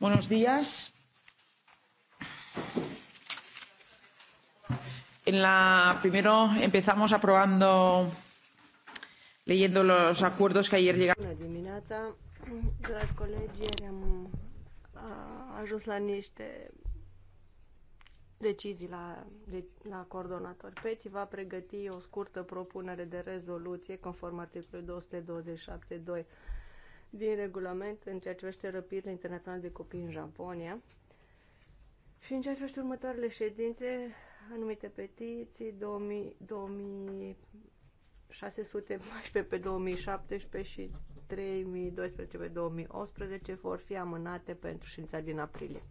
Buenos días. En la, primero empezamos aprobando, leyendo los acuerdos que ayer llegaron. Bună dimineața, dragi colegi, ieri am a, ajuns la niște decizii la, de, la coordonator. PETI va pregăti o scurtă propunere de rezoluție conform articolului 227.2 din regulament în ceea ce privește răpirile internaționale de copii în Japonia și în ceea ce privește următoarele ședințe, anumite petiții 2614 pe 2017 și 3012 pe 2018 vor fi amânate pentru ședința din aprilie.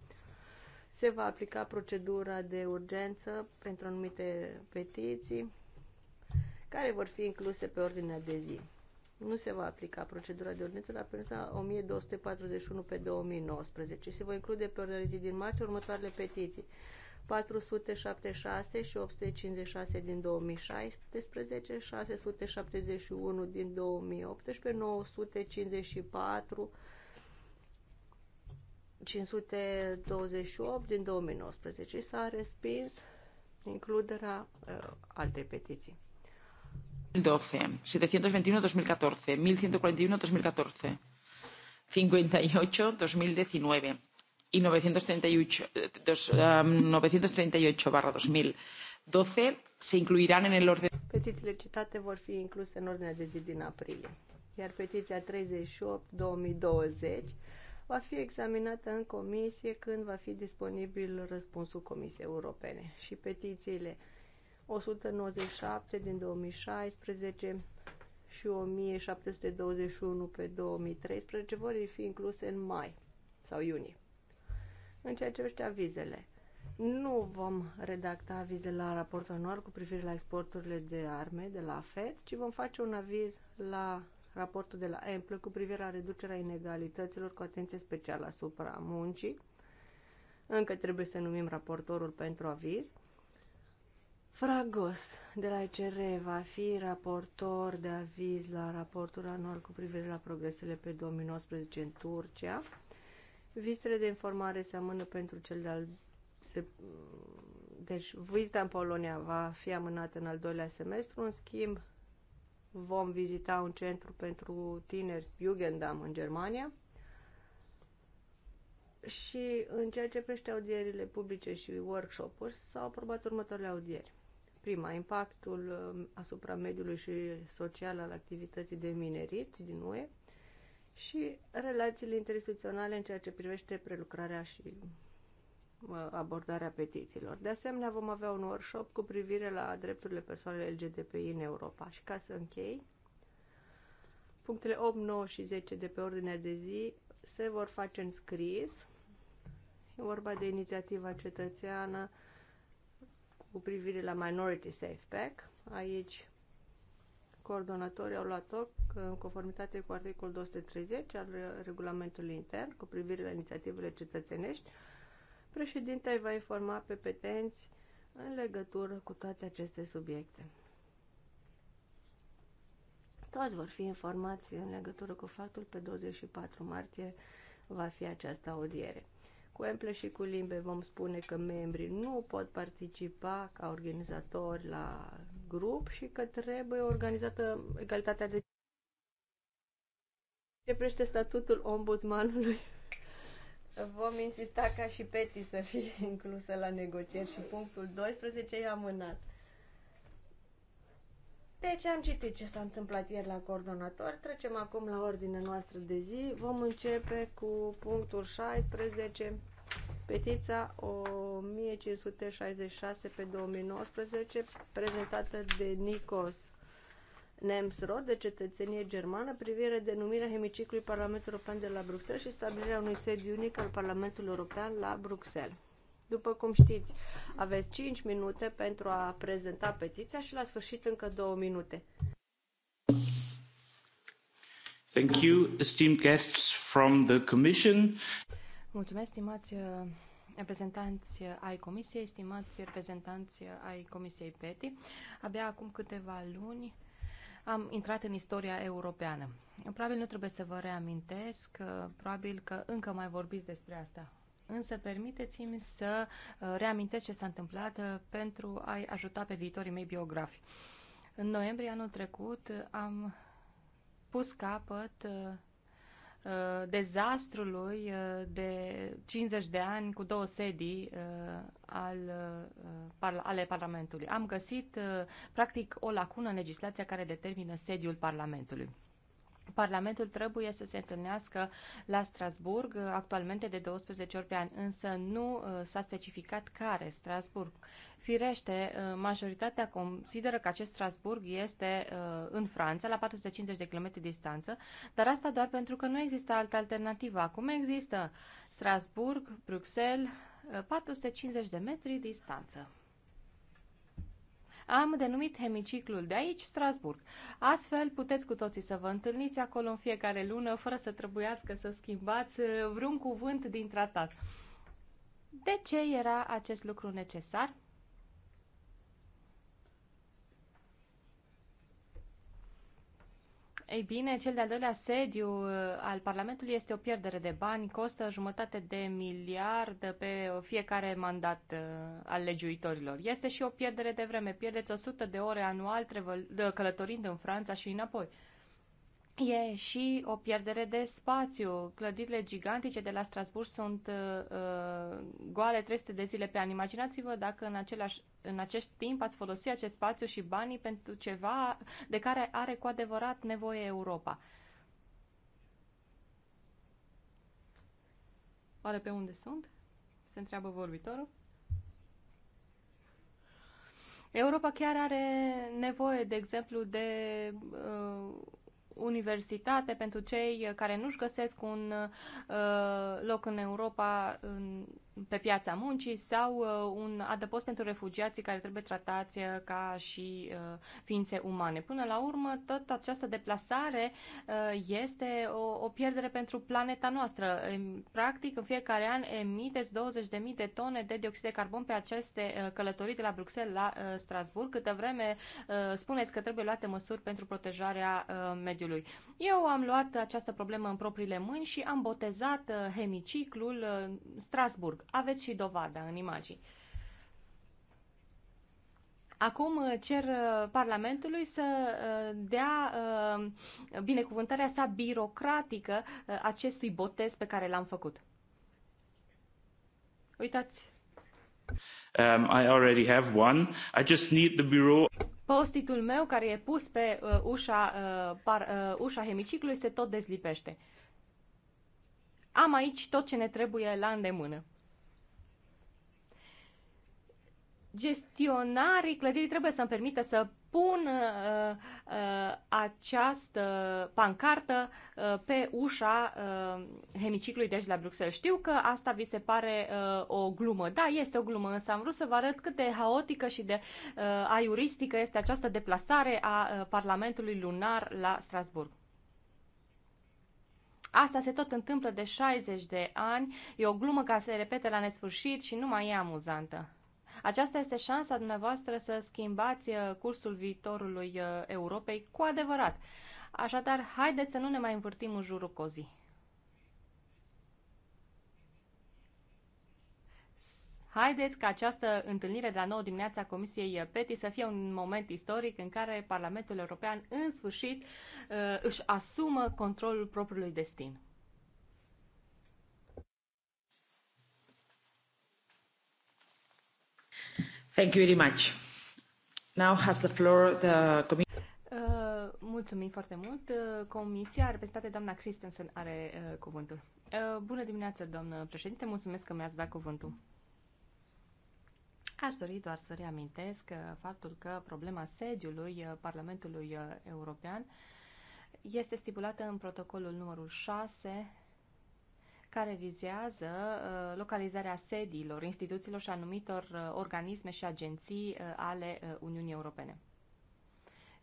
Se va aplica procedura de urgență pentru anumite petiții care vor fi incluse pe ordinea de zi nu se va aplica procedura de ordinanță la perioada 1241 pe 2019 și se vor include pe ordinea zi din martie următoarele petiții 476 și 856 din 2016, 671 din 2018, 954 528 din 2019 și s-a respins includerea uh, altei petiții. 12, 721 2014, 1141 2014, 58 2019 y 938, 2012 eh, se incluirán en el orden. Petițiile citate vor fi incluse în ordinea de zi din aprilie, iar petiția 38 2020 va fi examinată în comisie când va fi disponibil răspunsul Comisiei Europene și petițiile 197 din 2016 și 1721 pe 2013 vor fi incluse în mai sau iunie. În ceea ce privește avizele, nu vom redacta avize la raportul anual cu privire la exporturile de arme de la FED, ci vom face un aviz la raportul de la EMPLE cu privire la reducerea inegalităților cu atenție specială asupra muncii. Încă trebuie să numim raportorul pentru aviz Fragos de la ECR va fi raportor de aviz la raportul anual cu privire la progresele pe 2019 în Turcia. Vizitele de informare se amână pentru cel de-al... Se, deci, vizita în Polonia va fi amânată în al doilea semestru. În schimb, vom vizita un centru pentru tineri, Jugendam, în Germania. Și în ceea ce prește audierile publice și workshop-uri, s-au aprobat următoarele audieri. Prima, impactul um, asupra mediului și social al activității de minerit din UE și relațiile interinstituționale în ceea ce privește prelucrarea și uh, abordarea petițiilor. De asemenea, vom avea un workshop cu privire la drepturile persoanelor LGBTI în Europa. Și ca să închei, punctele 8, 9 și 10 de pe ordinea de zi se vor face în scris. E vorba de inițiativa cetățeană cu privire la Minority Safe Pack. Aici coordonatorii au luat loc în conformitate cu articolul 230 al regulamentului intern cu privire la inițiativele cetățenești. Președinta îi va informa pe petenți în legătură cu toate aceste subiecte. Toți vor fi informați în legătură cu faptul pe 24 martie va fi această audiere. Cu emple și cu limbe vom spune că membrii nu pot participa ca organizatori la grup și că trebuie organizată egalitatea de ce prește statutul ombudsmanului. Vom insista ca și Peti să fie inclusă la negocieri și punctul 12 e amânat. Deci am citit ce s-a întâmplat ieri la coordonator. Trecem acum la ordinea noastră de zi. Vom începe cu punctul 16. Petița 1566 pe 2019, prezentată de Nikos Nemsrod, de cetățenie germană, privire denumirea hemiciclului Parlamentului European de la Bruxelles și stabilirea unui sediu unic al Parlamentului European la Bruxelles. După cum știți, aveți 5 minute pentru a prezenta petiția și la sfârșit încă 2 minute. Thank you, esteemed guests from the Commission. Mulțumesc, stimați uh, reprezentanți uh, ai Comisiei, stimați reprezentanți uh, ai Comisiei PETI. Abia acum câteva luni am intrat în istoria europeană. Probabil nu trebuie să vă reamintesc, probabil că încă mai vorbiți despre asta. Însă permiteți-mi să reamintesc ce s-a întâmplat pentru a-i ajuta pe viitorii mei biografi. În noiembrie anul trecut am pus capăt Uh, dezastrului uh, de 50 de ani cu două sedii uh, al, ale Parlamentului. Am găsit, practic, o lacună în legislația care determină sediul Parlamentului. Parlamentul trebuie să se întâlnească la Strasburg, actualmente de 12 ori pe an, însă nu uh, s-a specificat care Strasburg. Firește, uh, majoritatea consideră că acest Strasburg este uh, în Franța, la 450 de km distanță, dar asta doar pentru că nu există altă alternativă. Acum există Strasburg, Bruxelles, 450 de metri distanță am denumit hemiciclul de aici Strasburg. Astfel puteți cu toții să vă întâlniți acolo în fiecare lună fără să trebuiască să schimbați uh, vreun cuvânt din tratat. De ce era acest lucru necesar? Ei bine, cel de-al doilea sediu uh, al Parlamentului este o pierdere de bani, costă jumătate de miliard pe fiecare mandat uh, al legiuitorilor. Este și o pierdere de vreme, pierdeți 100 de ore anual călătorind în Franța și înapoi. E și o pierdere de spațiu. Clădirile gigantice de la Strasburg sunt uh, uh goale 300 de zile pe an. Imaginați-vă dacă în, același, în acest timp ați folosi acest spațiu și banii pentru ceva de care are cu adevărat nevoie Europa. Oare pe unde sunt? Se întreabă vorbitorul. Europa chiar are nevoie, de exemplu, de uh, universitate pentru cei care nu-și găsesc un uh, loc în Europa pe piața muncii sau uh, un adăpost pentru refugiații care trebuie tratați uh, ca și uh, ființe umane. Până la urmă, tot această deplasare este o, o pierdere pentru planeta noastră. Practic, în fiecare an emiteți 20.000 de tone de dioxid de carbon pe aceste călătorii de la Bruxelles la Strasburg, câtă vreme spuneți că trebuie luate măsuri pentru protejarea mediului. Eu am luat această problemă în propriile mâini și am botezat hemiciclul Strasburg. Aveți și dovada în imagini. Acum uh, cer uh, Parlamentului să uh, dea binecuvântarea sa birocratică acestui botez pe care l-am făcut. Uitați. Um, I already have one. I just need the bureau. Postitul meu care e pus pe uh, ușa, uh, par, uh, ușa hemiciclului se tot dezlipește. Am aici tot ce ne trebuie la îndemână. gestionarii clădirii trebuie să-mi permită să pun uh, uh, această pancartă uh, pe ușa uh, hemiciclului de aici la Bruxelles. Știu că asta vi se pare uh, o glumă. Da, este o glumă, însă am vrut să vă arăt cât de haotică și de uh, aiuristică este această deplasare a uh, Parlamentului Lunar la Strasburg. Asta se tot întâmplă de 60 de ani, e o glumă care se repete la nesfârșit și nu mai e amuzantă. Aceasta este șansa dumneavoastră să schimbați uh, cursul viitorului uh, Europei cu adevărat. Așadar, haideți să nu ne mai învârtim în jurul cozii. Haideți ca această întâlnire de la 9 dimineața a Comisiei uh, PETI să fie un moment istoric în care Parlamentul European în sfârșit își asumă controlul propriului destin. Mulțumim foarte mult. Uh, comisia reprezentată doamna Christensen are uh, cuvântul. Uh, bună dimineața, doamnă președinte. Mulțumesc că mi-ați dat cuvântul. Aș dori doar să reamintesc uh, faptul că problema sediului uh, Parlamentului European este stipulată în protocolul numărul 6 care vizează uh, localizarea sediilor, instituțiilor și anumitor uh, organisme și agenții uh, ale Uniunii Europene.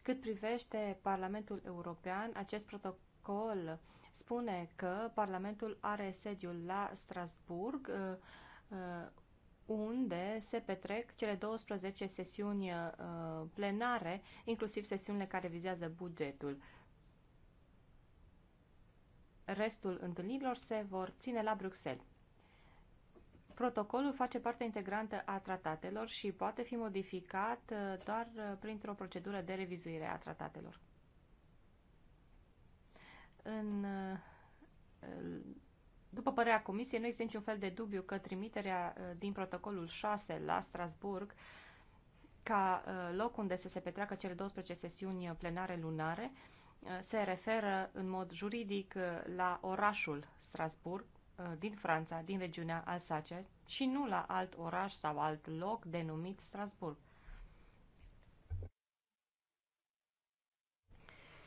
Cât privește Parlamentul European, acest protocol spune că Parlamentul are sediul la Strasburg, unde se petrec cele 12 sesiuni plenare, inclusiv sesiunile care vizează bugetul. Restul întâlnirilor se vor ține la Bruxelles. Protocolul face parte integrantă a tratatelor și poate fi modificat uh, doar uh, printr-o procedură de revizuire a tratatelor. În, uh, după părerea Comisiei, nu există niciun fel de dubiu că trimiterea din protocolul 6 la Strasburg ca loc unde să se petreacă cele 12 sesiuni plenare lunare se referă în mod juridic uh, la orașul Strasburg uh, din Franța, din regiunea Alsace și nu la alt oraș sau alt loc denumit Strasburg.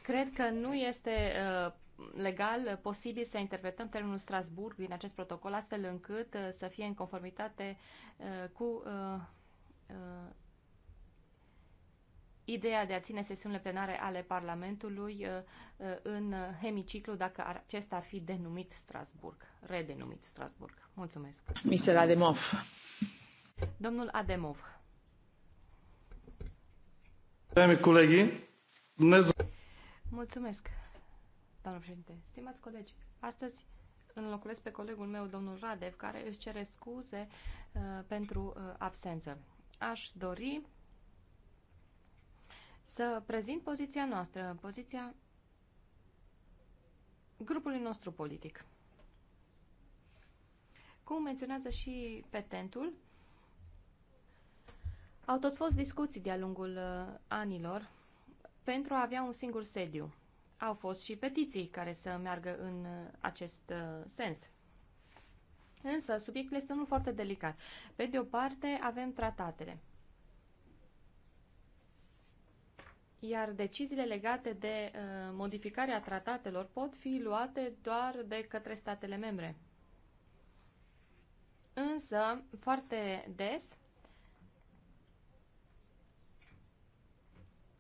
Cred că nu este uh, legal posibil să interpretăm termenul Strasburg din acest protocol astfel încât să fie în conformitate cu ideea de a ține sesiunile plenare ale Parlamentului uh, uh, în hemiciclu, dacă acesta ar fi denumit Strasburg, redenumit Strasburg. Mulțumesc. Mister Ademov. Domnul Ademov. Dragi colegi, Mulțumesc, doamnă președinte. Stimați colegi, astăzi înlocuiesc pe colegul meu, domnul Radev, care își cere scuze uh, pentru uh, absență. Aș dori să prezint poziția noastră, poziția grupului nostru politic. Cum menționează și petentul, au tot fost discuții de-a lungul uh, anilor pentru a avea un singur sediu. Au fost și petiții care să meargă în uh, acest uh, sens. Însă, subiectul este unul foarte delicat. Pe de o parte, avem tratatele. iar deciziile legate de uh, modificarea tratatelor pot fi luate doar de către statele membre. Însă, foarte des,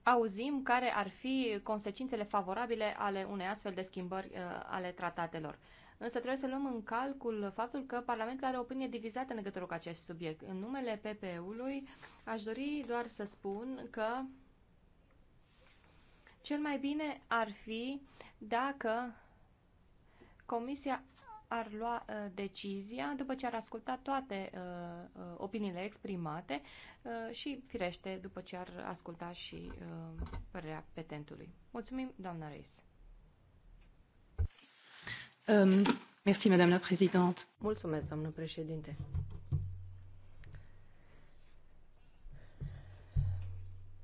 auzim care ar fi consecințele favorabile ale unei astfel de schimbări uh, ale tratatelor. Însă trebuie să luăm în calcul faptul că Parlamentul are o opinie divizată în legătură cu acest subiect. În numele PPE-ului aș dori doar să spun că cel mai bine ar fi dacă Comisia ar lua uh, decizia după ce ar asculta toate uh, uh, opiniile exprimate uh, și, firește, după ce ar asculta și uh, părerea petentului. Mulțumim, doamna Reis. Um, merci, doamna președinte. Mulțumesc, doamnă președinte.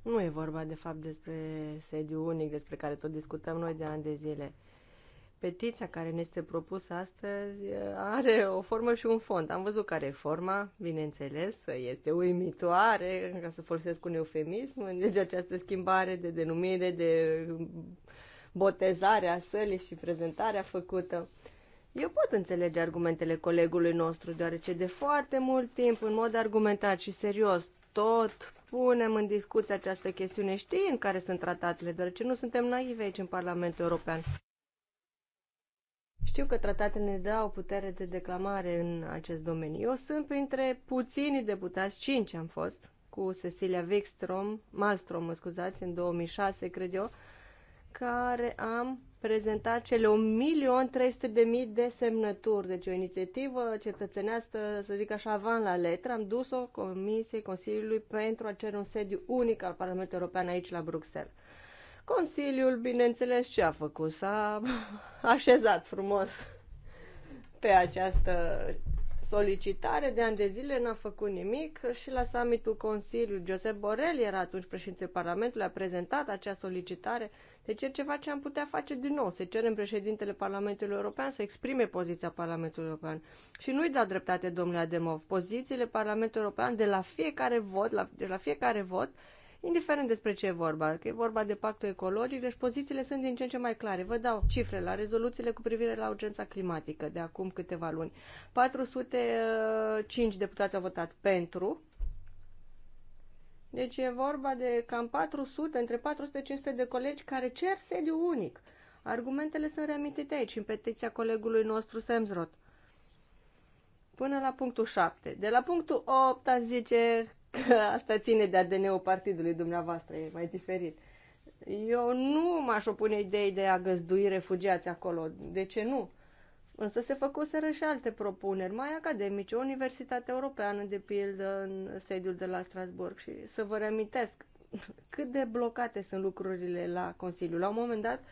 Nu e vorba, de fapt, despre sediu unic, despre care tot discutăm noi de ani de zile. Petiția care ne este propusă astăzi are o formă și un fond. Am văzut care e forma, bineînțeles, este uimitoare, ca să folosesc un eufemism, deci această schimbare de denumire, de botezare a sălii și prezentarea făcută. Eu pot înțelege argumentele colegului nostru, deoarece de foarte mult timp, în mod argumentat și serios, tot punem în discuție această chestiune în care sunt tratatele, deoarece nu suntem naivi aici în Parlamentul European. Știu că tratatele ne dau putere de declamare în acest domeniu. Eu sunt printre puțini deputați, cinci am fost, cu Cecilia Wikstrom, Malstrom, mă scuzați, în 2006, cred eu, care am prezenta cele 1.300.000 de semnături, deci o inițiativă cetățenească, să zic așa, van la letră. Am dus-o Comisiei Consiliului pentru a cere un sediu unic al Parlamentului European aici la Bruxelles. Consiliul, bineînțeles, ce a făcut? S-a așezat frumos pe această solicitare de ani de zile, n-a făcut nimic și la summitul Consiliului Josep Borel era atunci președintele Parlamentului, a prezentat acea solicitare deci e ceva ce am putea face din nou, Se cerem președintele Parlamentului European să exprime poziția Parlamentului European. Și nu-i da dreptate, domnule Ademov, pozițiile Parlamentului European de la fiecare vot, la, de la fiecare vot, indiferent despre ce e vorba, că e vorba de pactul ecologic, deci pozițiile sunt din ce în ce mai clare. Vă dau cifre la rezoluțiile cu privire la urgența climatică de acum câteva luni. 405 uh, deputați au votat pentru deci e vorba de cam 400, între 400-500 de colegi care cer sediu unic. Argumentele sunt reamintite aici, în petiția colegului nostru Semzrot. Până la punctul 7. De la punctul 8 aș zice că asta ține de ADN-ul partidului dumneavoastră, e mai diferit. Eu nu m-aș opune idei de a găzdui refugiați acolo. De ce nu? Însă se făcuseră și alte propuneri mai academice, o universitate europeană, de pildă, în sediul de la Strasburg. Și să vă reamintesc cât de blocate sunt lucrurile la Consiliu. La un moment dat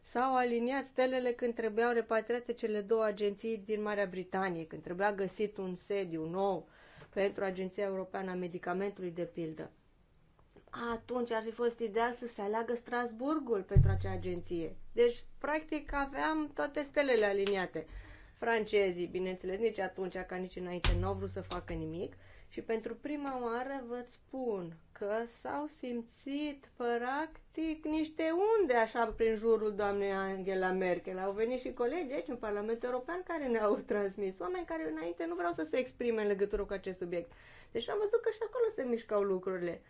s-au aliniat stelele când trebuiau repatriate cele două agenții din Marea Britanie, când trebuia găsit un sediu nou pentru Agenția Europeană a Medicamentului, de pildă atunci ar fi fost ideal să se aleagă Strasburgul pentru acea agenție. Deci, practic, aveam toate stelele aliniate. Francezii, bineînțeles, nici atunci ca nici înainte nu au vrut să facă nimic. Și pentru prima oară vă spun că s-au simțit practic niște unde așa prin jurul doamnei Angela Merkel. Au venit și colegi aici în Parlamentul European care ne-au transmis, oameni care înainte nu vreau să se exprime în legătură cu acest subiect. Deci am văzut că și acolo se mișcau lucrurile.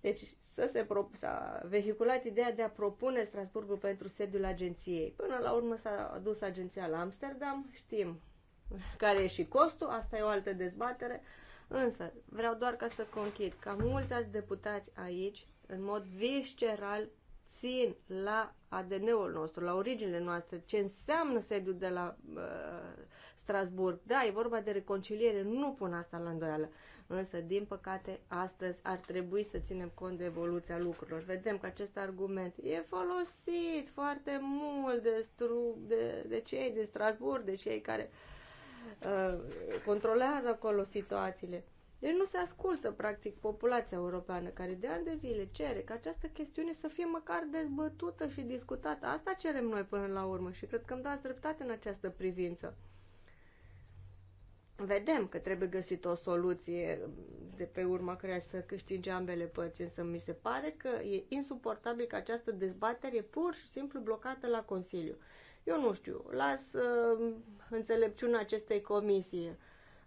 Deci să se pro- s-a vehiculat ideea de a propune Strasburgul pentru sediul agenției. Până la urmă s-a adus agenția la Amsterdam, știm care e și costul, asta e o altă dezbatere, însă vreau doar ca să conchid ca mulți alți deputați aici, în mod visceral, țin la ADN-ul nostru, la originile noastre, ce înseamnă sediul de la uh, Strasburg. Da, e vorba de reconciliere, nu pun asta la îndoială. Însă, din păcate, astăzi ar trebui să ținem cont de evoluția lucrurilor. Vedem că acest argument e folosit foarte mult de, stru, de, de cei din Strasburg, de cei care uh, controlează acolo situațiile. Deci nu se ascultă, practic, populația europeană, care de ani de zile cere ca această chestiune să fie măcar dezbătută și discutată. Asta cerem noi până la urmă și cred că îmi dați dreptate în această privință vedem că trebuie găsit o soluție de pe urma care să câștige ambele părți, însă mi se pare că e insuportabil că această dezbatere e pur și simplu blocată la Consiliu. Eu nu știu, las uh, înțelepciunea acestei comisii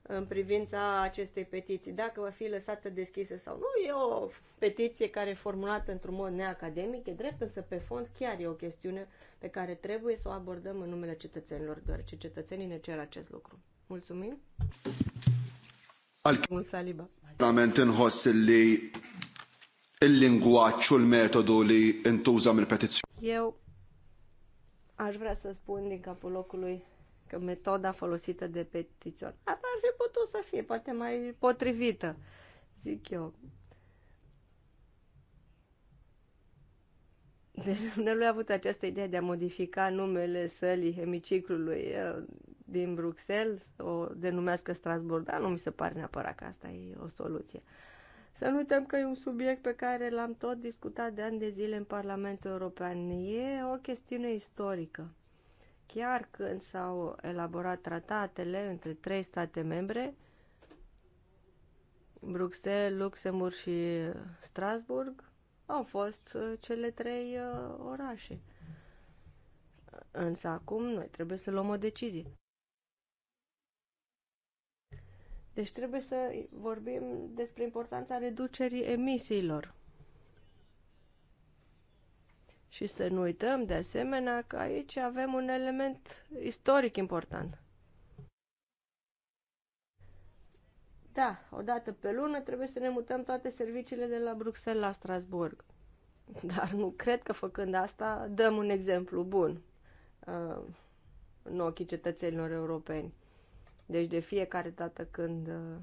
în privința acestei petiții, dacă va fi lăsată deschisă sau nu. E o petiție care e formulată într-un mod neacademic, e drept, însă pe fond chiar e o chestiune pe care trebuie să o abordăm în numele cetățenilor, deoarece cetățenii ne cer acest lucru. Mulțumim. Mult saliba. Verament inħoss li il-lingwaċċ u l Eu aș vrea să spun din capul locului că metoda folosită de petițion ar fi putut să fie poate mai potrivită, zic eu. Deci nu a avut această idee de a modifica numele sălii hemiciclului din Bruxelles o denumească Strasbourg, dar nu mi se pare neapărat că asta e o soluție. Să nu uităm că e un subiect pe care l-am tot discutat de ani de zile în Parlamentul European. E o chestiune istorică. Chiar când s-au elaborat tratatele între trei state membre, Bruxelles, Luxemburg și Strasburg, au fost uh, cele trei uh, orașe. Însă acum noi trebuie să luăm o decizie. Deci trebuie să vorbim despre importanța reducerii emisiilor. Și să nu uităm, de asemenea, că aici avem un element istoric important. Da, o dată pe lună trebuie să ne mutăm toate serviciile de la Bruxelles la Strasburg. Dar nu cred că făcând asta dăm un exemplu bun uh, în ochii cetățenilor europeni. Deci de fiecare dată când uh,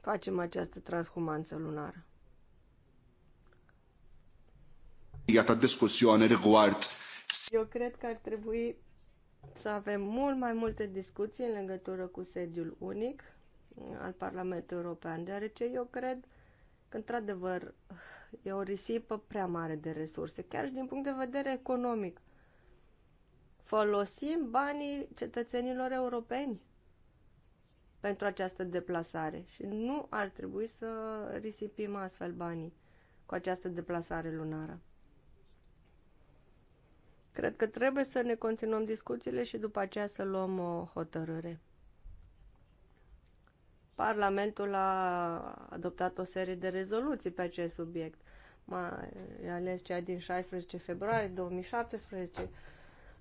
facem această transhumanță lunară. Iată discuțiune riguard. Eu cred că ar trebui să avem mult mai multe discuții în legătură cu sediul unic uh, al Parlamentului European, deoarece eu cred că, într-adevăr, uh, e o risipă prea mare de resurse, chiar și din punct de vedere economic folosim banii cetățenilor europeni pentru această deplasare și nu ar trebui să risipim astfel banii cu această deplasare lunară. Cred că trebuie să ne continuăm discuțiile și după aceea să luăm o hotărâre. Parlamentul a adoptat o serie de rezoluții pe acest subiect, mai ales cea din 16 februarie 2017,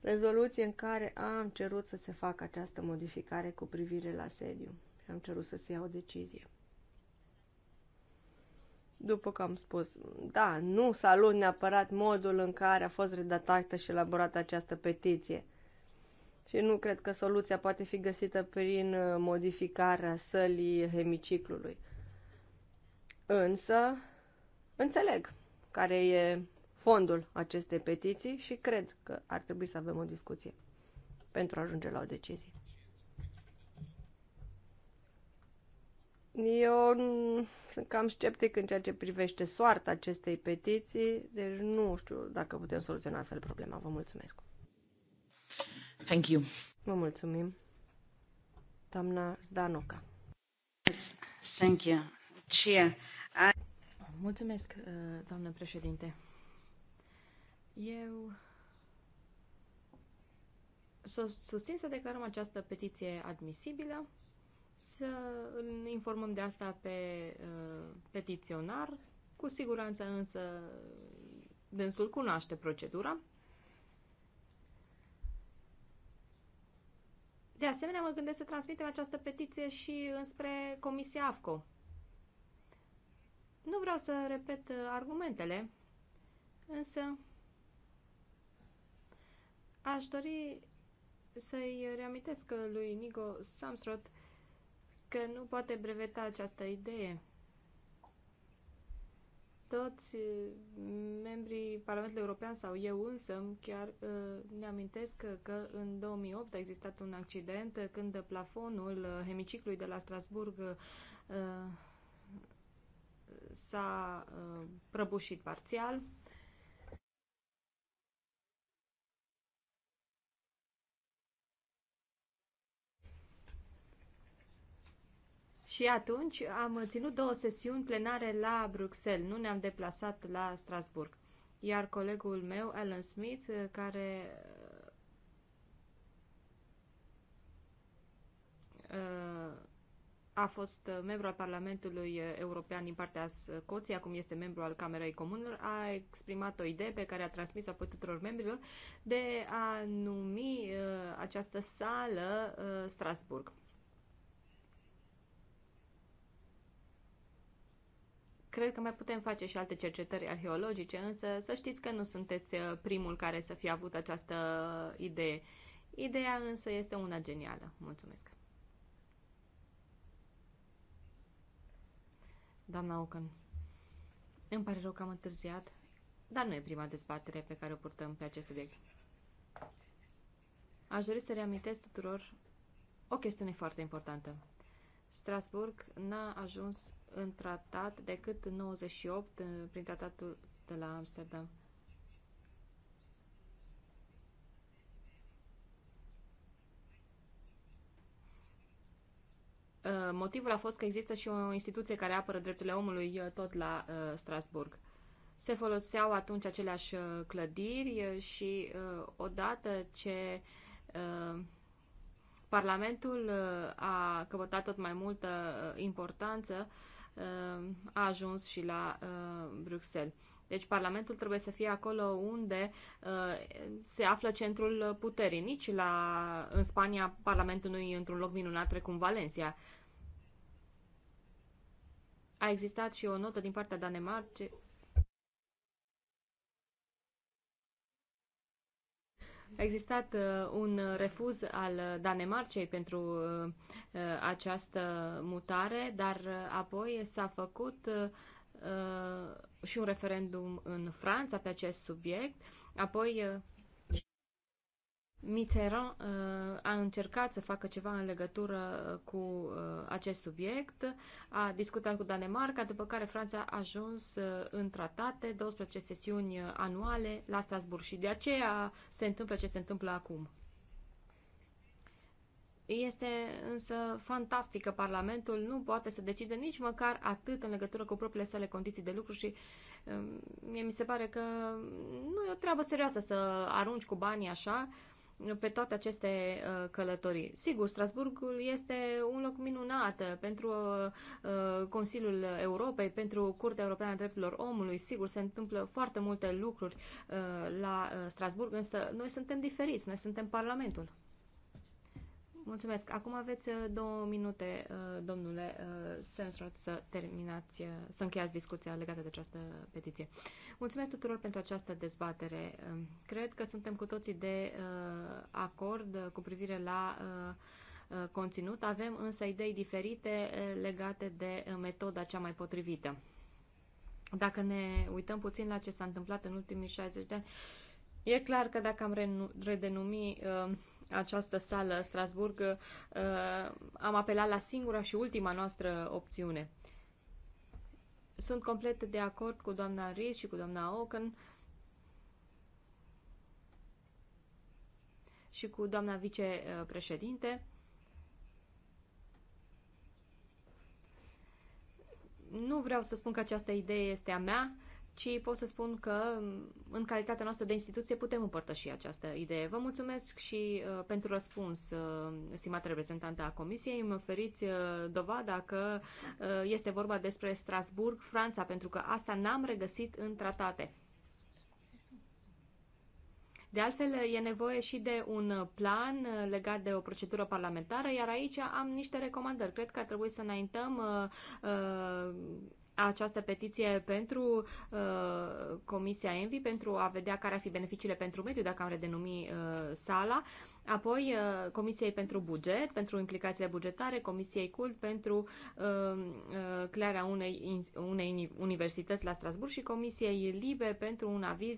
rezoluție în care am cerut să se facă această modificare cu privire la sediu și am cerut să se ia o decizie. După că am spus, da, nu salut neapărat modul în care a fost redactată și elaborată această petiție. Și nu cred că soluția poate fi găsită prin uh, modificarea sălii hemiciclului. Însă, înțeleg care e fondul acestei petiții și cred că ar trebui să avem o discuție pentru a ajunge la o decizie. Eu sunt cam sceptic în ceea ce privește soarta acestei petiții, deci nu știu dacă putem soluționa astfel problema. Vă mulțumesc. Thank you. Vă mulțumim. Doamna Zdanoca. Yes, thank you. Cheer. I... Mulțumesc, uh, doamnă președinte. Eu susțin să declarăm această petiție admisibilă, să îl informăm de asta pe uh, petiționar. Cu siguranță însă dânsul cunoaște procedura. De asemenea, mă gândesc să transmitem această petiție și înspre Comisia AFCO. Nu vreau să repet uh, argumentele, însă Aș dori să-i reamintesc lui Nigo Samsrot că nu poate breveta această idee. Toți uh, membrii Parlamentului European sau eu însă chiar uh, ne amintesc că în 2008 a existat un accident când plafonul uh, hemiciclului de la Strasburg s-a prăbușit parțial Și atunci am ținut două sesiuni plenare la Bruxelles, nu ne-am deplasat la Strasburg. Iar colegul meu, Alan Smith, care uh, a fost membru al Parlamentului European din partea Scoției, acum este membru al Camerei Comunelor, a exprimat o idee pe care a transmis-o pe tuturor membrilor de a numi uh, această sală uh, Strasburg. Cred că mai putem face și alte cercetări arheologice, însă să știți că nu sunteți uh, primul care să fie avut această idee. Ideea însă este una genială. Mulțumesc! Doamna Ocan, îmi pare rău că am întârziat, dar nu e prima dezbatere pe care o purtăm pe acest subiect. Aș dori să reamintesc tuturor o chestiune foarte importantă. Strasburg n-a ajuns în tratat decât în 98 prin tratatul de la Amsterdam. Uh, motivul a fost că există și o instituție care apără drepturile omului uh, tot la uh, Strasburg. Se foloseau atunci aceleași uh, clădiri și uh, odată ce uh, Parlamentul a căpătat tot mai multă importanță, Uh, a ajuns și la uh, Bruxelles. Deci Parlamentul trebuie să fie acolo unde uh, se află centrul puterii. Nici la, în Spania Parlamentul nu e într-un loc minunat precum Valencia. A existat și o notă din partea Danemarcei A existat uh, un refuz al Danemarcei pentru uh, uh, această mutare, dar apoi s-a făcut și un referendum în Franța pe acest subiect. Apoi Mitterrand uh, a încercat să facă ceva în legătură uh, cu uh, acest subiect, a discutat cu Danemarca, după care Franța a ajuns în tratate 12 sesiuni anuale la Strasburg și de aceea se întâmplă ce se întâmplă acum. Este însă fantastic că Parlamentul nu poate să decide nici măcar atât în legătură cu propriile sale condiții de lucru și um, mie mi se pare că nu e o treabă serioasă să arunci cu banii așa pe toate aceste uh, călătorii. Sigur, Strasburgul este un loc minunat uh, pentru uh, Consiliul Europei, pentru Curtea Europeană a Drepturilor Omului. Sigur, se întâmplă foarte multe lucruri la Strasburg, însă noi suntem diferiți, noi suntem Parlamentul. Mulțumesc. Acum aveți uh, două minute, uh, domnule uh, Sensrot, să terminați, să încheiați discuția legată de această petiție. Mulțumesc tuturor pentru această dezbatere. Um, cred că suntem cu toții de acord cu privire la conținut. Avem însă idei diferite legate de metoda cea mai potrivită. Dacă ne uităm puțin la ce s-a întâmplat în ultimii 60 de ani, e clar că dacă am redenumi această sală Strasburg, uh, am apelat la singura și ultima noastră opțiune. Sunt complet de acord cu doamna Ries și cu doamna Oken și cu doamna vicepreședinte. Nu vreau să spun că această idee este a mea, ci pot să spun că în calitatea noastră de instituție putem împărtăși această idee. Vă mulțumesc și uh, pentru răspuns, uh, stimată reprezentantă a Comisiei. Îmi oferiți uh, dovada că uh, este vorba despre Strasburg, Franța, pentru că asta n-am regăsit în tratate. De altfel, e nevoie și de un plan uh, legat de o procedură parlamentară, iar aici am niște recomandări. Cred că ar trebui să înaintăm uh, uh, această petiție pentru uh, Comisia Envi pentru a vedea care ar fi beneficiile pentru mediu dacă am redenumi uh, sala apoi uh, Comisiei pentru Buget, pentru implicația bugetare, Comisiei Cult pentru uh, uh, crearea unei, unei universități la Strasburg și Comisiei Libe pentru un aviz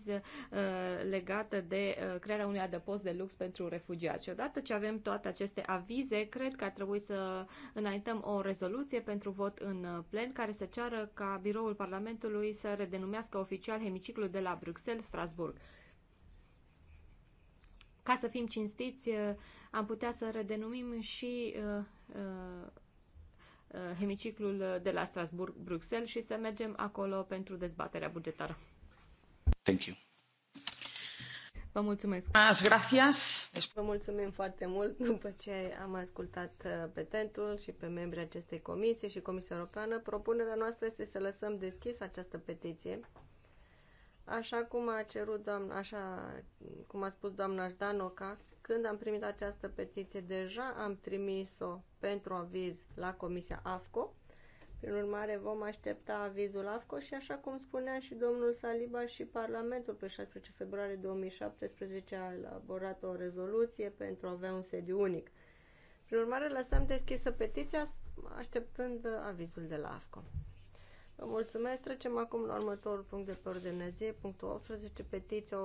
legat de crearea unui adăpost de lux pentru refugiați. Și odată ce avem toate aceste avize, cred că ar trebui să înaintăm o rezoluție pentru vot în plen care să ceară ca biroul Parlamentului să redenumească oficial hemiciclul de la Bruxelles Strasburg ca să fim cinstiți, uh, am putea să redenumim și uh, uh, hemiciclul de la Strasburg, Bruxelles și să mergem acolo pentru dezbaterea bugetară. Thank you. Vă mulțumesc. As gracias. Vă mulțumim foarte mult după ce am ascultat petentul și pe membrii acestei comisii și Comisia Europeană. Propunerea noastră este să lăsăm deschis această petiție Așa cum a cerut doamna, așa cum a spus doamna Ștanoca, când am primit această petiție, deja am trimis-o pentru aviz la Comisia AFCO. Prin urmare, vom aștepta avizul AFCO și, așa cum spunea și domnul Saliba și Parlamentul, pe 16 februarie 2017 a elaborat o rezoluție pentru a avea un sediu unic. Prin urmare, lăsăm deschisă petiția așteptând avizul de la AFCO. Vă mulțumesc. Trecem acum la următorul punct de pe ordine zi, punctul 18, petiția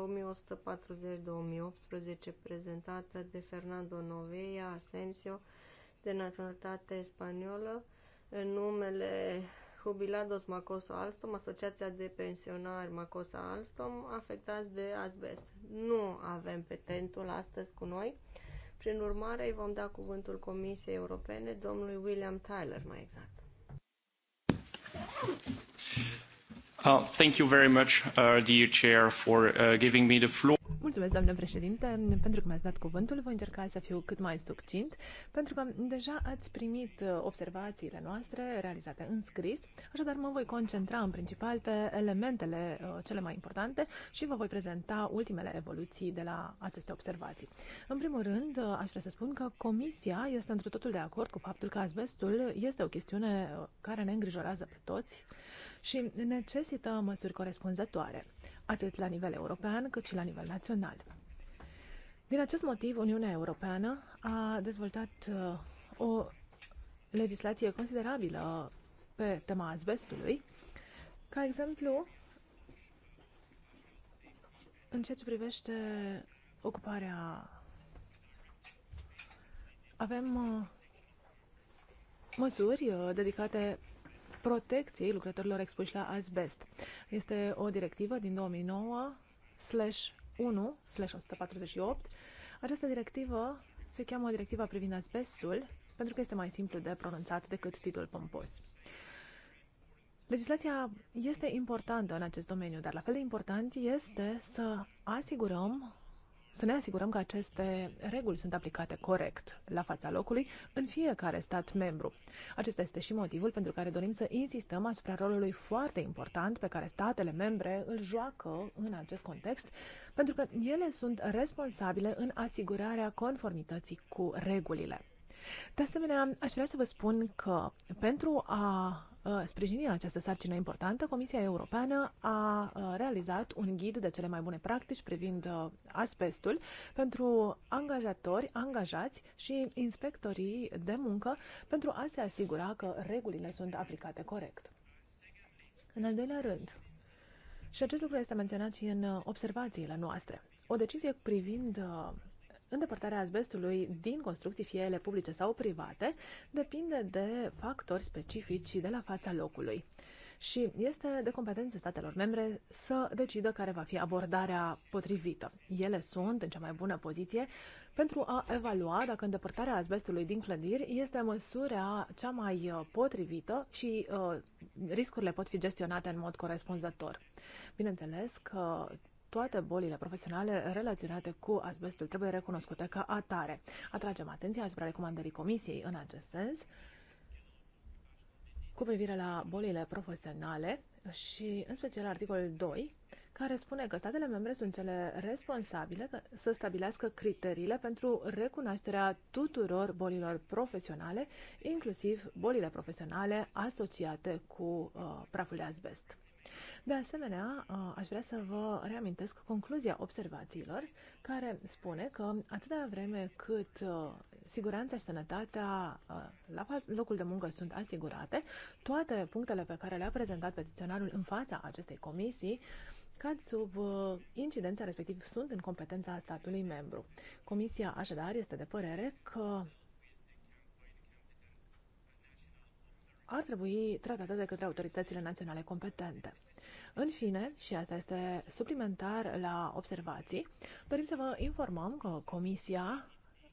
1140-2018, prezentată de Fernando Novea Asensio, de naționalitate spaniolă, în numele Jubilados Macosa Alstom, Asociația de Pensionari Macosa Alstom, afectați de asbest. Nu avem petentul astăzi cu noi. Prin urmare, îi vom da cuvântul Comisiei Europene, domnului William Tyler, mai exact. Uh, thank you very much, uh, dear Chair, for uh, giving me the floor. Mulțumesc, doamnă președinte, pentru că mi-ați dat cuvântul. Voi încerca să fiu cât mai succint, pentru că deja ați primit uh, observațiile noastre realizate în scris, așadar mă voi concentra în principal pe elementele uh, cele mai importante și vă voi prezenta ultimele evoluții de la aceste observații. În primul rând, uh, aș vrea să spun că Comisia este într totul de acord cu faptul că asbestul este o chestiune care ne îngrijorează pe toți și necesită măsuri corespunzătoare atât la nivel european cât și la nivel național. Din acest motiv, Uniunea Europeană a dezvoltat uh, o legislație considerabilă pe tema asbestului. Ca exemplu, în ceea ce privește ocuparea, avem uh, măsuri uh, dedicate protecției lucrătorilor expuși la asbest. Este o directivă din 2009 1 148. Această directivă se cheamă directiva privind asbestul pentru că este mai simplu de pronunțat decât titlul pompos. Legislația este importantă în acest domeniu, dar la fel de important este să asigurăm să ne asigurăm că aceste reguli sunt aplicate corect la fața locului în fiecare stat membru. Acesta este și motivul pentru care dorim să insistăm asupra rolului foarte important pe care statele membre îl joacă în acest context, pentru că ele sunt responsabile în asigurarea conformității cu regulile. De asemenea, aș vrea să vă spun că pentru a Uh, sprijinirea această sarcină importantă, Comisia Europeană a uh, realizat un ghid de cele mai bune practici privind uh, asbestul pentru angajatori, angajați și inspectorii de muncă pentru a se asigura că regulile sunt aplicate corect. În al doilea rând, și acest lucru este menționat și în observațiile noastre, o decizie privind îndepărtarea azbestului din construcții, fie ele publice sau private, depinde de factori specifici de la fața locului. Și este de competență statelor membre să decidă care va fi abordarea potrivită. Ele sunt în cea mai bună poziție pentru a evalua dacă îndepărtarea azbestului din clădiri este măsura cea mai uh, potrivită și uh, riscurile pot fi gestionate în mod corespunzător. Bineînțeles că toate bolile profesionale relaționate cu asbestul trebuie recunoscute ca atare. Atragem atenția asupra recomandării Comisiei în acest sens cu privire la bolile profesionale și în special articolul 2, care spune că statele membre sunt cele responsabile să stabilească criteriile pentru recunoașterea tuturor bolilor profesionale, inclusiv bolile profesionale asociate cu uh, praful de azbest. De asemenea, aș vrea să vă reamintesc concluzia observațiilor, care spune că atâta vreme cât siguranța și sănătatea la locul de muncă sunt asigurate, toate punctele pe care le-a prezentat petiționarul în fața acestei comisii cad sub incidența respectiv sunt în competența statului membru. Comisia așadar este de părere că ar trebui tratate de către autoritățile naționale competente. În fine, și asta este suplimentar la observații, dorim să vă informăm că Comisia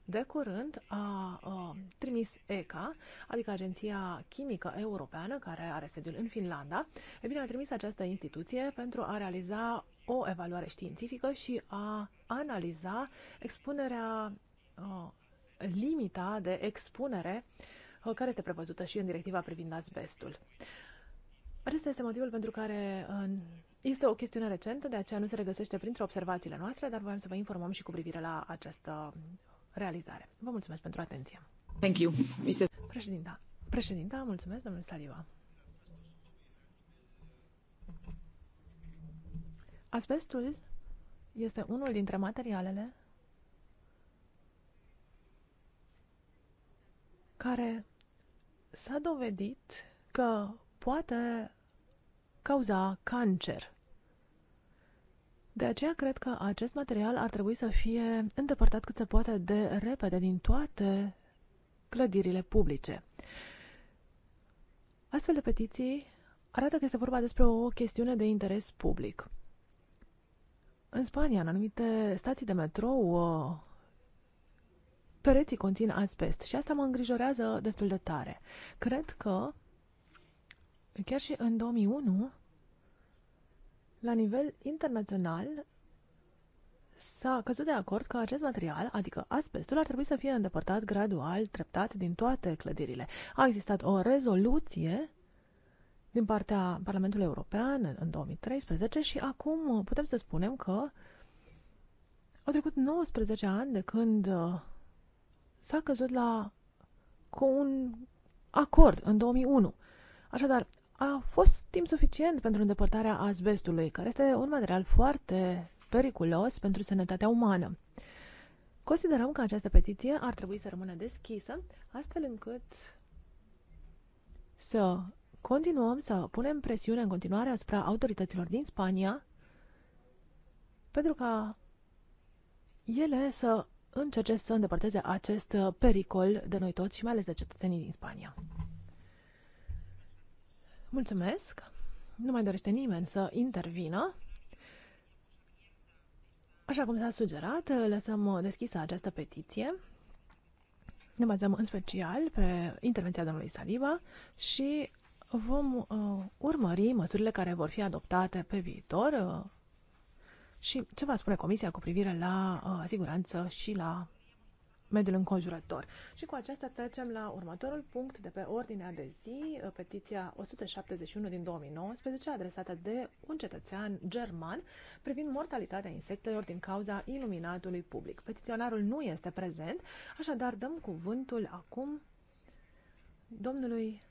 de curând a, a trimis ECA, adică Agenția Chimică Europeană, care are sediul în Finlanda, e bine, a trimis această instituție pentru a realiza o evaluare științifică și a analiza expunerea, a, limita de expunere uh, Uh, care este prevăzută și în directiva privind asbestul. Acesta este motivul pentru care uh, este o chestiune recentă, de aceea nu se regăsește printre observațiile noastre, dar voiam să vă informăm și cu privire la această realizare. Vă mulțumesc pentru atenție. Thank you, Mr. Președinta. Președinta, mulțumesc, domnul Saliva. Asbestul este unul dintre materialele care s-a dovedit că poate cauza cancer. De aceea cred că acest material ar trebui să fie îndepărtat cât se poate de repede din toate clădirile publice. Astfel de petiții arată că este vorba despre o chestiune de interes public. În Spania, în anumite stații de metrou, uh, pereții conțin asbest și asta mă îngrijorează destul de tare. Cred că chiar și în 2001, la nivel internațional, s-a căzut de acord că acest material, adică asbestul, ar trebui să fie îndepărtat gradual, treptat din toate clădirile. A existat o rezoluție din partea Parlamentului European în 2013 și acum putem să spunem că au trecut 19 ani de când uh, s-a căzut la cu un acord în 2001. Așadar, a fost timp suficient pentru îndepărtarea asbestului, care este un material foarte periculos pentru sănătatea umană. Considerăm că această petiție ar trebui să rămână deschisă, astfel încât să continuăm să punem presiune în continuare asupra autorităților din Spania pentru ca ele să încerce să îndepărteze acest uh, pericol de noi toți și mai ales de cetățenii din Spania. Mulțumesc! Nu mai dorește nimeni să intervină. Așa cum s-a sugerat, uh, lăsăm uh, deschisă această petiție. Ne bazăm în special pe intervenția domnului Saliba și vom uh, urmări măsurile care vor fi adoptate pe viitor, uh, și ce va spune Comisia cu privire la uh, siguranță și la mediul înconjurător. Și cu aceasta trecem la următorul punct de pe ordinea de zi, uh, petiția 171 din 2019, adresată de un cetățean german privind mortalitatea insectelor din cauza iluminatului public. Petiționarul nu este prezent, așadar dăm cuvântul acum domnului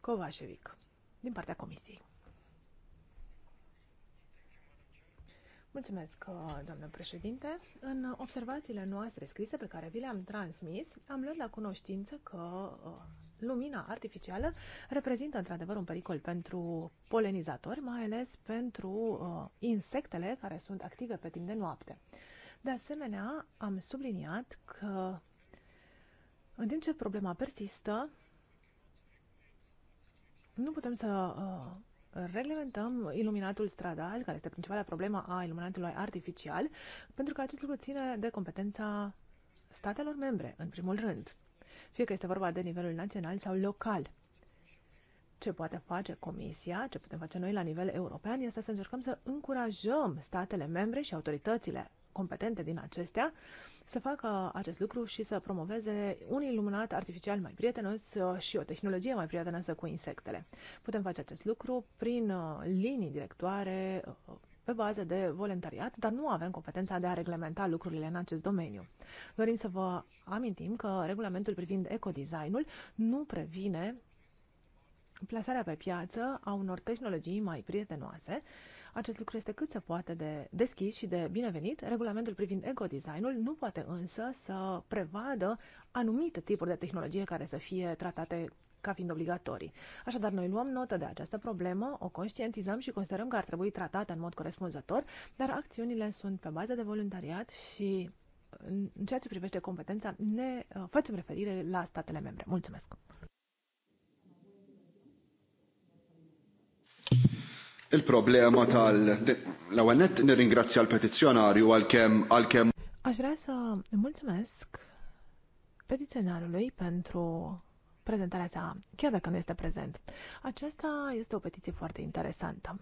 Covașevic, din partea Comisiei. Mulțumesc, uh, doamnă președinte. În observațiile noastre scrise pe care vi le-am transmis, am luat la cunoștință că uh, lumina artificială reprezintă într-adevăr un pericol pentru polenizatori, mai ales pentru uh, insectele care sunt active pe timp de noapte. De asemenea, am subliniat că în timp ce problema persistă, nu putem să uh, reglementăm iluminatul stradal, care este principala problemă a iluminatului artificial, pentru că acest lucru ține de competența statelor membre, în primul rând. Fie că este vorba de nivelul național sau local. Ce poate face Comisia, ce putem face noi la nivel european, este să încercăm să încurajăm statele membre și autoritățile competente din acestea să facă acest lucru și să promoveze un iluminat artificial mai prietenos uh, și o tehnologie mai prietenoasă cu insectele. Putem face acest lucru prin uh, linii directoare uh, pe bază de voluntariat, dar nu avem competența de a reglementa lucrurile în acest domeniu. Dorim să vă amintim că regulamentul privind ecodesignul nu previne plasarea pe piață a unor tehnologii mai prietenoase, uh, acest lucru este cât se poate de deschis și de binevenit. Regulamentul privind ecodesignul nu poate însă să prevadă anumite tipuri de tehnologie care să fie tratate ca fiind obligatorii. Așadar, noi luăm notă de această problemă, o conștientizăm și considerăm că ar trebui tratată în mod corespunzător, dar acțiunile sunt pe bază de voluntariat și în ceea ce privește competența, ne uh, facem referire la statele membre. Mulțumesc! il-problema tal... L-għanet nirringrazzja l-petizjonarju għal-kem għal-kem. Aș vrea să mulțumesc petiționarului pentru prezentarea sa, chiar dacă nu este prezent. Aceasta este o petiție foarte interesantă,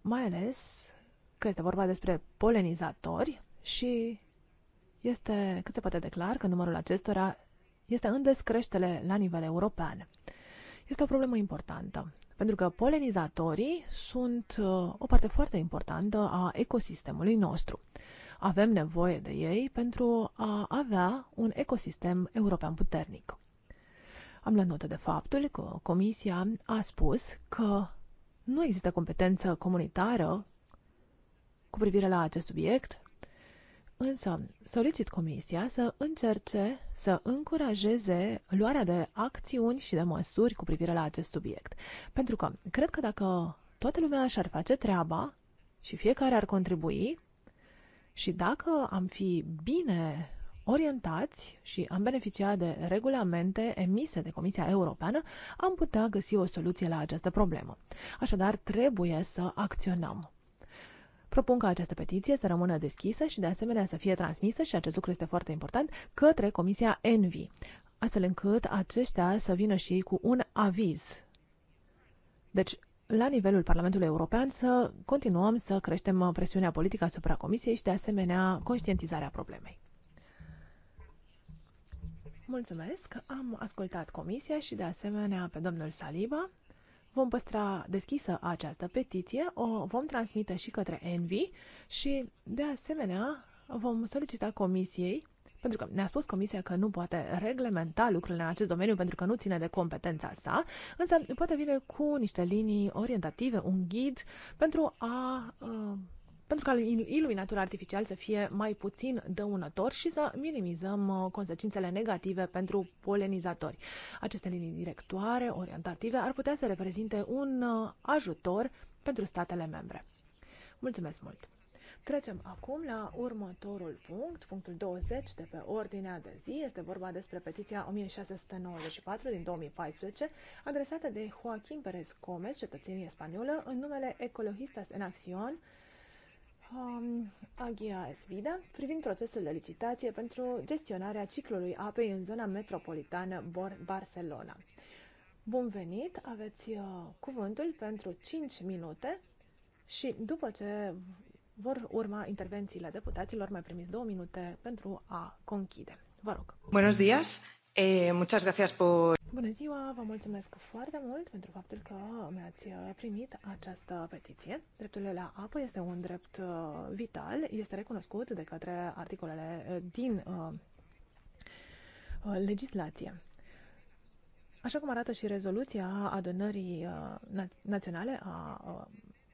mai ales că este vorba despre polenizatori și este cât se poate declar că numărul acestora este în descreștere la nivel european. Este o problemă importantă. Pentru că polenizatorii sunt uh, o parte foarte importantă a ecosistemului nostru. Avem nevoie de ei pentru a avea un ecosistem european puternic. Am luat notă de faptul că Comisia a spus că nu există competență comunitară cu privire la acest subiect, Însă, solicit Comisia să încerce să încurajeze luarea de acțiuni și de măsuri cu privire la acest subiect. Pentru că, cred că dacă toată lumea și-ar face treaba și fiecare ar contribui, și dacă am fi bine orientați și am beneficiat de regulamente emise de Comisia Europeană, am putea găsi o soluție la această problemă. Așadar, trebuie să acționăm. Propun ca această petiție să rămână deschisă și de asemenea să fie transmisă, și acest lucru este foarte important, către Comisia Envi, astfel încât aceștia să vină și cu un aviz. Deci, la nivelul Parlamentului European să continuăm să creștem presiunea politică asupra Comisiei și de asemenea conștientizarea problemei. Mulțumesc! Am ascultat Comisia și de asemenea pe domnul Saliba. Vom păstra deschisă această petiție, o vom transmite și către Envi și, de asemenea, vom solicita comisiei pentru că ne-a spus Comisia că nu poate reglementa lucrurile în acest domeniu pentru că nu ține de competența sa, însă poate vine cu niște linii orientative, un ghid pentru a uh, pentru ca iluminatul artificial să fie mai puțin dăunător și să minimizăm uh, consecințele negative pentru polenizatori. Aceste linii directoare, orientative, ar putea să reprezinte un uh, ajutor pentru statele membre. Mulțumesc mult! Trecem acum la următorul punct, punctul 20 de pe ordinea de zi. Este vorba despre petiția 1694 din 2014, adresată de Joaquín Pérez Gómez, cetățenie spaniolă, în numele Ecologistas en Acción, um, Aghia Svida privind procesul de licitație pentru gestionarea ciclului apei în zona metropolitană Barcelona. Bun venit, aveți uh, cuvântul pentru 5 minute și după ce vor urma intervențiile deputaților, mai primiți două minute pentru a conchide. Vă rog. Buenos días. Eh, muchas gracias por... Bună ziua, vă mulțumesc foarte mult pentru faptul că mi-ați primit această petiție. Dreptul la apă este un drept uh, vital, este recunoscut de către articolele uh, din uh, legislație. Așa cum arată și rezoluția adunării naționale a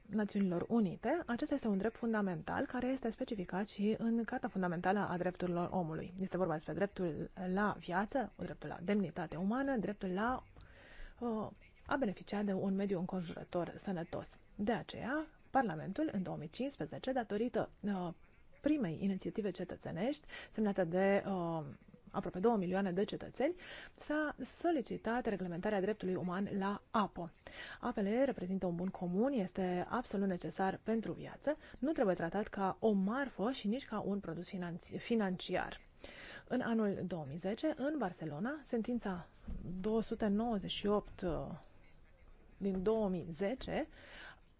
Națiunilor Unite, acesta este un drept fundamental care este specificat și în Carta Fundamentală a Drepturilor Omului. Este vorba despre dreptul la viață, dreptul la demnitate umană, dreptul la uh, a beneficia de un mediu înconjurător sănătos. De aceea, Parlamentul, în 2015, datorită uh, primei inițiative cetățenești semnată de uh, aproape 2 milioane de cetățeni, s-a solicitat reglementarea dreptului uman la apă. Apele reprezintă un bun comun, este absolut necesar pentru viață, nu trebuie tratat ca o marfă și nici ca un produs financiar. În anul 2010, în Barcelona, sentința 298 uh, din 2010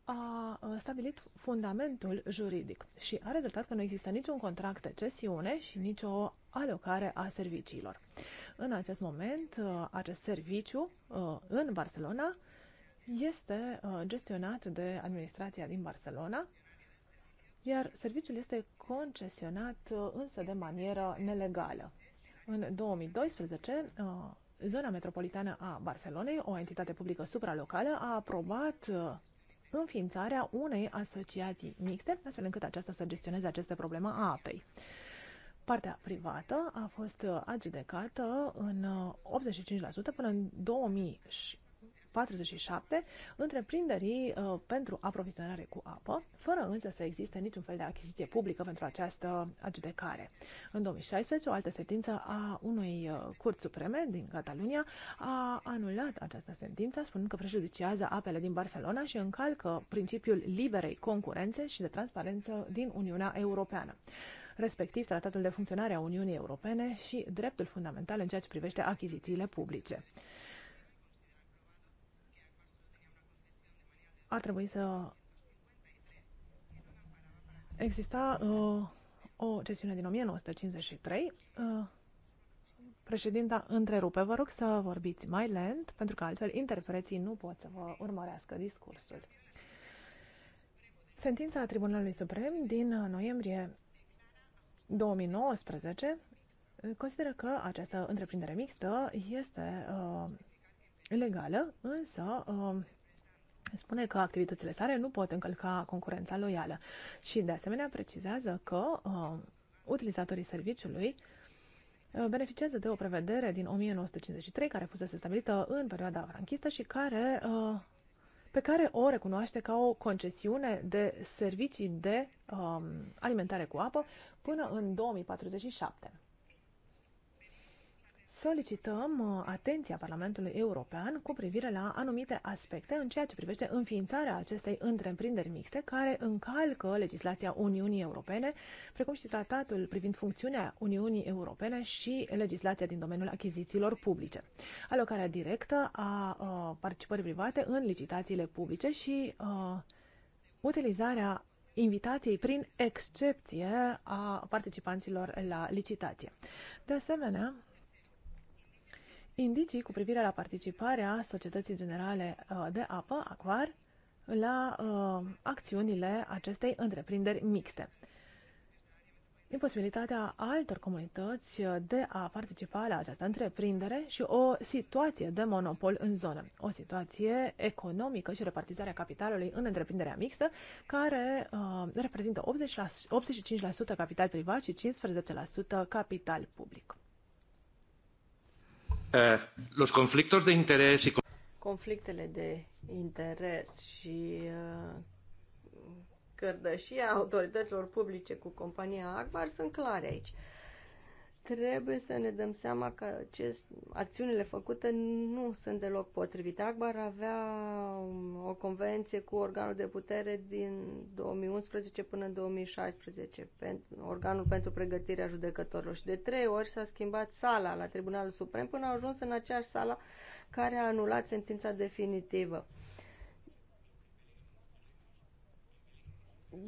a stabilit fundamentul juridic și a rezultat că nu există niciun contract de cesiune și nicio alocare a serviciilor. În acest moment, acest serviciu în Barcelona este gestionat de administrația din Barcelona, iar serviciul este concesionat însă de manieră nelegală. În 2012, zona metropolitană a Barcelonei, o entitate publică supralocală, a aprobat înființarea unei asociații mixte, astfel încât aceasta să gestioneze aceste probleme a apei. Partea privată a fost adjudecată în 85% uh, până în 2000 47, întreprinderii uh, pentru aprovizionare cu apă, fără însă să existe niciun fel de achiziție publică pentru această adjudecare. În 2016, o altă sentință a unui uh, curți supreme din Catalunia a anulat această sentință, spunând că prejudiciază apele din Barcelona și încalcă principiul liberei concurențe și de transparență din Uniunea Europeană respectiv Tratatul de Funcționare a Uniunii Europene și dreptul fundamental în ceea ce privește achizițiile publice. ar trebui să exista uh, o cesiune din 1953. Uh, președinta întrerupe, vă rog să vorbiți mai lent, pentru că altfel interpreții nu pot să vă urmărească discursul. Sentința Tribunalului Suprem din uh, noiembrie 2019 uh, consideră că această întreprindere mixtă este uh, legală, însă uh, spune că activitățile sale nu pot încălca concurența loială și, de asemenea, precizează că uh, utilizatorii serviciului uh, beneficiază de o prevedere din 1953 care fusese stabilită în perioada franchistă și care, uh, pe care o recunoaște ca o concesiune de servicii de uh, alimentare cu apă până în 2047 solicităm uh, atenția Parlamentului European cu privire la anumite aspecte în ceea ce privește înființarea acestei întreprinderi mixte care încalcă legislația Uniunii Europene, precum și tratatul privind funcțiunea Uniunii Europene și legislația din domeniul achizițiilor publice, alocarea directă a uh, participării private în licitațiile publice și uh, utilizarea invitației prin excepție a participanților la licitație. De asemenea, indicii cu privire la participarea societății generale uh, de apă, Aquar, la uh, acțiunile acestei întreprinderi mixte. Imposibilitatea altor comunități uh, de a participa la această întreprindere și o situație de monopol în zonă, o situație economică și repartizarea capitalului în întreprinderea mixtă, care uh, reprezintă 80 la, 85% capital privat și 15% capital public. Eh, los conflictos de interés y... Conflictele de interes și uh, cărdășia autorităților publice cu compania Agbar sunt clare aici. Uh, trebuie să ne dăm seama că acest, acțiunile făcute nu sunt deloc potrivite. Akbar avea o convenție cu organul de putere din 2011 până în 2016, pentru, organul pentru pregătirea judecătorilor și de trei ori s-a schimbat sala la Tribunalul Suprem până a ajuns în aceeași sala care a anulat sentința definitivă.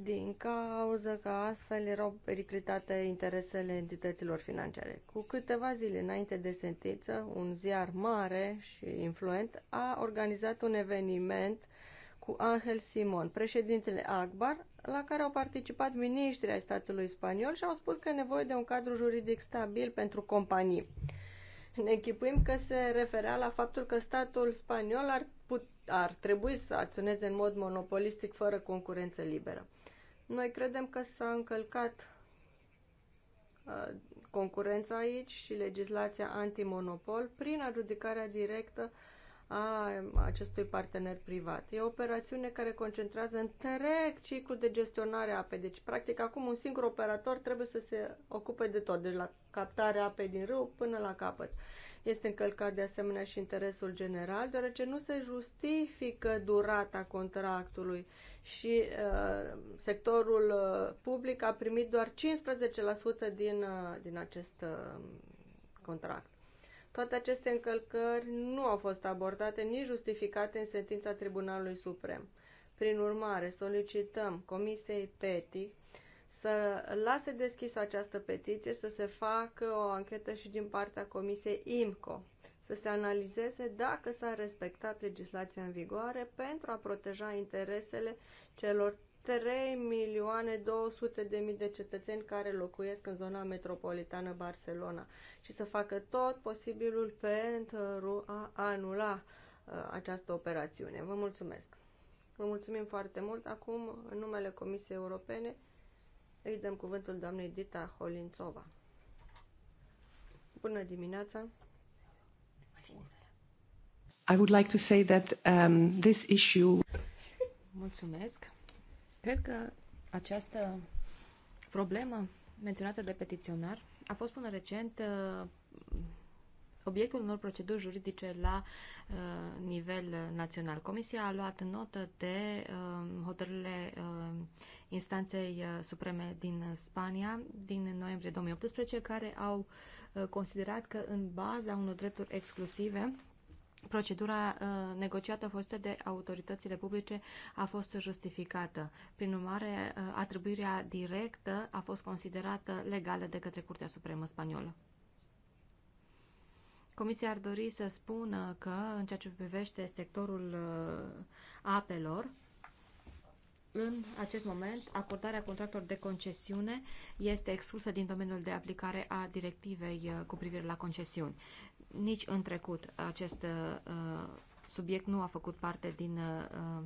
din cauza că astfel erau periclitate interesele entităților financiare. Cu câteva zile înainte de sentință, un ziar mare și influent a organizat un eveniment cu Angel Simon, președintele Akbar, la care au participat miniștrii ai statului spaniol și au spus că e nevoie de un cadru juridic stabil pentru companii. Ne că se referea la faptul că statul spaniol ar put, ar trebui să acționeze în mod monopolistic fără concurență liberă. Noi credem că s-a încălcat uh, concurența aici și legislația antimonopol prin adjudicarea directă a acestui partener privat. E o operațiune care concentrează întreg ciclul de gestionare a apei. Deci, practic, acum un singur operator trebuie să se ocupe de tot, deci la captarea apei din râu până la capăt. Este încălcat de asemenea și interesul general, deoarece nu se justifică durata contractului și uh, sectorul uh, public a primit doar 15% din, uh, din acest uh, contract. Toate aceste încălcări nu au fost abordate nici justificate în sentința Tribunalului Suprem. Prin urmare, solicităm Comisiei PETI să lase deschisă această petiție, să se facă o anchetă și din partea Comisiei IMCO, să se analizeze dacă s-a respectat legislația în vigoare pentru a proteja interesele celor 3.200.000 milioane de mii de cetățeni care locuiesc în zona metropolitană Barcelona și să facă tot posibilul pentru a anula uh, această operațiune. Vă mulțumesc! Vă mulțumim foarte mult. Acum, în numele Comisiei Europene, îi dăm cuvântul doamnei Dita Holințova. Bună dimineața! I would like to say that um, this issue... Mulțumesc! Cred că această problemă menționată de petiționar a fost până recent uh, obiectul unor proceduri juridice la uh, nivel național. Comisia a luat notă de uh, hotărârile uh, Instanței uh, Supreme din Spania din noiembrie 2018, care au uh, considerat că în baza unor drepturi exclusive Procedura uh, negociată fostă de autoritățile publice a fost justificată. Prin urmare, atribuirea directă a fost considerată legală de către Curtea Supremă Spaniolă. Comisia ar dori să spună că, în ceea ce privește sectorul apelor, în acest moment, acordarea contractelor de concesiune este exclusă din domeniul de aplicare a directivei uh, cu privire la concesiuni. Nici în trecut acest uh, subiect nu a făcut parte din uh, uh,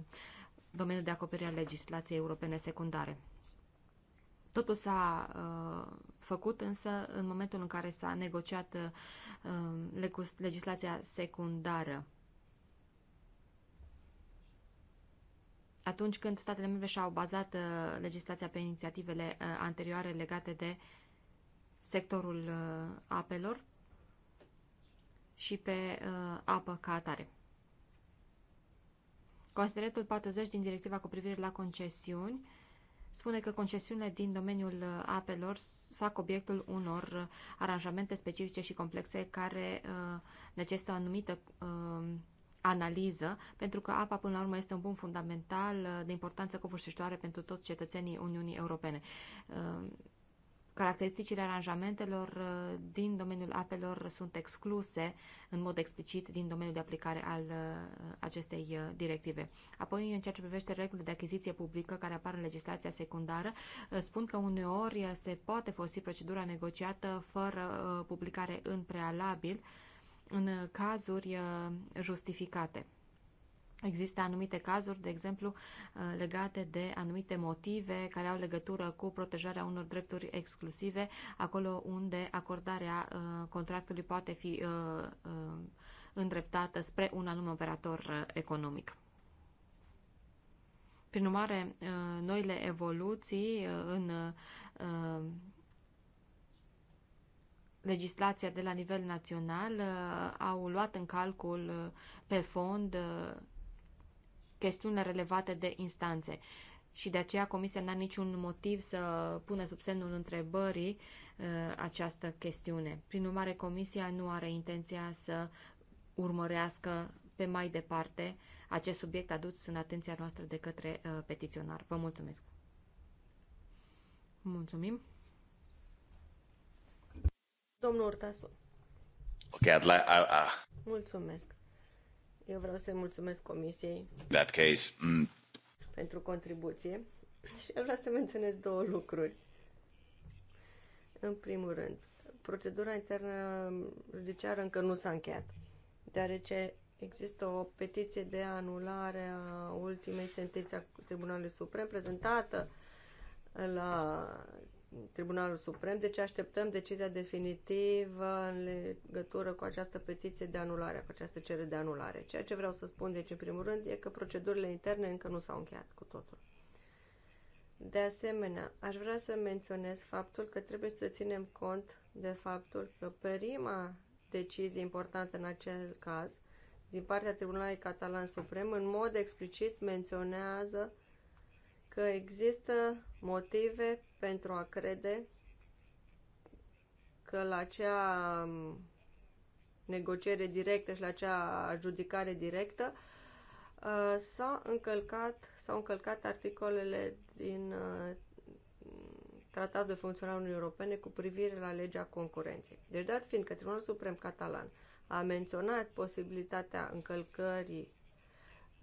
domeniul de acoperire a legislației europene secundare. Totul s-a uh, făcut, însă, în momentul în care s-a negociat uh, uh legislația secundară atunci când statele membre și-au bazat uh, legislația pe inițiativele uh, anterioare legate de sectorul uh, apelor și pe apă ca atare. consideratul 40 din directiva cu privire la concesiuni spune că concesiunile din domeniul apelor fac obiectul unor aranjamente specifice și complexe care necesită o anumită analiză, pentru că apa, până la urmă, este un bun fundamental uh, de importanță covârșitoare pentru toți cetățenii Uniunii Europene. Uh, caracteristicile aranjamentelor uh, din domeniul apelor sunt excluse în mod explicit din domeniul de aplicare al acestei directive. Apoi, în ceea ce privește regulile de achiziție publică care apar în legislația secundară, spun că uneori se poate folosi procedura negociată fără publicare în prealabil, în cazuri uh, justificate. Există anumite cazuri, de exemplu, uh, legate de anumite motive care au legătură cu protejarea unor drepturi exclusive, acolo unde acordarea uh, contractului poate fi îndreptată spre un anume operator economic. Prin urmare, noile evoluții în legislația de la nivel național, uh, au luat în calcul uh, pe fond uh, chestiunile relevate de instanțe. Și de aceea Comisia n-a niciun motiv să pună sub semnul întrebării această chestiune. Prin urmare, Comisia nu are intenția să urmărească pe mai departe acest subiect adus în atenția noastră de către petiționar. Vă mulțumesc! Mulțumim! Domnul Urtasu. Ok, I'd like... I, uh. Mulțumesc. Eu vreau să-i mulțumesc comisiei. That case... Mm. Pentru contribuție. Și vreau să menționez două lucruri. În primul rând, procedura internă judiciară încă nu s-a încheiat, deoarece există o petiție de anulare a ultimei sentințe a Tribunalului Suprem prezentată la Tribunalul Suprem, deci așteptăm decizia definitivă în legătură cu această petiție de anulare, cu această cerere de anulare. Ceea ce vreau să spun, deci, în primul rând, e că procedurile interne încă nu s-au încheiat cu totul. De asemenea, aș vrea să menționez faptul că trebuie să ținem cont de faptul că prima decizie importantă în acel caz, din partea Tribunalului Catalan Suprem, în mod explicit menționează că există motive pentru a crede că la acea um, negociere directă și la acea adjudicare directă uh, s-a încălcat, s-au încălcat articolele din uh, Tratatul de Funcționare Uniunii Europene cu privire la legea concurenței. Deci, dat fiind că Tribunalul Suprem Catalan a menționat posibilitatea încălcării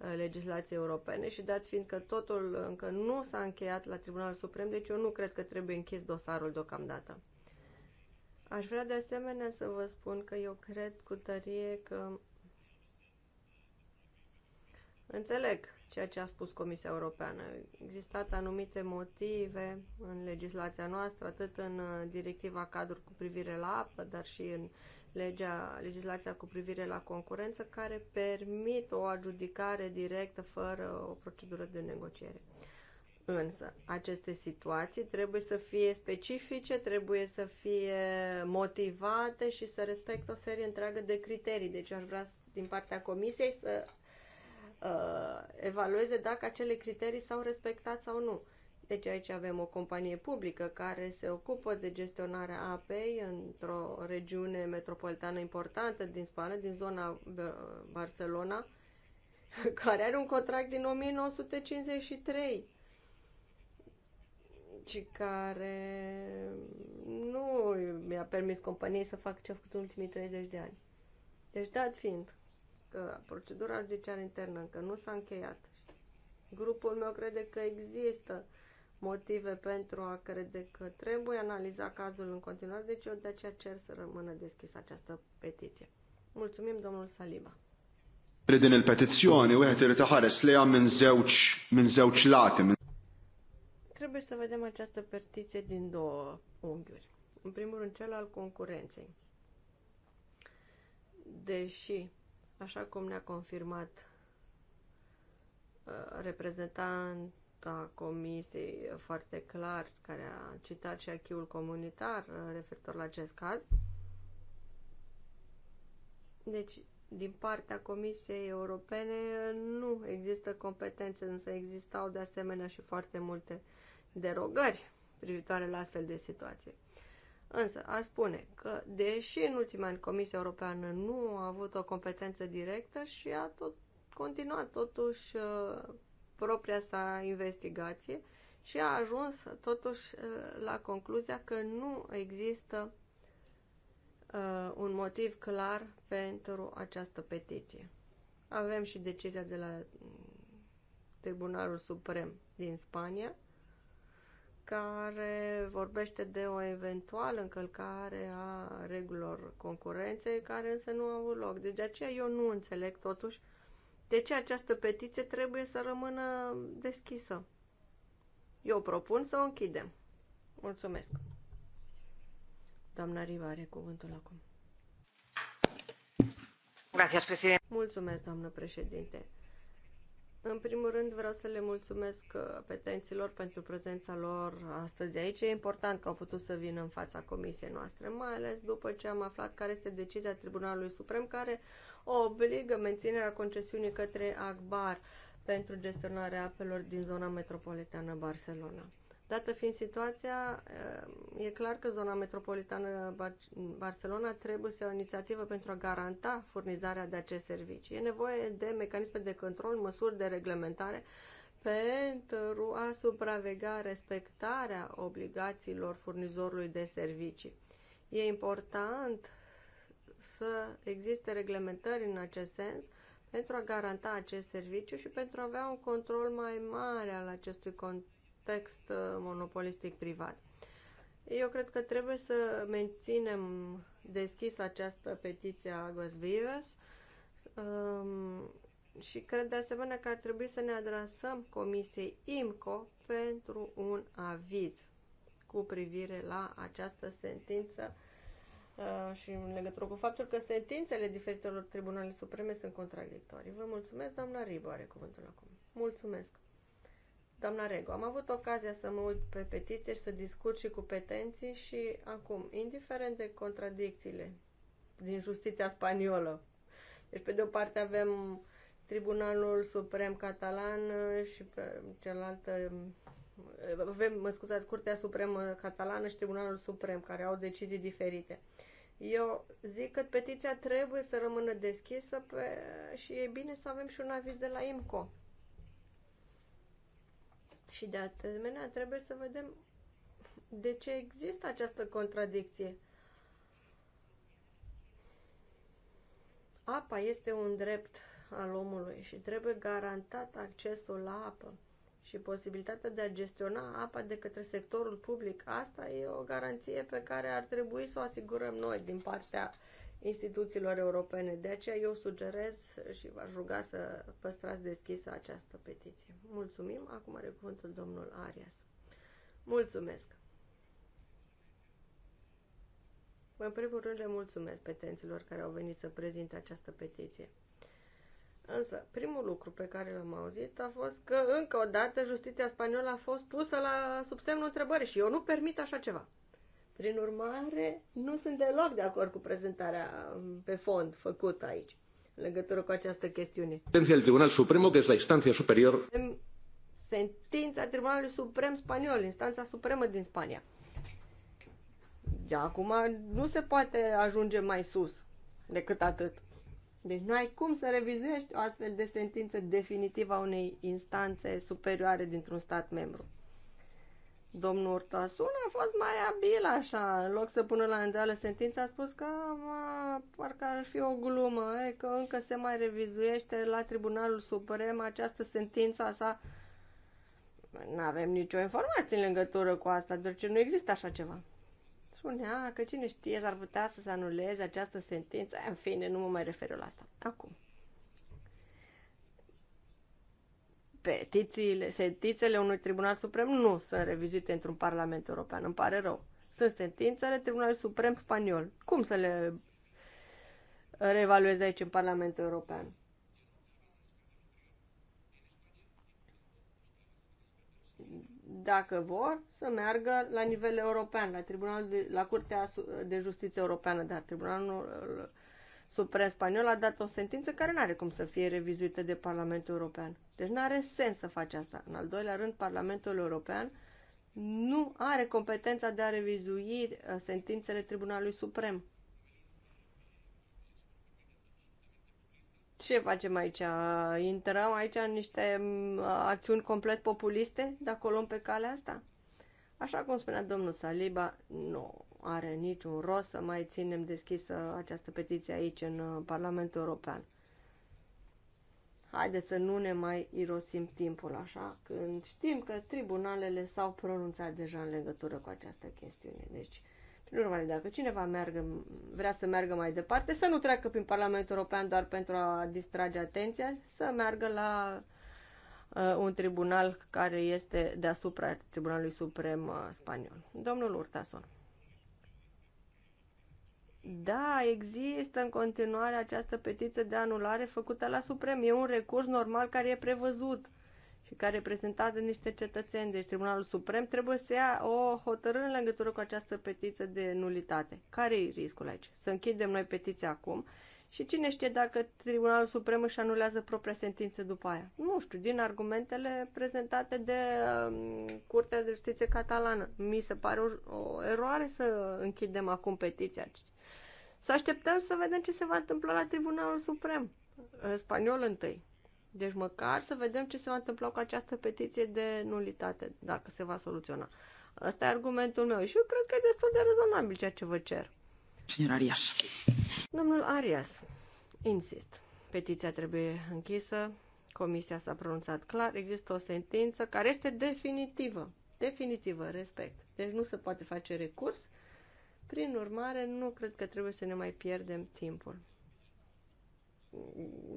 Uh, legislației europene și dați fiind că totul încă nu s-a încheiat la Tribunalul Suprem, deci eu nu cred că trebuie închis dosarul deocamdată. Aș vrea de asemenea să vă spun că eu cred cu tărie că înțeleg ceea ce a spus Comisia Europeană. Existat anumite motive în legislația noastră, atât în uh, directiva cadru cu privire la apă, dar și în uh, legea, legislația cu privire la concurență care permit o adjudicare directă fără o procedură de negociere. Însă, aceste situații trebuie să fie specifice, trebuie să fie motivate și să respecte o serie întreagă de criterii. Deci aș vrea din partea comisiei să uh, evalueze dacă acele criterii s-au respectat sau nu. Deci aici avem o companie publică care se ocupă de gestionarea apei într-o regiune metropolitană importantă din Spania, din zona Barcelona, care are un contract din 1953 și care nu mi-a permis companiei să fac ce a făcut în ultimii 30 de ani. Deci, dat fiind că procedura judiciară internă încă nu s-a încheiat, grupul meu crede că există uh, motive pentru a crede că trebuie analiza cazul în continuare, deci eu de aceea cer să rămână deschisă această petiție. Mulțumim, domnul Saliba. Din il-petizzjoni, u għet irrit ħares li għam minn zewċ lati. Trebuie să vedem această petiție din două unghiuri. În primul rând, cel al concurenței. Deși, așa cum ne-a confirmat uh, reprezentant a comisiei foarte clar, care a citat și achiul comunitar referitor la acest caz. Deci, din partea Comisiei Europene nu există competențe, însă existau de asemenea și foarte multe derogări privitoare la astfel de situații. Însă, aș spune că, deși în ultimii ani Comisia Europeană nu a avut o competență directă și a tot continuat totuși uh, propria sa investigație și a ajuns totuși uh, la concluzia că nu există uh, un motiv clar pentru această petiție. Avem și decizia de la mm, Tribunalul Suprem din Spania, care vorbește de o eventuală încălcare a regulilor concurenței, care însă nu au avut loc. Deci aceea eu nu înțeleg totuși uh, de ce această petiție trebuie să rămână deschisă? Eu propun să o închidem. Mulțumesc. Doamna Riva are cuvântul acum. Gracias, Mulțumesc, doamnă președinte. În primul rând vreau să le mulțumesc uh, petenților pentru prezența lor astăzi aici. E important că au putut să vină în fața comisiei noastre, mai ales după ce am aflat care este decizia Tribunalului Suprem care obligă menținerea concesiunii către Akbar pentru gestionarea apelor din zona metropolitană Barcelona. Dată fiind situația, e clar că zona metropolitană Bar Barcelona trebuie să ia o inițiativă pentru a garanta furnizarea de acest servicii. E nevoie de mecanisme de control, măsuri de reglementare pentru a supraveghea respectarea obligațiilor furnizorului de servicii. E important să existe reglementări în acest sens pentru a garanta acest serviciu și pentru a avea un control mai mare al acestui control context uh, monopolistic privat. Eu cred că trebuie să menținem deschis această petiție a Gosvives um, și cred de asemenea că ar trebui să ne adresăm Comisiei IMCO pentru un aviz cu privire la această sentință uh, și în legătură cu faptul că sentințele diferitelor tribunale supreme sunt contradictorii. Vă mulțumesc, doamna Ribo, are cuvântul acum. Mulțumesc! Doamna Rego, am avut ocazia să mă uit pe petiție și să discut și cu petenții și acum, indiferent de contradicțiile din justiția spaniolă, deci pe de o parte avem Tribunalul Suprem Catalan uh, și pe cealaltă uh, avem, mă scuzați, Curtea Supremă Catalană și Tribunalul Suprem, care au decizii diferite. Eu zic că petiția trebuie să rămână deschisă pe... și e bine să avem și un aviz de la IMCO și de asemenea, trebuie să vedem de ce există această contradicție. Apa este un drept al omului și trebuie garantat accesul la apă și posibilitatea de a gestiona apa de către sectorul public. Asta e o garanție pe care ar trebui să o asigurăm noi din partea uh, instituțiilor europene. De aceea eu sugerez și v-aș ruga să păstrați deschisă această petiție. Mulțumim. Acum are cuvântul domnul Arias. Mulțumesc. În primul rând le mulțumesc petenților care au venit să prezinte această petiție. Însă, primul lucru pe care l-am auzit a fost că, încă o dată, justiția spaniolă a fost pusă la sub semnul întrebării și eu nu permit așa ceva. Prin urmare, nu sunt deloc de acord cu prezentarea um, pe fond făcută aici, în legătură cu această chestiune. Sentința del Tribunal Suprem, care este la instanția superior. Sentința Tribunalului Suprem Spaniol, instanța supremă din Spania. De acum nu se poate ajunge mai sus decât atât. Deci nu ai cum să revizuiești o astfel de sentință definitivă a unei instanțe superioare dintr-un stat membru domnul Urtasun a fost mai abil așa, în loc să pună la îndeală sentința, a spus că mă, parcă ar fi o glumă, e, că încă se mai revizuiește la Tribunalul Suprem această sentință a sa. Nu avem nicio informație în legătură cu asta, deoarece nu există așa ceva. Spunea că cine știe, s-ar putea să se anuleze această sentință. În fine, nu mă mai refer la asta. Acum. petițiile, sentințele unui tribunal suprem nu sunt revizuite într-un parlament european. Îmi pare rău. Sunt sentințele Tribunalului Suprem Spaniol. Cum să le reevaluez aici în Parlamentul European? Dacă vor, să meargă la nivel european, la, tribunalul de, la Curtea de Justiție Europeană, dar Tribunalul Suprem spaniol a dat o sentință care nu are cum să fie revizuită de Parlamentul European. Deci nu are sens să faci asta. În al doilea rând, Parlamentul European nu are competența de a revizui uh, sentințele Tribunalului Suprem. Ce facem aici? Intrăm aici în niște mm, acțiuni complet populiste dacă o luăm pe calea asta? Așa cum spunea domnul Saliba, nu are niciun rost să mai ținem deschisă această petiție aici în uh, Parlamentul European. Haideți să nu ne mai irosim timpul așa, când știm că tribunalele s-au pronunțat deja în legătură cu această chestiune. Deci, prin urmare, dacă cineva meargă, vrea să meargă mai departe, să nu treacă prin Parlamentul European doar pentru a distrage atenția, să meargă la uh, un tribunal care este deasupra Tribunalului Suprem uh, Spaniol. Domnul Urtason. Da, există în continuare această petiție de anulare făcută la Suprem. E un recurs normal care e prevăzut și care e prezentat de niște cetățeni. Deci Tribunalul Suprem trebuie să ia o hotărâre în legătură cu această petiție de nulitate. Care e riscul aici? Să închidem noi petiția acum și cine știe dacă Tribunalul Suprem își anulează propria sentință după aia? Nu știu, din argumentele prezentate de um, Curtea de Justiție Catalană. Mi se pare o, o eroare să închidem acum petiția. Să așteptăm să vedem ce se va întâmpla la Tribunalul Suprem, în spaniol întâi. Deci măcar să vedem ce se va întâmpla cu această petiție de nulitate, dacă se va soluționa. Asta e argumentul meu și eu cred că e destul de rezonabil ceea ce vă cer. Signor Arias. Domnul Arias, insist. Petiția trebuie închisă, comisia s-a pronunțat clar, există o sentință care este definitivă. Definitivă, respect. Deci nu se poate face recurs. Prin urmare, nu cred că trebuie să ne mai pierdem timpul.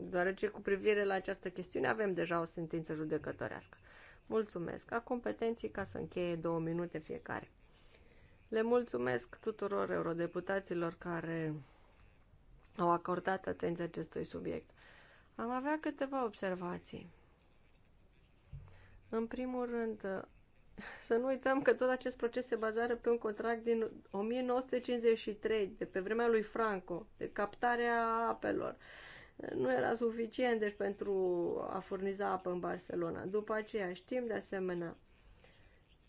Deoarece cu privire la această chestiune avem deja o sentință judecătorească. Mulțumesc. A competenții ca să încheie două minute fiecare. Le mulțumesc tuturor eurodeputaților care au acordat atenție acestui subiect. Am avea câteva observații. În primul rând, să nu uităm că tot acest proces se bazează pe un contract din 1953, de pe vremea lui Franco, de captarea apelor. Nu era suficient deci, pentru a furniza apă în Barcelona. După aceea știm de asemenea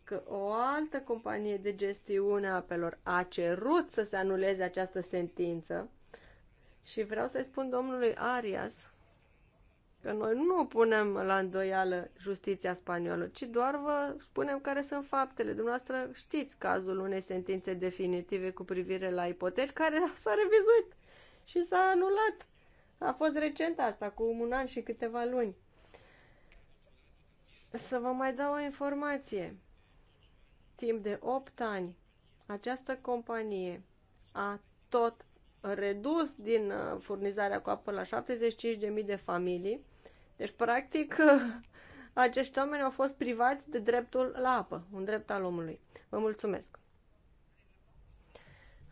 că o altă companie de gestiune a apelor a cerut să se anuleze această sentință și vreau să-i spun domnului Arias că noi nu punem la îndoială justiția spaniolă, ci doar vă spunem care sunt faptele. Dumneavoastră știți cazul unei sentințe definitive cu privire la ipoteci care s-a revizuit și s-a anulat. A fost recent asta, cu un an și câteva luni. Să vă mai dau o informație. Timp de 8 ani, această companie a tot redus din uh, furnizarea cu apă la 75.000 de familii deci, practic, acești oameni au fost privați de dreptul la apă, un drept al omului. Vă mulțumesc!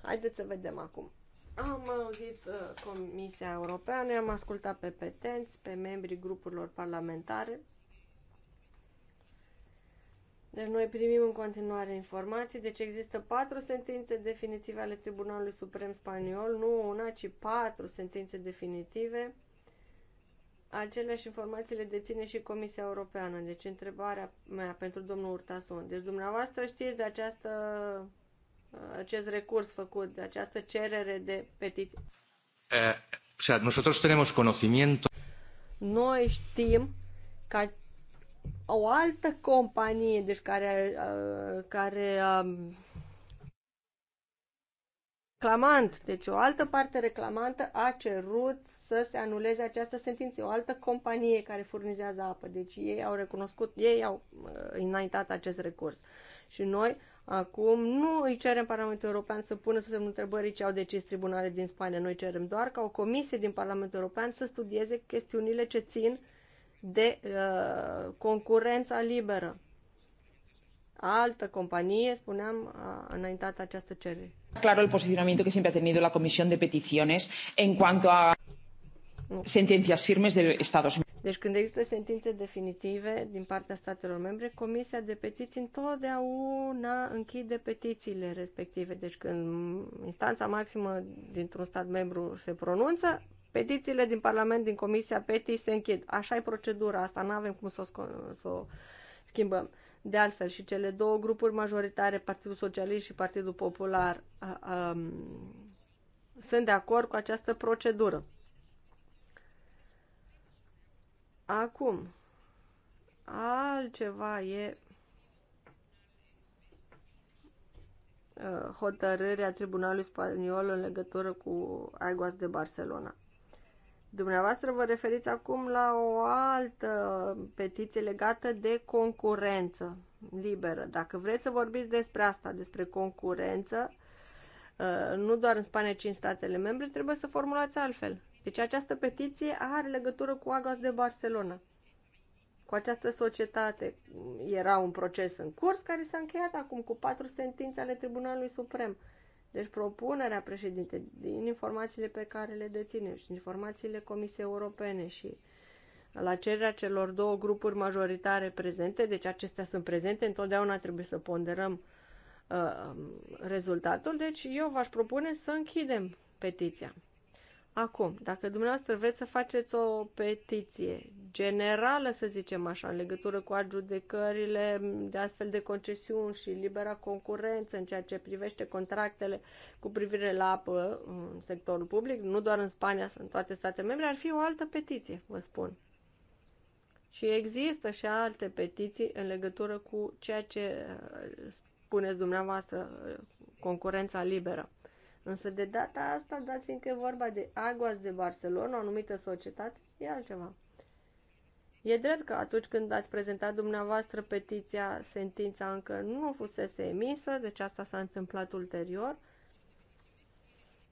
Haideți să vedem acum. Am auzit uh, Comisia Europeană, am ascultat pe petenți, pe membrii grupurilor parlamentare. Deci noi primim în continuare informații, deci există patru sentințe definitive ale Tribunalului Suprem Spaniol, nu una, ci patru sentințe definitive Aceleași informații le deține și Comisia Europeană. Deci întrebarea mea pentru domnul Urtason. Deci dumneavoastră știți de această, acest recurs făcut, de această cerere de petiție. Uh, o sea, nosotros tenemos conocimiento. Noi știm că o altă companie, deci care, uh, care eh, reclamant, deci o altă parte reclamantă a cerut să se anuleze această sentință. O altă companie care furnizează apă. Deci ei au recunoscut, ei au uh, înaintat acest recurs. Și noi acum nu îi cerem Parlamentul European să pună sub semnul întrebării ce au decis tribunale din Spania. Noi cerem doar ca o comisie din Parlamentul European să studieze chestiunile ce țin de uh, concurența liberă. Altă companie, spuneam, a înaintat această cerere. Claro, el posicionamiento que siempre ha tenido la Comisión de Peticiones en cuanto a sentencias firmes de Estados Unidos. Deci când există sentințe definitive din partea statelor membre, Comisia de Petiții întotdeauna închide petițiile respective. Deci când instanța maximă dintr-un stat membru se pronunță, petițiile din Parlament, din Comisia Petii se închid. Așa e procedura asta, nu avem cum să o, să o schimbăm. De altfel, și cele două grupuri majoritare, Partidul Socialist și Partidul Popular, a, a, sunt de acord cu această procedură. Acum, altceva e uh, hotărârea Tribunalului Spaniol în legătură cu Aguas de Barcelona. Dumneavoastră vă referiți acum la o altă petiție legată de concurență liberă. Dacă vreți să vorbiți despre asta, despre concurență, uh, nu doar în Spania, ci în statele membre, trebuie să formulați altfel. Deci această petiție are legătură cu Agas de Barcelona. Cu această societate era un proces în curs care s-a încheiat acum cu patru sentințe ale Tribunalului Suprem. Deci propunerea președinte, din informațiile pe care le deținem și informațiile Comisiei Europene și la cererea celor două grupuri majoritare prezente, deci acestea sunt prezente, întotdeauna trebuie să ponderăm uh, rezultatul, deci eu v-aș propune să închidem petiția. Acum, dacă dumneavoastră vreți să faceți o petiție generală, să zicem așa, în legătură cu adjudecările de astfel de concesiuni și libera concurență în ceea ce privește contractele cu privire la apă în sectorul public, nu doar în Spania, în toate statele membre, ar fi o altă petiție, vă spun. Și există și alte petiții în legătură cu ceea ce uh, spuneți dumneavoastră, uh, concurența liberă. Însă de data asta, dat fiindcă e vorba de Aguas de Barcelona, o anumită societate, e altceva. E drept că atunci când ați prezentat dumneavoastră petiția, sentința încă nu fusese emisă, deci asta s-a întâmplat ulterior,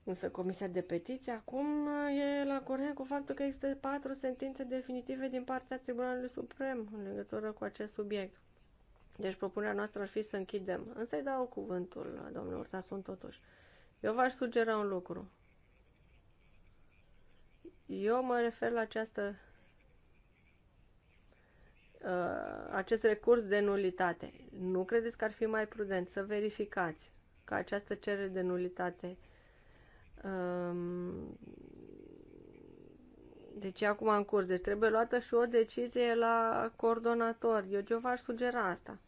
Însă Comisia de Petiții acum e la curent cu faptul că există patru sentințe definitive din partea Tribunalului Suprem în legătură cu acest subiect. Deci propunerea noastră ar fi să închidem. Însă îi dau cuvântul domnului Urtasun totuși. Eu v-aș sugera un lucru. Eu mă refer la această uh, acest recurs de nulitate. Nu credeți că ar fi mai prudent să verificați că această cerere de nulitate um, deci acum în curs. Deci trebuie luată și o decizie la coordonator. Eu ce v-aș sugera asta?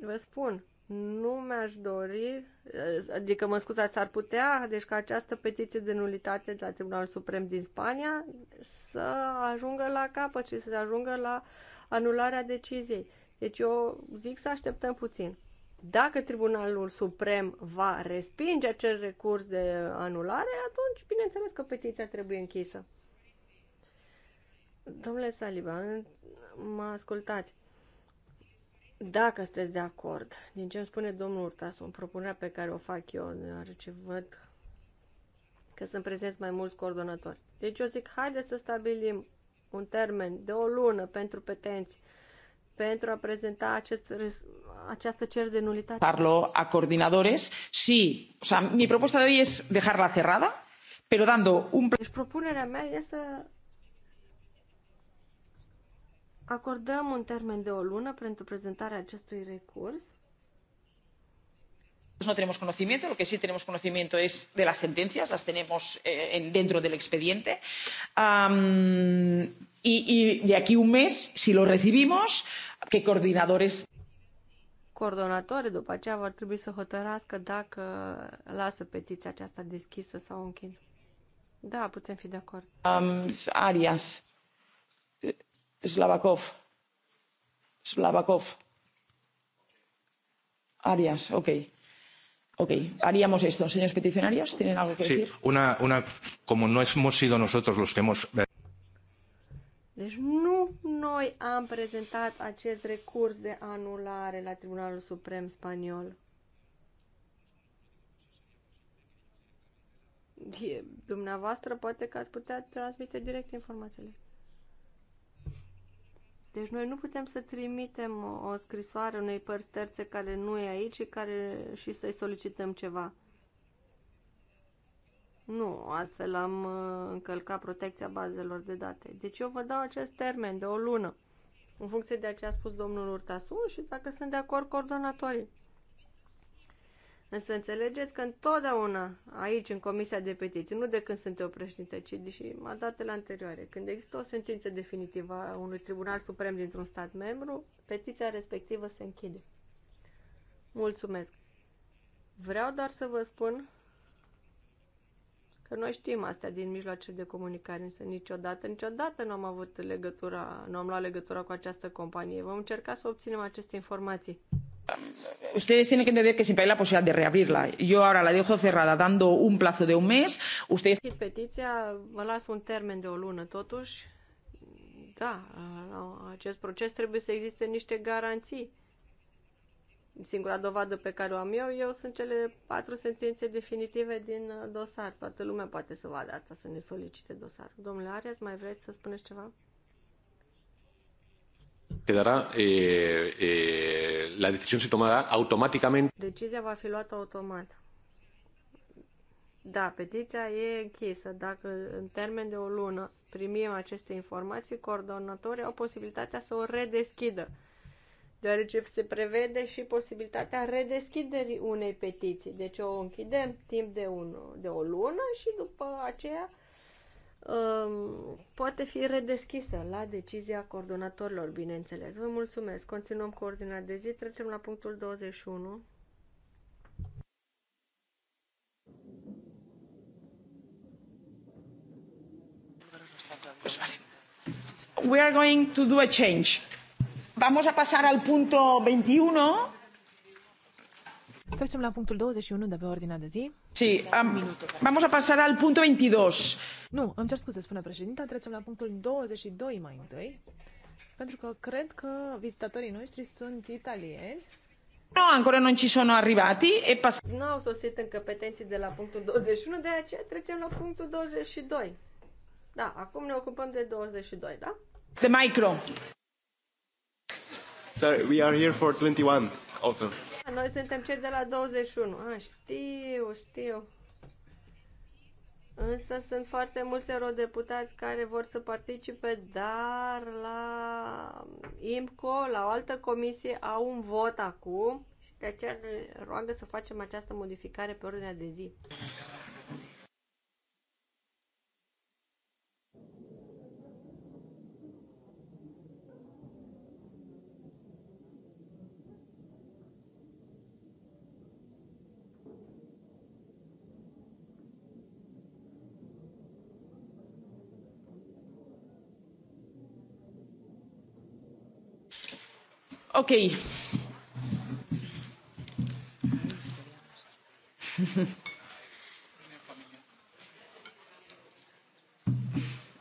Vă spun, nu mi-aș dori, adică mă scuzați, ar putea, deci ca această petiție de nulitate de la Tribunalul Suprem din Spania să ajungă la capăt și să ajungă la anularea deciziei. Deci eu zic să așteptăm puțin. Dacă Tribunalul Suprem va respinge acel recurs de anulare, atunci bineînțeles că petiția trebuie închisă. Domnule Saliba, mă ascultați. Dacă sunteți de acord, din ce îmi spune domnul o propunerea pe care o fac eu, deoarece văd că sunt prezenți mai mulți coordonatori. Deci eu zic, haideți să stabilim un termen de o lună pentru petenți, pentru a prezenta acest, această cer de nulitate. Parlo a coordinadores, sí, o sea, mi propuesta de hoy es dejarla cerrada, pero dando un... Deci propunerea mea este să Acordăm un termen de o lună pentru prezentarea acestui recurs. No tenemos conocimiento, lo que sí tenemos conocimiento es de las sentencias, las tenemos eh, en, dentro del expediente. Um, y, y de aquí un mes, si lo recibimos, ¿qué coordinadores coordonatorii după aceea vor trebui să hotărască dacă lasă petiția aceasta deschisă sau închid. Da, putem fi de acord. Um, Arias. Slavakov. Slavakov. Arias, ok. Ok, haríamos esto. Señores peticionarios, ¿tienen algo que sí, decir? una, una, como no hemos sido nosotros los que hemos... Eh. Deci nu noi am prezentat acest recurs de anulare la Tribunalul Suprem Spaniol. E, dumneavoastră poate că ați putea transmite direct informațiile. Deci noi nu putem să trimitem o scrisoare unei părți terțe care nu e aici și, care, și să-i solicităm ceva. Nu, astfel am uh, încălcat protecția bazelor de date. Deci eu vă dau acest termen de o lună, în funcție de ce a spus domnul Urtasun și dacă sunt de acord coordonatorii. Însă înțelegeți că întotdeauna aici, în Comisia de Petiții, nu de când sunt eu președinte, ci și datele anterioare, când există o sentință definitivă a unui tribunal suprem dintr-un stat membru, petiția respectivă se închide. Mulțumesc. Vreau doar să vă spun că noi știm asta din mijloace de comunicare, însă niciodată, niciodată nu am avut legătura, nu am luat legătura cu această companie. Vom încerca să obținem aceste informații ustedes tienen que entender que siempre hay la posibilidad de reabrirla. Yo ahora la dejo cerrada dando un plazo de un mes. Ustedes... Petiția vă las un termen de o lună, totuși. Da, la acest proces trebuie să existe niște garanții. Singura dovadă pe care o am eu, eu sunt cele patru sentințe definitive din uh, dosar. Toată lumea poate să vadă asta, să ne solicite dosarul. Domnule Arias, mai vreți să spuneți ceva? Quedará, eh, eh, la decisión se tomará automáticamente. Decizia va fi luată automat. Da, petiția e închisă. Dacă în termen de o lună primim aceste informații, coordonatorii au posibilitatea să o redeschidă, deoarece se prevede și posibilitatea redeschiderii unei petiții. Deci o închidem timp de, un, de o lună și după aceea Um, poate fi redeschisă la decizia coordonatorilor, bineînțeles. Vă mulțumesc. Continuăm cu ordinea de zi. Trecem la punctul 21. We are going to do a change. Vamos a pasar al punto 21 Trecem la punctul 21 de pe ordinea de zi. Sí, am, vamos a pasar al punto 22. Nu, îmi cer scuze, spune președinta, trecem la punctul 22 mai întâi, pentru că cred că vizitatorii noștri sunt italieni. No, ancora non ci sono arrivati e pas- Nu au sosit încă petenții de la punctul 21, de aceea trecem la punctul 22. Da, acum ne ocupăm de 22, da? De micro. Sorry, we are here for 21 also. Noi suntem cei de la 21. A, știu, știu. Însă sunt foarte mulți eurodeputați care vor să participe, dar la IMCO, la o altă comisie, au un vot acum de aceea ne roagă să facem această modificare pe ordinea de zi. Ok.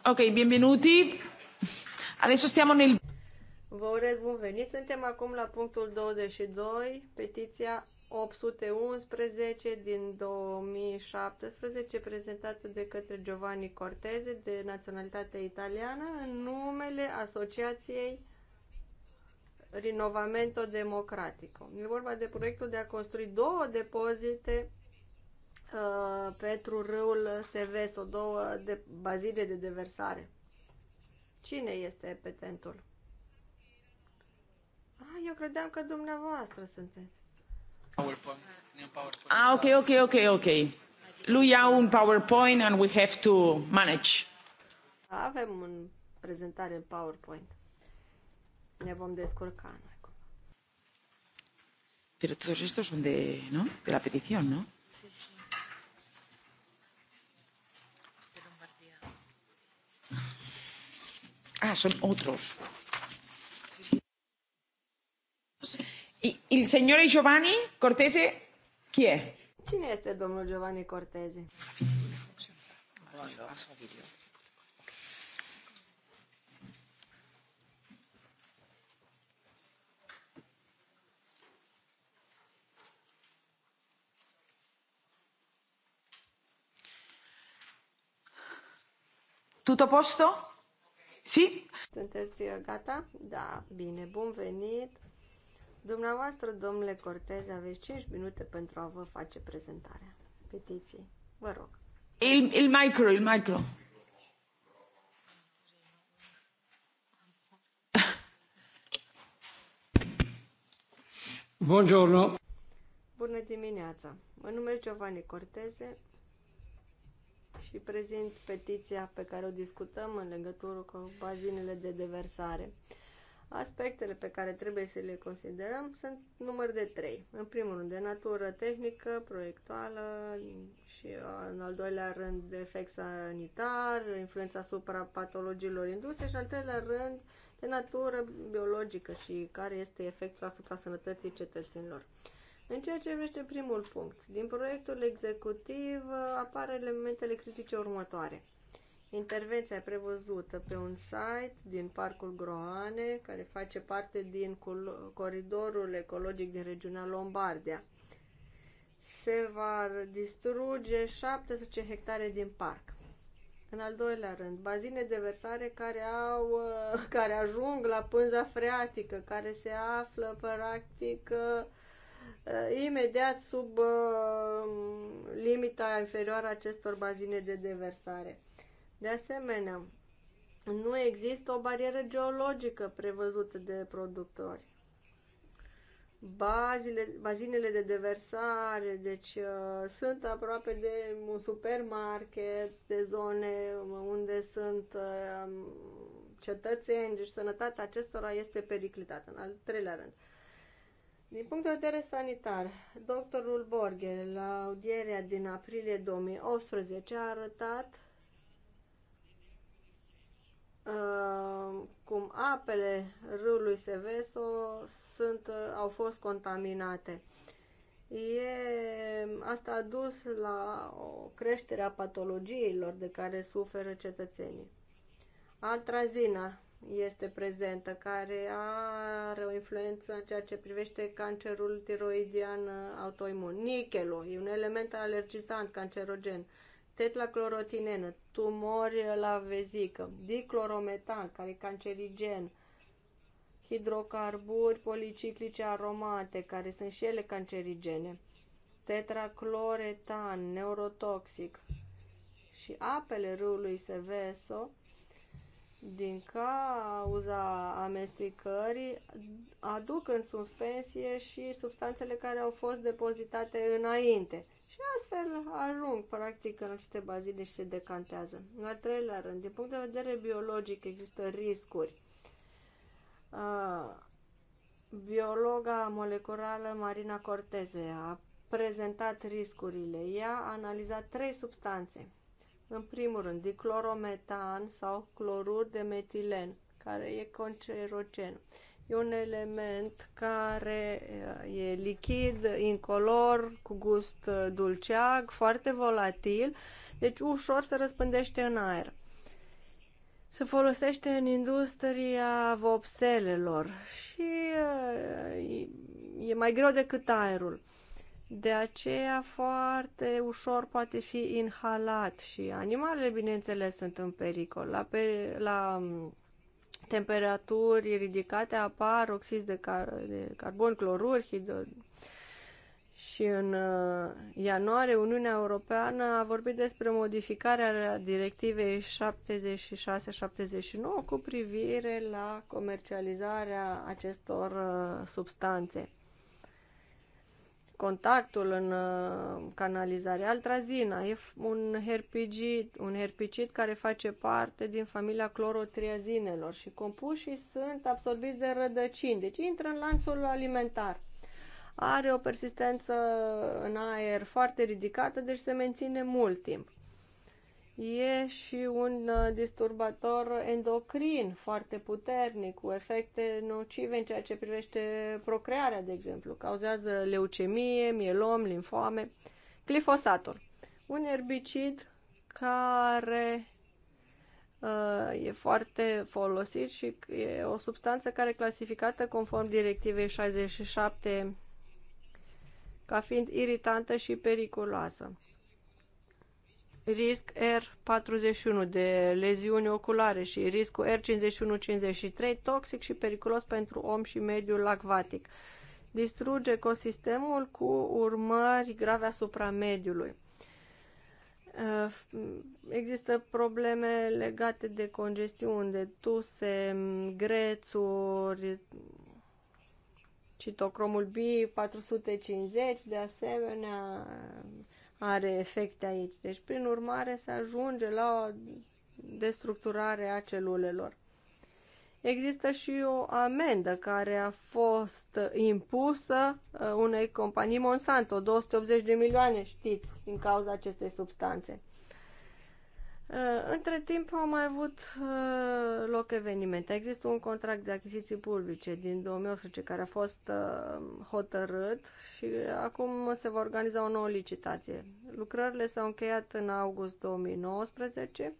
ok, bienvenuti. Adesso stiamo nel... Vă urez bun venit. Suntem acum la punctul 22, petiția 811 din 2017, prezentată de către Giovanni Corteze, de naționalitate italiană, în numele Asociației Rinovamento Democratico. E vorba de proiectul de a construi două depozite uh, pentru râul Seveso, două de bazine de deversare. Cine este petentul? Ah, eu credeam că dumneavoastră sunteți. PowerPoint. Ah, ok, ok, ok, ok. Lui ia un PowerPoint and we have to manage. Avem un prezentare în PowerPoint ne vom descurca noi. Pero todos estos son de, ¿no? de la petición, ¿no? Ah, son otros. Sí. ¿Y, ¿Y el señor Giovanni Cortese? ¿Quién es? Cine este domnul Giovanni Cortese? Video nu funcționează. Așa, Tutto posto? Sì? Sunteți uh, gata? Da, bine, bun venit. Dumneavoastră, domnule Cortez, aveți 5 minute pentru a vă face prezentarea petiției. Vă rog. Il, il micro, il micro. Buongiorno. Bună dimineața. Mă numesc Giovanni Corteze, și prezint petiția pe care o discutăm în legătură cu bazinele de deversare. Aspectele pe care trebuie să le considerăm sunt număr de trei. În primul rând, de natură tehnică, proiectuală și în al doilea rând, de efect sanitar, influența asupra patologiilor induse și al treilea rând, de natură biologică și care este efectul asupra sănătății cetățenilor. În ceea ce privește primul punct, din proiectul executiv uh, apar elementele critice următoare. Intervenția prevăzută pe un site din Parcul Groane, care face parte din coridorul ecologic din regiunea Lombardia. Se va distruge 17 hectare din parc. În al doilea rând, bazine de versare care, au, uh, care ajung la pânza freatică, care se află practic uh, Uh, imediat sub uh, limita inferioară acestor bazine de deversare. De asemenea, nu există o barieră geologică prevăzută de productori. Bazile, bazinele de deversare, deci uh, sunt aproape de un supermarket, de zone unde sunt uh, cetățeni, deci sănătatea acestora este periclitată, în al treilea rând. Uh, din punct de vedere sanitar, doctorul Borghe, la audierea din aprilie 2018, a arătat uh, cum apele râului Seveso sunt, uh, au fost contaminate. E, asta a dus la o creștere a patologiilor de care suferă cetățenii. Altrazina, este prezentă, care are o influență în ceea ce privește cancerul tiroidian autoimun. Nichelul e un element alergizant cancerogen. Tetlaclorotinenă, tumori la vezică, diclorometan, care e cancerigen, hidrocarburi policiclice aromate, care sunt și ele cancerigene, tetracloretan, neurotoxic și apele râului Seveso, din cauza amestecării aduc în suspensie și substanțele care au fost depozitate înainte. Și astfel ajung practic în aceste bazine și se decantează. În al treilea rând, din punct de vedere biologic există riscuri. biologa moleculară Marina Corteze a prezentat riscurile. Ea a analizat trei substanțe în primul rând, diclorometan sau clorur de metilen, care e cancerogen. E un element care uh, e lichid, incolor, cu gust uh, dulceag, foarte volatil, deci ușor se răspândește în aer. Se folosește în industria vopselelor și uh, e mai greu decât aerul. De aceea foarte ușor poate fi inhalat și animalele, bineînțeles, sunt în pericol. La, pe, la mm, temperaturi ridicate apar oxizi de, car- de carbon, cloruri, hidro... Și în uh, ianuarie Uniunea Europeană a vorbit despre modificarea directivei 76-79 cu privire la comercializarea acestor uh, substanțe contactul în uh, canalizare. Altrazina e un herbicid, un herbicid care face parte din familia clorotriazinelor și compușii sunt absorbiți de rădăcini, deci intră în lanțul alimentar. Are o persistență în aer foarte ridicată, deci se menține mult timp e și un uh, disturbator endocrin foarte puternic, cu efecte nocive în ceea ce privește procrearea, de exemplu. Cauzează leucemie, mielom, linfoame. Glifosatul, un erbicid care uh, e foarte folosit și e o substanță care e clasificată conform directivei 67 ca fiind iritantă și periculoasă risc R41 de leziuni oculare și riscul R5153 toxic și periculos pentru om și mediul acvatic. Distruge ecosistemul cu urmări grave asupra mediului. Uh, există probleme legate de congestiuni, de tuse, grețuri, citocromul B450, de asemenea, are efecte aici. Deci, prin urmare, se ajunge la o destructurare a celulelor. Există și o amendă care a fost impusă uh, unei companii Monsanto, 280 de milioane, știți, din cauza acestei substanțe. Uh, între timp au mai avut uh, loc evenimente. Există un contract de achiziții publice din 2018 care a fost uh, hotărât și acum se va organiza o nouă licitație. Lucrările s-au încheiat în august 2019.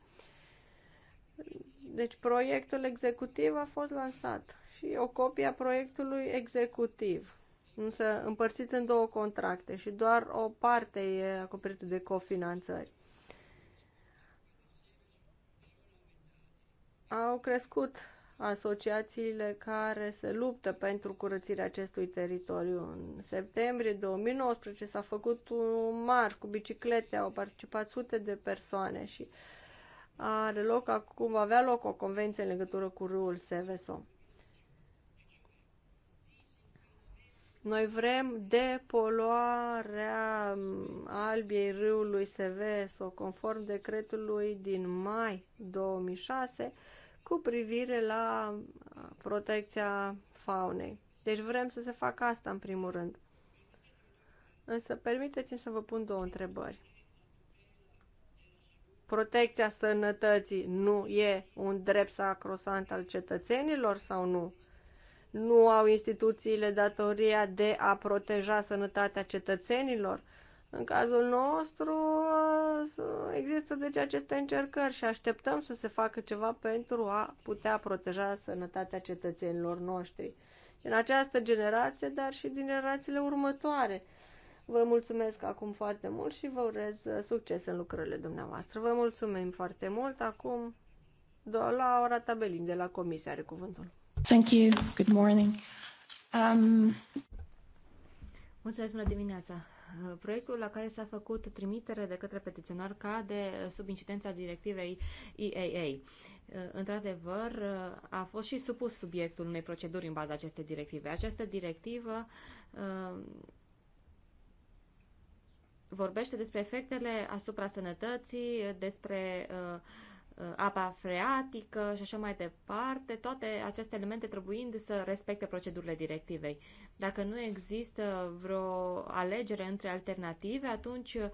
Deci proiectul executiv a fost lansat și o copie a proiectului executiv, însă împărțit în două contracte și doar o parte e acoperită de cofinanțări. au crescut asociațiile care se luptă pentru curățirea acestui teritoriu. În septembrie 2019 s-a făcut un marș cu biciclete, au participat sute de persoane și are loc acum, va avea loc o convenție în legătură cu râul Seveso. Noi vrem depoluarea albiei râului Seveso, conform decretului din mai 2006, cu privire la uh, protecția faunei. Deci vrem să se facă asta în primul rând. Însă permiteți-mi să vă pun două întrebări. Protecția sănătății nu e un drept sacrosant al cetățenilor sau nu? Nu au instituțiile datoria de a proteja sănătatea cetățenilor? În cazul nostru ă, există deci aceste încercări și așteptăm să se facă ceva pentru a putea proteja sănătatea cetățenilor noștri din această generație, dar și din generațiile următoare. Vă mulțumesc acum foarte mult și vă urez ă, succes în lucrările dumneavoastră. Vă mulțumim foarte mult. Acum, la ora tabelin de la comisie are cuvântul. Thank you. Good morning. Um... Mulțumesc, bună dimineața. Proiectul la care s-a făcut trimitere de către petiționar cade sub incidența directivei EAA. Într-adevăr, a fost și supus subiectul unei proceduri în baza acestei directive. Această directivă uh, vorbește despre efectele asupra sănătății, despre uh, apa freatică și așa mai departe, toate aceste elemente trebuind să respecte procedurile directivei. Dacă nu există vreo alegere între alternative, atunci uh,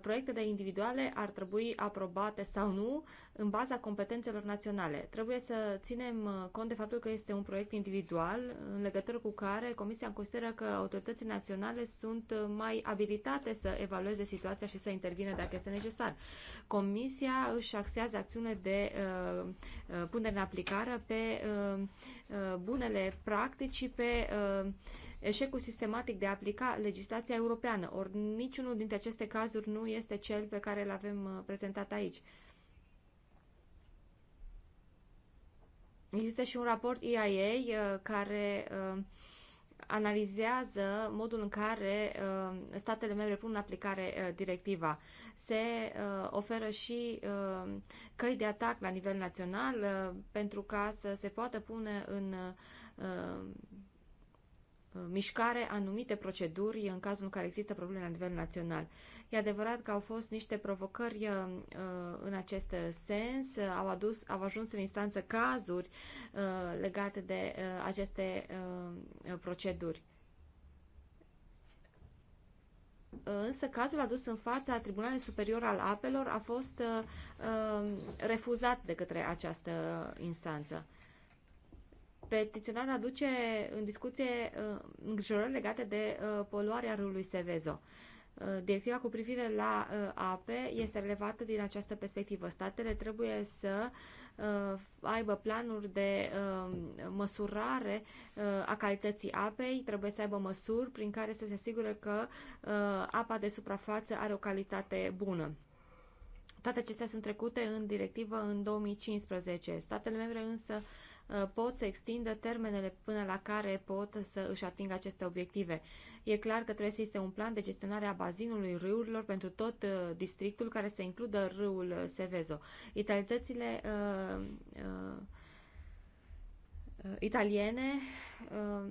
proiectele individuale ar trebui aprobate sau nu în baza competențelor naționale. Trebuie să ținem uh, cont de faptul că este un proiect individual în legătură cu care Comisia consideră că autoritățile naționale sunt uh, mai abilitate să evalueze situația și să intervine dacă este necesar. Comisia își axează acțiune de uh, punere în aplicare pe uh, bunele practici și pe uh, eșecul sistematic de a aplica legislația europeană, ori niciunul dintre aceste cazuri nu este cel pe care îl avem uh, prezentat aici. Există și un raport EIA uh, care uh, analizează modul în care statele membre pun în aplicare directiva. Se oferă și căi de atac la nivel național pentru ca să se poată pune în Uh, mișcare anumite proceduri în cazul în care există probleme la nivel național. E adevărat că au fost niște provocări uh, uh, în acest sens, au, adus, au ajuns în instanță cazuri legate de aceste proceduri. Însă cazul adus în fața Tribunalului Superior al Apelor a fost refuzat de către această instanță petiționar aduce în discuție uh, îngrijorări legate de uh, poluarea râului Sevezo. Uh, directiva cu privire la ape este relevată din această perspectivă. Statele trebuie să aibă planuri de măsurare a calității apei, trebuie să aibă măsuri prin care să se asigure că apa de suprafață are o calitate bună. Toate acestea sunt trecute în directivă în 2015. Statele membre însă uh, Uh, pot să extindă termenele până la care pot să își atingă aceste obiective. E clar că trebuie să existe un plan de gestionare a bazinului râurilor pentru tot uh, districtul care să includă râul Sevezo. Italitățile uh, uh, uh, italiene uh,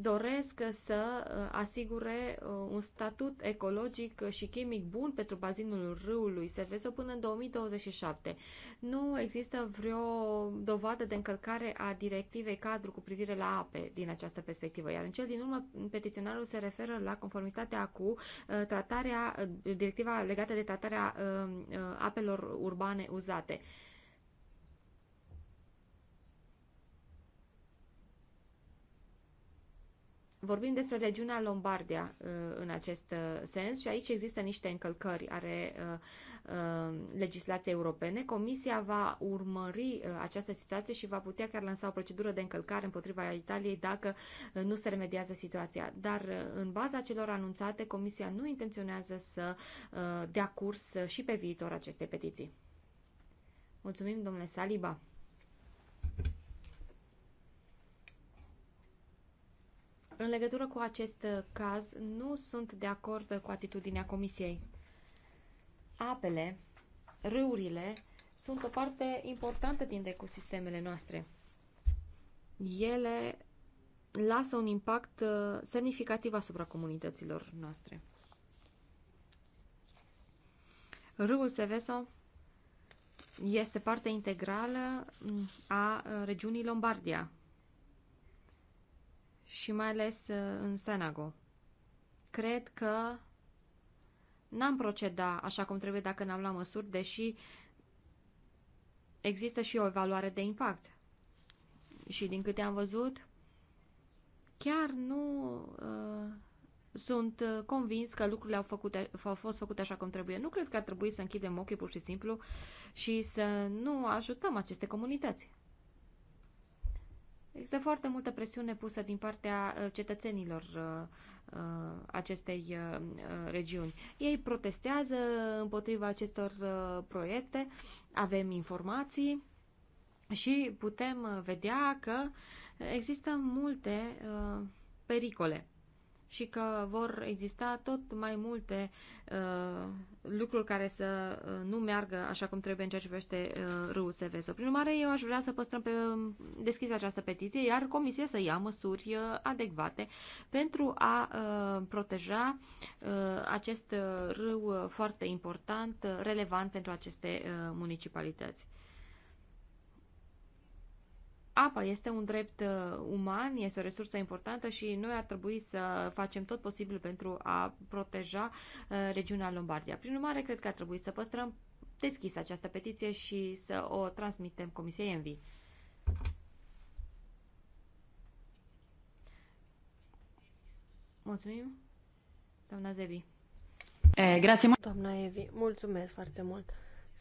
doresc să uh, asigure uh, un statut ecologic și chimic bun pentru bazinul râului Seveso până în 2027. Nu există vreo dovadă de încălcare a directivei cadru cu privire la ape din această perspectivă, iar în cel din urmă petiționarul se referă la conformitatea cu uh, tratarea, directiva legată de tratarea apelor urbane uzate. Vorbim despre regiunea Lombardia uh, în acest uh, sens și aici există niște încălcări ale uh, legislației europene. Comisia va urmări această situație și va putea chiar lansa o procedură de încălcare împotriva Italiei dacă nu se remediază situația. Dar în baza celor anunțate, Comisia nu intenționează să dea curs și pe viitor aceste petiții. Mulțumim, domnule Saliba. În legătură cu acest uh, caz, nu sunt de acord cu atitudinea Comisiei. Apele, râurile, sunt o parte importantă din ecosistemele noastre. Ele lasă un impact uh, semnificativ asupra comunităților noastre. Râul Seveso este parte integrală a uh, regiunii Lombardia, și mai ales uh, în Senago. Cred că n-am proceda așa cum trebuie dacă n-am luat măsuri, deși există și o evaluare de impact. Și din câte am văzut, chiar nu uh, sunt uh, convins că lucrurile au, făcute, au fost făcute așa cum trebuie. Nu cred că ar trebui să închidem ochii pur și simplu și să nu ajutăm aceste comunități. Există foarte multă presiune pusă din partea uh, cetățenilor uh, uh, acestei regiuni. Ei protestează împotriva acestor proiecte, avem informații și putem vedea că există multe pericole și că vor exista tot mai multe uh, lucruri care să uh, nu meargă așa cum trebuie în ceea ce privește uh, râul Seveso. Prin urmare, eu aș vrea să păstrăm pe, um, deschisă această petiție, iar Comisia să ia măsuri uh, adecvate pentru a uh, proteja uh, acest uh, râu foarte important, uh, relevant pentru aceste uh, municipalități apa este un drept uh, uman, este o resursă importantă și noi ar trebui să facem tot posibil pentru a proteja uh, regiunea Lombardia. Prin urmare, cred că ar trebui să păstrăm deschis această petiție și să o transmitem Comisiei Envi. Mulțumim, doamna Zebi. Eh, e, mult. Doamna Evi, mulțumesc foarte mult.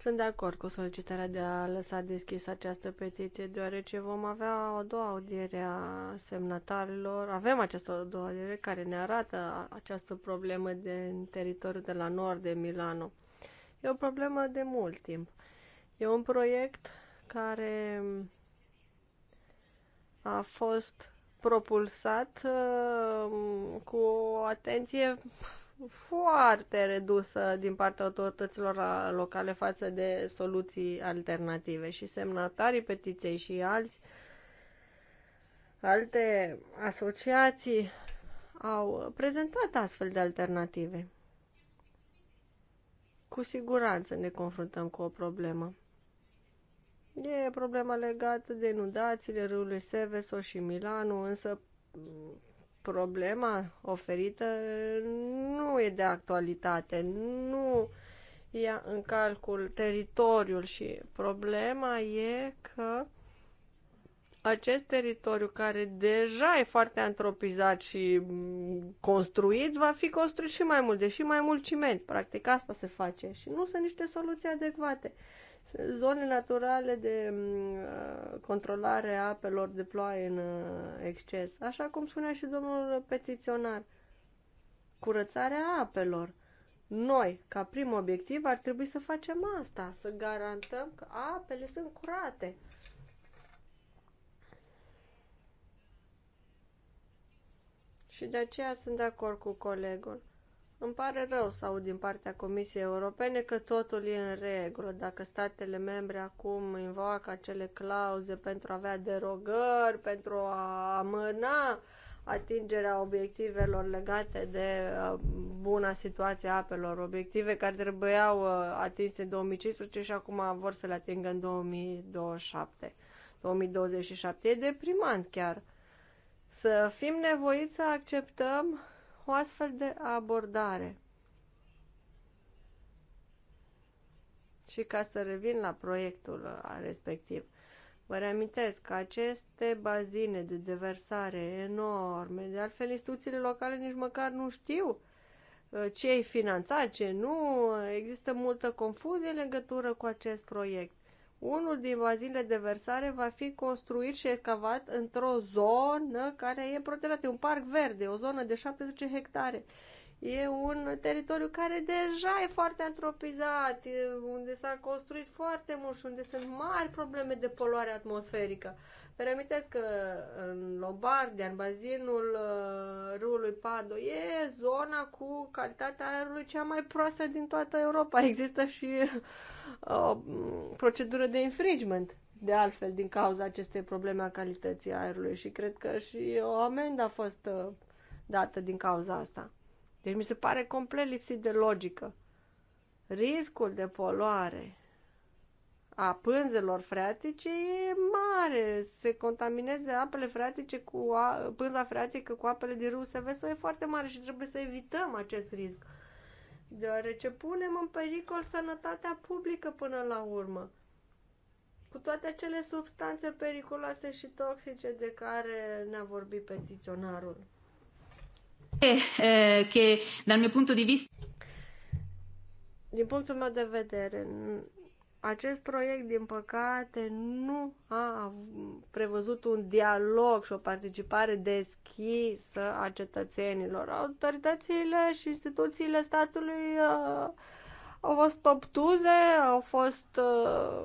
Sunt de acord cu solicitarea de a lăsa deschisă această petiție, deoarece vom avea o doua audiere a semnatarilor. Avem această a doua audiere care ne arată această problemă de, în teritoriul de la nord de Milano. E o problemă de mult timp. E un proiect care a fost propulsat uh, cu atenție foarte redusă din partea autorităților locale față de soluții alternative și semnatarii petiției și alți alte asociații au prezentat astfel de alternative. Cu siguranță ne confruntăm cu o problemă. E problema legată de inundațiile râului Seveso și Milano, însă problema oferită nu e de actualitate, nu ia în calcul teritoriul și problema e că acest teritoriu care deja e foarte antropizat și construit, va fi construit și mai mult, deși mai mult ciment. Practic asta se face și nu sunt niște soluții adecvate zone naturale de mm, uh, controlare a apelor de ploaie în uh, exces. Așa cum spunea și domnul petiționar, curățarea apelor. Noi, ca prim obiectiv, ar trebui să facem asta, să garantăm că apele sunt curate. Și de aceea sunt de acord cu colegul. Îmi pare rău să aud din partea Comisiei Europene că totul e în regulă. Dacă statele membre acum invoacă acele clauze pentru a avea derogări, pentru a amâna atingerea obiectivelor legate de uh, buna situație a apelor, obiective care trebuiau uh, atinse în 2015 și acum vor să le atingă în 2027. 2027 e deprimant chiar. Să fim nevoiți să acceptăm o astfel de abordare. Și ca să revin la proiectul uh, respectiv, vă reamintesc că aceste bazine de deversare enorme, de altfel instituțiile locale nici măcar nu știu uh, ce e finanțat, ce nu, uh, există multă confuzie în legătură cu acest proiect unul din bazinele de versare va fi construit și excavat într-o zonă care e protejată, un parc verde, o zonă de 70 hectare. E un teritoriu care deja e foarte antropizat, unde s-a construit foarte mult și unde sunt mari probleme de poluare atmosferică. Vă reamintesc că în Lombardia, în bazinul uh, râului Pado, e zona cu calitatea aerului cea mai proastă din toată Europa. Există și uh, o procedură de infringement de altfel din cauza acestei probleme a calității aerului și cred că și o amendă a fost uh, dată din cauza asta. Deci mi se pare complet lipsit de logică. Riscul de poluare a pânzelor freatice e mare. Se contamineze apele freatice cu a, pânza freatică cu apele din râul Seveso e foarte mare și trebuie să evităm acest risc. Deoarece punem în pericol sănătatea publică până la urmă. Cu toate acele substanțe periculoase și toxice de care ne-a vorbit petiționarul. Che, dal mio punto di vista... Din punctul meu de vedere, acest proiect, din păcate, nu a prevăzut un dialog și o participare deschisă a cetățenilor. Autoritățile și instituțiile statului uh, au fost obtuze, au fost uh,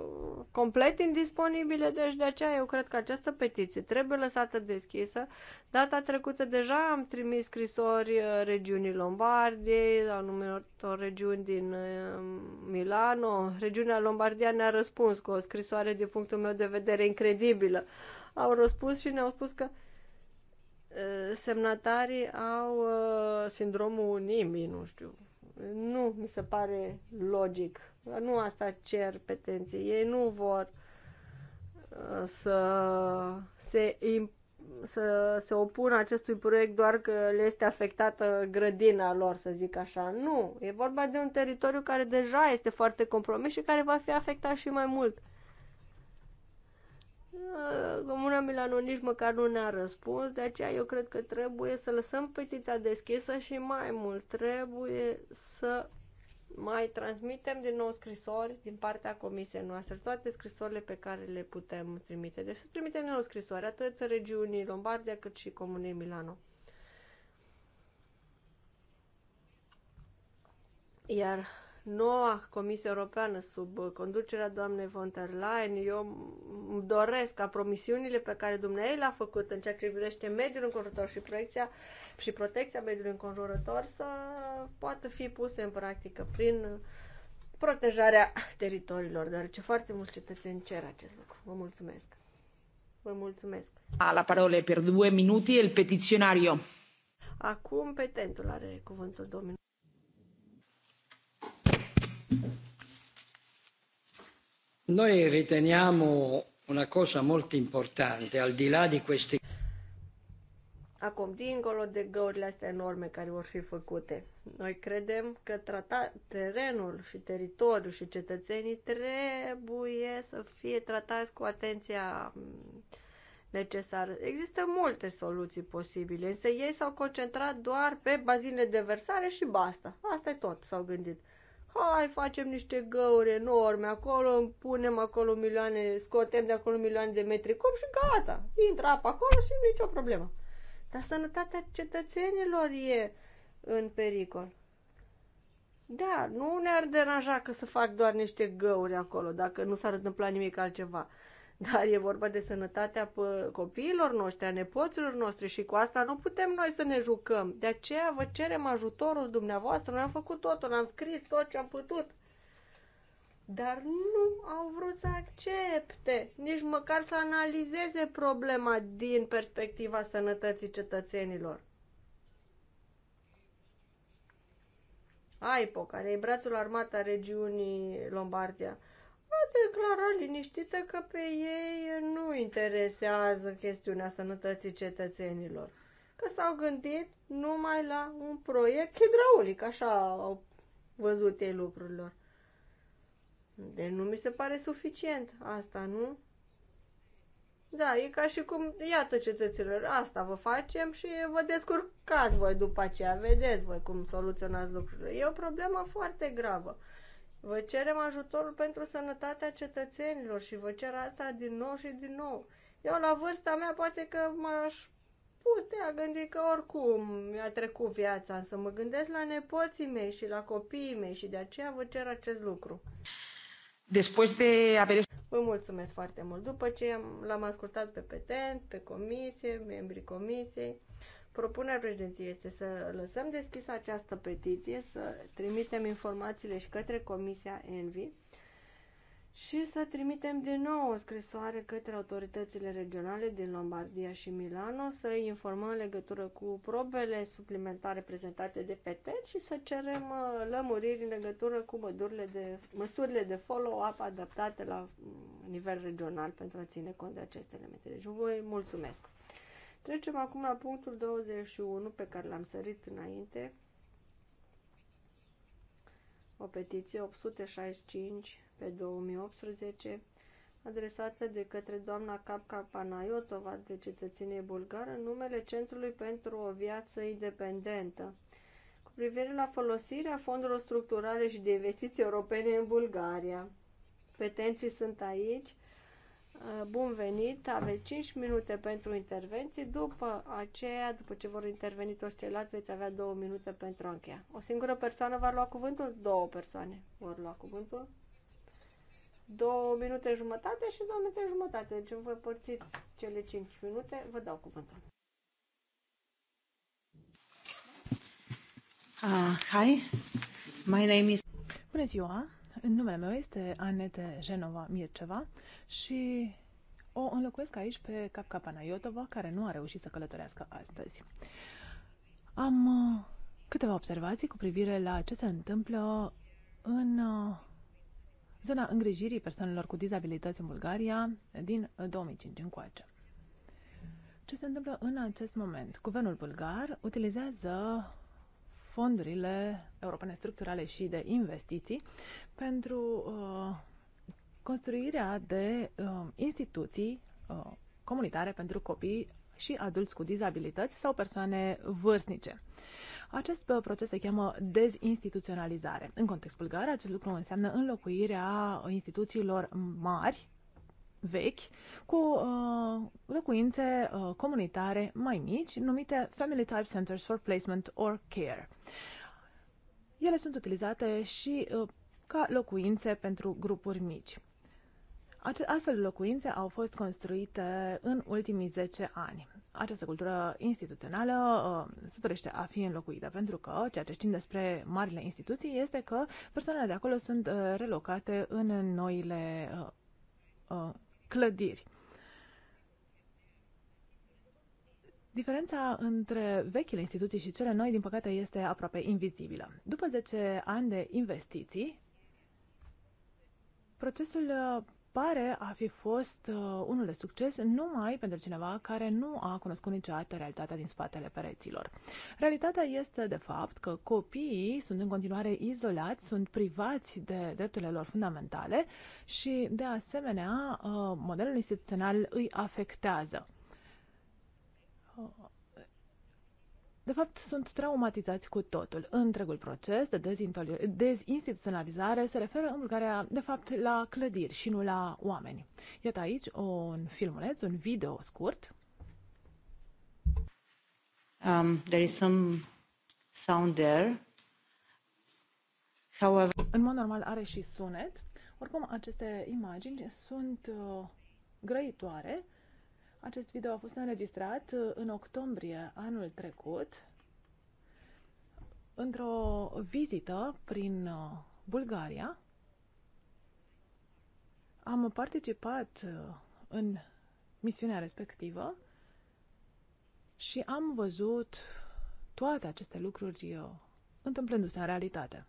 complet indisponibile, deci de aceea eu cred că această petiție trebuie lăsată deschisă. Data trecută deja am trimis scrisori uh, regiunii Lombardiei, la numitor regiuni din uh, Milano. Regiunea Lombardia ne-a răspuns cu o scrisoare, din punctul meu de vedere, incredibilă. Au răspuns și ne-au spus că uh, semnatarii au uh, sindromul nimii, nu știu, nu mi se pare logic. Nu asta cer petenții. Ei nu vor uh, să se, să se opună acestui proiect doar că le este afectată grădina lor, să zic așa. Nu, e vorba de un teritoriu care deja este foarte compromis și care va fi afectat și mai mult. Comuna Milano nici măcar nu ne-a răspuns, de aceea eu cred că trebuie să lăsăm petiția deschisă și mai mult trebuie să mai transmitem din nou scrisori din partea comisiei noastre, toate scrisorile pe care le putem trimite. Deci să trimitem din nou scrisori, atât regiunii Lombardia cât și comunei Milano. Iar noua Comisie Europeană sub conducerea doamnei von der Leyen. Eu îmi doresc ca promisiunile pe care dumneavoastră le-a făcut în ceea ce privește mediul înconjurător și proiecția și protecția mediului înconjurător să poată fi puse în practică prin protejarea teritoriilor, deoarece foarte mulți cetățeni cer acest lucru. Vă mulțumesc! Vă mulțumesc! A la parole per 2 minute el petiționario. Acum petentul are cuvântul domnului. Noi riteniamo una cosa molto importante, al di là di questi... Acum, dincolo de găurile astea enorme care vor fi făcute, noi credem că trata, terenul și teritoriul și cetățenii trebuie să fie tratați cu atenția mm, necesară. Există multe soluții posibile, însă ei s-au concentrat doar pe bazine de versare și basta. Asta e tot, s-au gândit hai, facem niște găuri enorme acolo, punem acolo milioane, scotem de acolo milioane de metri cub și gata, intră apa acolo și nicio problemă. Dar sănătatea cetățenilor e în pericol. Da, nu ne-ar deranja că să fac doar niște găuri acolo, dacă nu s-ar întâmpla nimic altceva dar e vorba de sănătatea copiilor noștri, a nepoților noștri și cu asta nu putem noi să ne jucăm. De aceea vă cerem ajutorul dumneavoastră, noi am făcut totul, am scris tot ce am putut. Dar nu au vrut să accepte, nici măcar să analizeze problema din perspectiva sănătății cetățenilor. AIPO, care e brațul armat a regiunii Lombardia, declarat liniștită că pe ei nu interesează chestiunea sănătății cetățenilor. Că s-au gândit numai la un proiect hidraulic, așa au văzut ei lucrurilor. Deci nu mi se pare suficient asta, nu? Da, e ca și cum, iată cetățenilor, asta vă facem și vă descurcați voi după aceea, vedeți voi cum soluționați lucrurile. E o problemă foarte gravă. Vă cerem ajutorul pentru sănătatea cetățenilor și vă cer asta din nou și din nou. Eu la vârsta mea poate că m-aș putea gândi că oricum mi-a trecut viața, însă mă gândesc la nepoții mei și la copiii mei și de aceea vă cer acest lucru. Después de haber... Vă mulțumesc foarte mult. După ce l-am ascultat pe petent, pe comisie, membrii comisiei, Propunerea președinției este să lăsăm deschisă această petiție, să trimitem informațiile și către Comisia Envi și să trimitem din nou o scrisoare către autoritățile regionale din Lombardia și Milano să îi informăm în legătură cu probele suplimentare prezentate de petent și să cerem uh, lămuriri în legătură cu de, măsurile de follow-up adaptate la mm, nivel regional pentru a ține cont de aceste elemente. Deci vă mulțumesc! Trecem acum la punctul 21 pe care l-am sărit înainte. O petiție 865 pe 2018 adresată de către doamna Capca Panayotova de cetățenie bulgară în numele Centrului pentru o viață independentă cu privire la folosirea fondurilor structurale și de investiții europene în Bulgaria. Petenții sunt aici Uh, bun venit, aveți 5 minute pentru intervenții, după aceea, după ce vor interveni toți ceilalți, veți avea 2 minute pentru a încheia. O singură persoană va lua cuvântul? Două persoane vor lua cuvântul. Două minute jumătate și două minute jumătate. Deci vă părțiți cele 5 minute, vă dau cuvântul. Uh, hi, my name is... Bună ziua, Numele meu este Anete Genova Mirceva și o înlocuiesc aici pe Capca Panayotova, care nu a reușit să călătorească astăzi. Am uh, câteva observații cu privire la ce se întâmplă în uh, zona îngrijirii persoanelor cu dizabilități în Bulgaria din 2005 uh, încoace. Ce se întâmplă în acest moment? Guvernul bulgar utilizează fondurile europene structurale și de investiții pentru uh, construirea de uh, instituții uh, comunitare pentru copii și adulți cu dizabilități sau persoane vârstnice. Acest uh, proces se cheamă dezinstituționalizare. În context bulgar, acest lucru înseamnă înlocuirea instituțiilor mari vechi cu uh, locuințe uh, comunitare mai mici, numite Family Type Centers for Placement or Care. Ele sunt utilizate și uh, ca locuințe pentru grupuri mici. Ace- astfel de locuințe au fost construite în ultimii 10 ani. Această cultură instituțională uh, se dorește a fi înlocuită, pentru că ceea ce știm despre marile instituții este că persoanele de acolo sunt uh, relocate în noile uh, uh clădiri. Diferența între vechile instituții și cele noi, din păcate, este aproape invizibilă. După 10 ani de investiții, procesul uh, pare a fi fost uh, unul de succes numai pentru cineva care nu a cunoscut niciodată realitatea din spatele pereților. Realitatea este, de fapt, că copiii sunt în continuare izolați, sunt privați de drepturile lor fundamentale și, de asemenea, uh, modelul instituțional îi afectează de fapt, sunt traumatizați cu totul. Întregul proces de dezinstituționalizare se referă în Bulgaria, de fapt, la clădiri și nu la oameni. Iată aici un filmuleț, un video scurt. Um, there is some sound there. However... În mod normal are și sunet. Oricum, aceste imagini sunt uh, grăitoare acest video a fost înregistrat uh, în octombrie anul trecut într-o vizită prin uh, Bulgaria. Am participat uh, în misiunea respectivă și am văzut toate aceste lucruri întâmplându-se în realitate.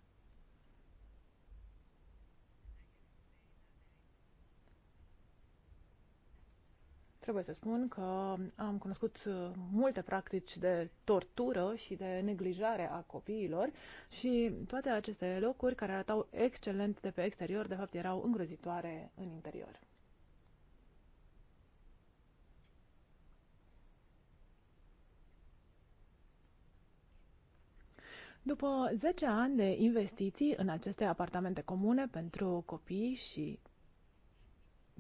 Trebuie să spun că am cunoscut multe practici de tortură și de neglijare a copiilor și toate aceste locuri care arătau excelent de pe exterior, de fapt erau îngrozitoare în interior. După 10 ani de investiții în aceste apartamente comune pentru copii și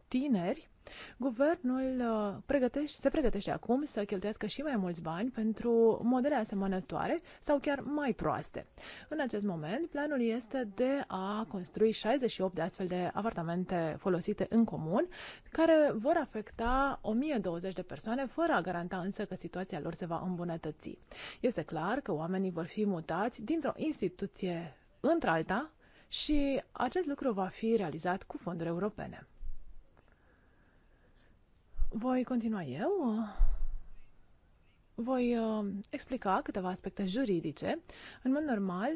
tineri, guvernul uh, pregătește, se pregătește acum să cheltuiască și mai mulți bani pentru modele asemănătoare sau chiar mai proaste. În acest moment, planul este de a construi 68 de astfel de apartamente folosite în comun, care vor afecta 1020 de persoane, fără a garanta însă că situația lor se va îmbunătăți. Este clar că oamenii vor fi mutați dintr-o instituție într-alta și acest lucru va fi realizat cu fonduri europene. Voi continua eu. Voi uh, explica câteva aspecte juridice. În mod normal,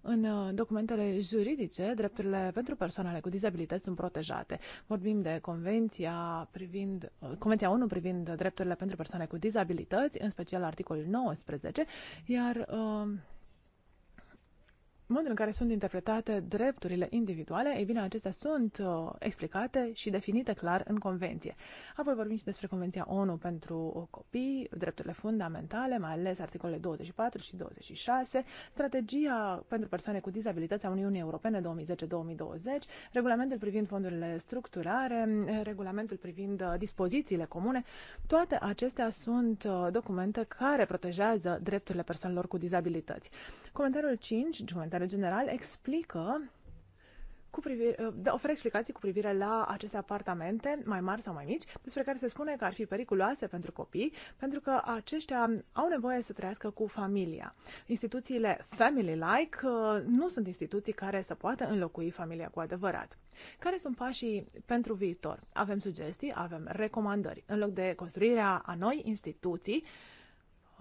în uh, documentele juridice, drepturile pentru persoanele cu dizabilități sunt protejate. Vorbim de Convenția, privind, uh, Convenția 1 privind drepturile pentru persoane cu dizabilități, în special articolul 19, iar uh, modul în care sunt interpretate drepturile individuale, ei bine, acestea sunt uh, explicate și definite clar în convenție. Apoi vorbim și despre Convenția ONU pentru uh, copii, drepturile fundamentale, mai ales articolele 24 și 26, strategia pentru persoane cu dizabilități a Uniunii Europene 2010-2020, regulamentul privind fondurile structurare, regulamentul privind uh, dispozițiile comune, toate acestea sunt uh, documente care protejează drepturile persoanelor cu dizabilități. Comentariul 5, Secretarul General explică cu privire, uh, da, oferă explicații cu privire la aceste apartamente, mai mari sau mai mici, despre care se spune că ar fi periculoase pentru copii, pentru că aceștia au nevoie să trăiască cu familia. Instituțiile family-like uh, nu sunt instituții care să poată înlocui familia cu adevărat. Care sunt pașii pentru viitor? Avem sugestii, avem recomandări. În loc de construirea a noi instituții,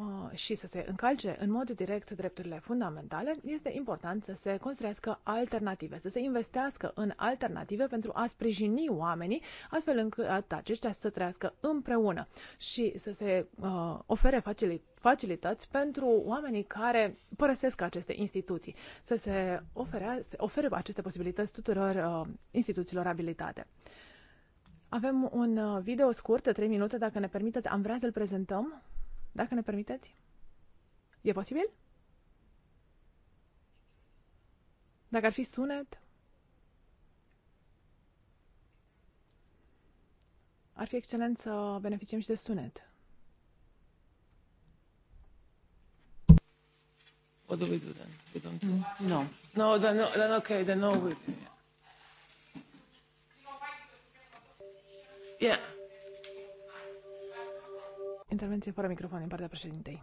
Ah, și să se încalce în mod direct drepturile fundamentale, este important să se construiască alternative, să se investească în alternative pentru a sprijini oamenii, astfel încât aceștia să trăiască împreună și să se uh, ofere facilități facilități pentru oamenii care părăsesc aceste instituții, să se ofere, să ofere aceste posibilități tuturor uh, instituțiilor abilitate. Avem un video scurt 3 minute, dacă ne permiteți, am vrea să-l prezentăm dacă ne permiteți. E posibil? Dacă ar fi sunet, ar fi excelent să beneficiem și de sunet. What do we do then? We don't do mm. No. No, then, no, then okay, then no. We, yeah. yeah. Intervenție fără microfon din partea președintei.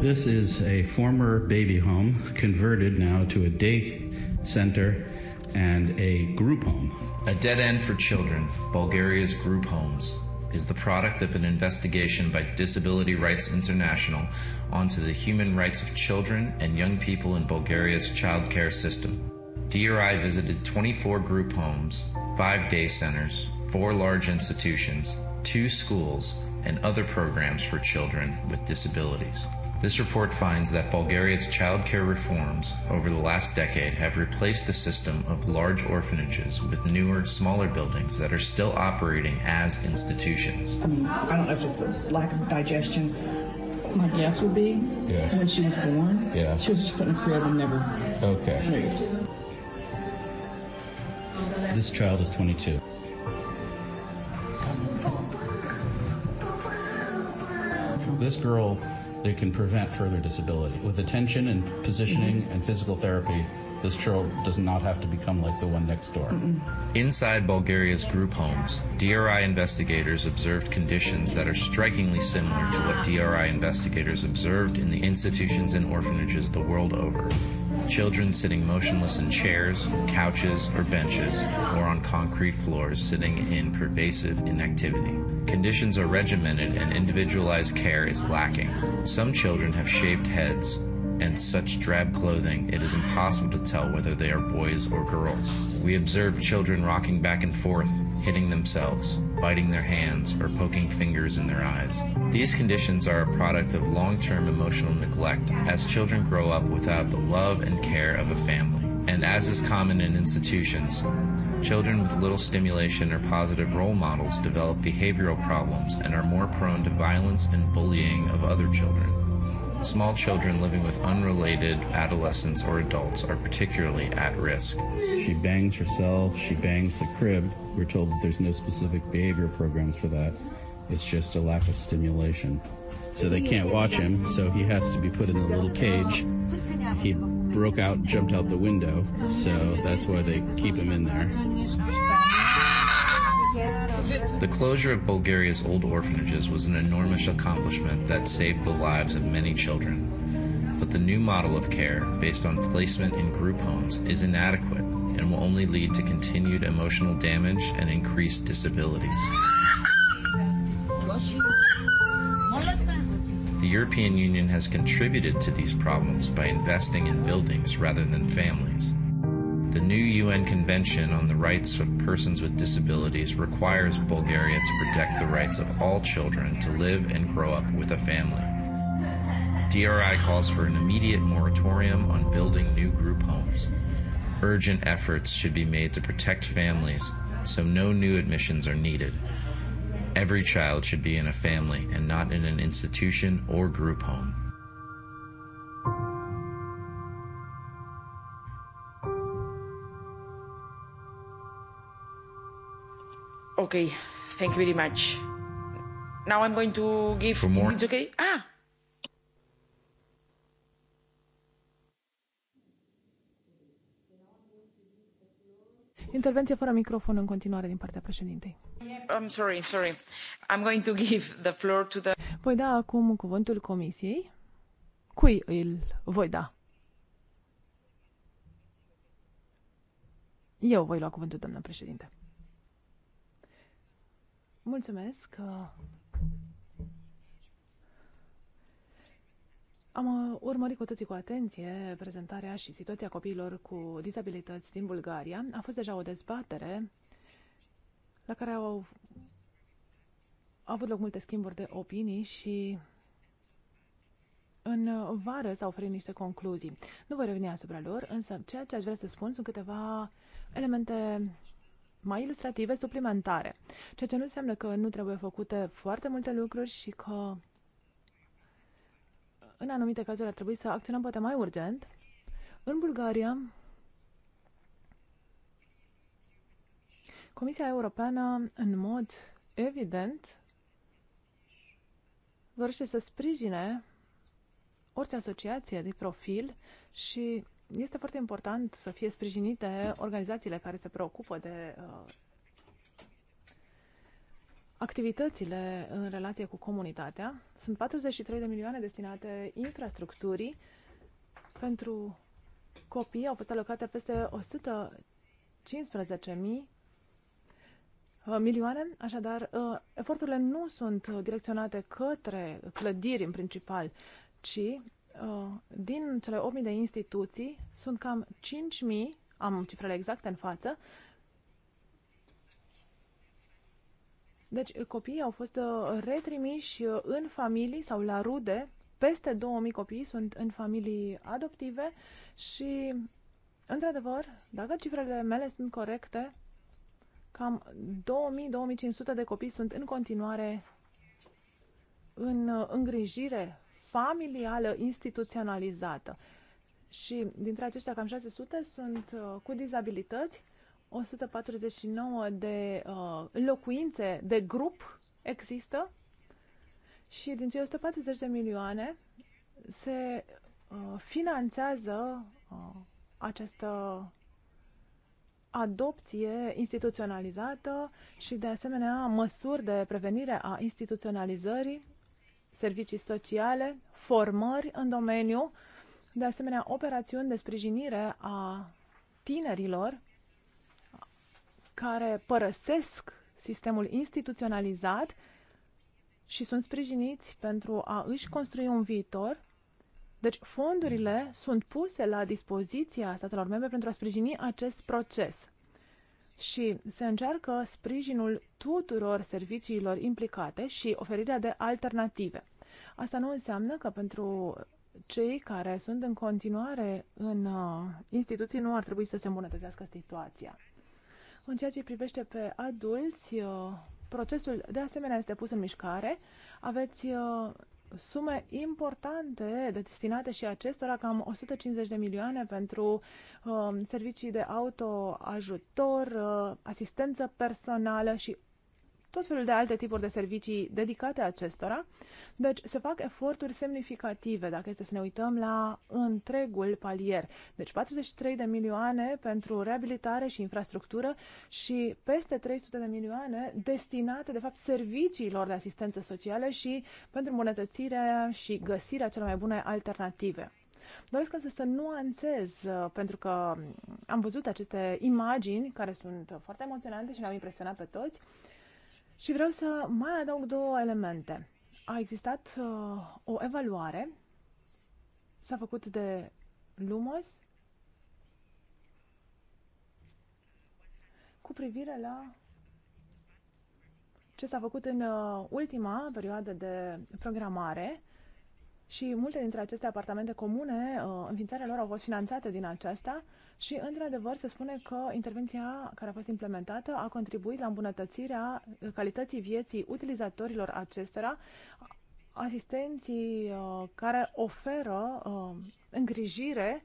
This is a former baby home converted now to a day center and a group home. A dead end for children, Bulgaria's group homes, is the product of an investigation by Disability Rights International onto the human rights of children and young people in Bulgaria's child care system. DRI visited 24 group homes, 5 day centers, 4 large institutions, 2 schools, and other programs for children with disabilities. This report finds that Bulgaria's child care reforms over the last decade have replaced the system of large orphanages with newer, smaller buildings that are still operating as institutions. I mean, I don't know if it's a lack of digestion. My guess would be yes. when she was born, yeah. she was just put in a crib and never okay. moved. This child is 22. This girl, they can prevent further disability. With attention and positioning mm-hmm. and physical therapy, this child does not have to become like the one next door. Inside Bulgaria's group homes, DRI investigators observed conditions that are strikingly similar to what DRI investigators observed in the institutions and orphanages the world over. Children sitting motionless in chairs, couches, or benches, or on concrete floors sitting in pervasive inactivity. Conditions are regimented and individualized care is lacking. Some children have shaved heads, and such drab clothing, it is impossible to tell whether they are boys or girls. We observe children rocking back and forth, hitting themselves, biting their hands, or poking fingers in their eyes. These conditions are a product of long term emotional neglect as children grow up without the love and care of a family. And as is common in institutions, Children with little stimulation or positive role models develop behavioral problems and are more prone to violence and bullying of other children. Small children living with unrelated adolescents or adults are particularly at risk. She bangs herself, she bangs the crib. We're told that there's no specific behavior programs for that. It's just a lack of stimulation. So they can't watch him, so he has to be put in the little cage. He broke out, jumped out the window, so that's why they keep him in there. The closure of Bulgaria's old orphanages was an enormous accomplishment that saved the lives of many children. But the new model of care, based on placement in group homes, is inadequate and will only lead to continued emotional damage and increased disabilities. The European Union has contributed to these problems by investing in buildings rather than families. The new UN Convention on the Rights of Persons with Disabilities requires Bulgaria to protect the rights of all children to live and grow up with a family. DRI calls for an immediate moratorium on building new group homes. Urgent efforts should be made to protect families so no new admissions are needed. Every child should be in a family and not in an institution or group home. Okay, thank you very much. Now I'm going to give... For more? It's okay? Ah! Intervenție fără microfon în continuare din partea președintei. I'm sorry, sorry. I'm going to give the floor to the... Voi da acum cuvântul comisiei. Cui îl voi da? Eu voi lua cuvântul, doamnă președinte. Mulțumesc! Am urmărit cu toții cu atenție prezentarea și situația copiilor cu dizabilități din Bulgaria. A fost deja o dezbatere la care au, au avut loc multe schimburi de opinii și în vară s-au oferit niște concluzii. Nu voi reveni asupra lor, însă ceea ce aș vrea să spun sunt câteva elemente mai ilustrative, suplimentare. Ceea ce nu înseamnă că nu trebuie făcute foarte multe lucruri și că în anumite cazuri ar trebui să acționăm poate mai urgent. În Bulgaria, Comisia Europeană, în mod evident, dorește să sprijine orice asociație de profil și este foarte important să fie sprijinite organizațiile care se preocupă de uh, activitățile în relație cu comunitatea. Sunt 43 de milioane destinate infrastructurii pentru copii. Au fost alocate peste 115.000 uh, milioane, așadar uh, eforturile nu sunt direcționate către clădiri în principal, ci Uh, din cele 8.000 de instituții, sunt cam 5.000, am cifrele exacte în față, deci copiii au fost uh, retrimiși uh, în familii sau la rude, peste 2.000 copii sunt în familii adoptive și, într-adevăr, dacă cifrele mele sunt corecte, cam 2.000-2.500 de copii sunt în continuare în îngrijire familială instituționalizată. Și dintre aceștia, cam 600 sunt uh, cu dizabilități, 149 de uh, locuințe de grup există și din cei 140 de milioane se uh, finanțează uh, această adopție instituționalizată și, de asemenea, măsuri de prevenire a instituționalizării servicii sociale, formări în domeniu, de asemenea operațiuni de sprijinire a tinerilor care părăsesc sistemul instituționalizat și sunt sprijiniți pentru a își construi un viitor. Deci fondurile sunt puse la dispoziția statelor membre pentru a sprijini acest proces și se încearcă sprijinul tuturor serviciilor implicate și oferirea de alternative. Asta nu înseamnă că pentru cei care sunt în continuare în uh, instituții nu ar trebui să se îmbunătățească situația. În ceea ce privește pe adulți, uh, procesul de asemenea este pus în mișcare. Aveți uh, sume importante destinate și acestora, cam 150 de milioane pentru uh, servicii de autoajutor, uh, asistență personală și tot felul de alte tipuri de servicii dedicate acestora. Deci se fac eforturi semnificative dacă este să ne uităm la întregul palier. Deci 43 de milioane pentru reabilitare și infrastructură și peste 300 de milioane destinate de fapt serviciilor de asistență socială și pentru îmbunătățirea și găsirea celor mai bune alternative. Doresc însă să nuanțez, uh, pentru că am văzut aceste imagini care sunt foarte emoționante și ne-au impresionat pe toți. Și vreau să mai adaug două elemente. A existat uh, o evaluare, s-a făcut de Lumos, cu privire la ce s-a făcut în uh, ultima perioadă de programare și multe dintre aceste apartamente comune, uh, înființarea lor au fost finanțate din aceasta și, într-adevăr, se spune că intervenția care a fost implementată a contribuit la îmbunătățirea calității vieții utilizatorilor acestora, asistenții uh, care oferă uh, îngrijire,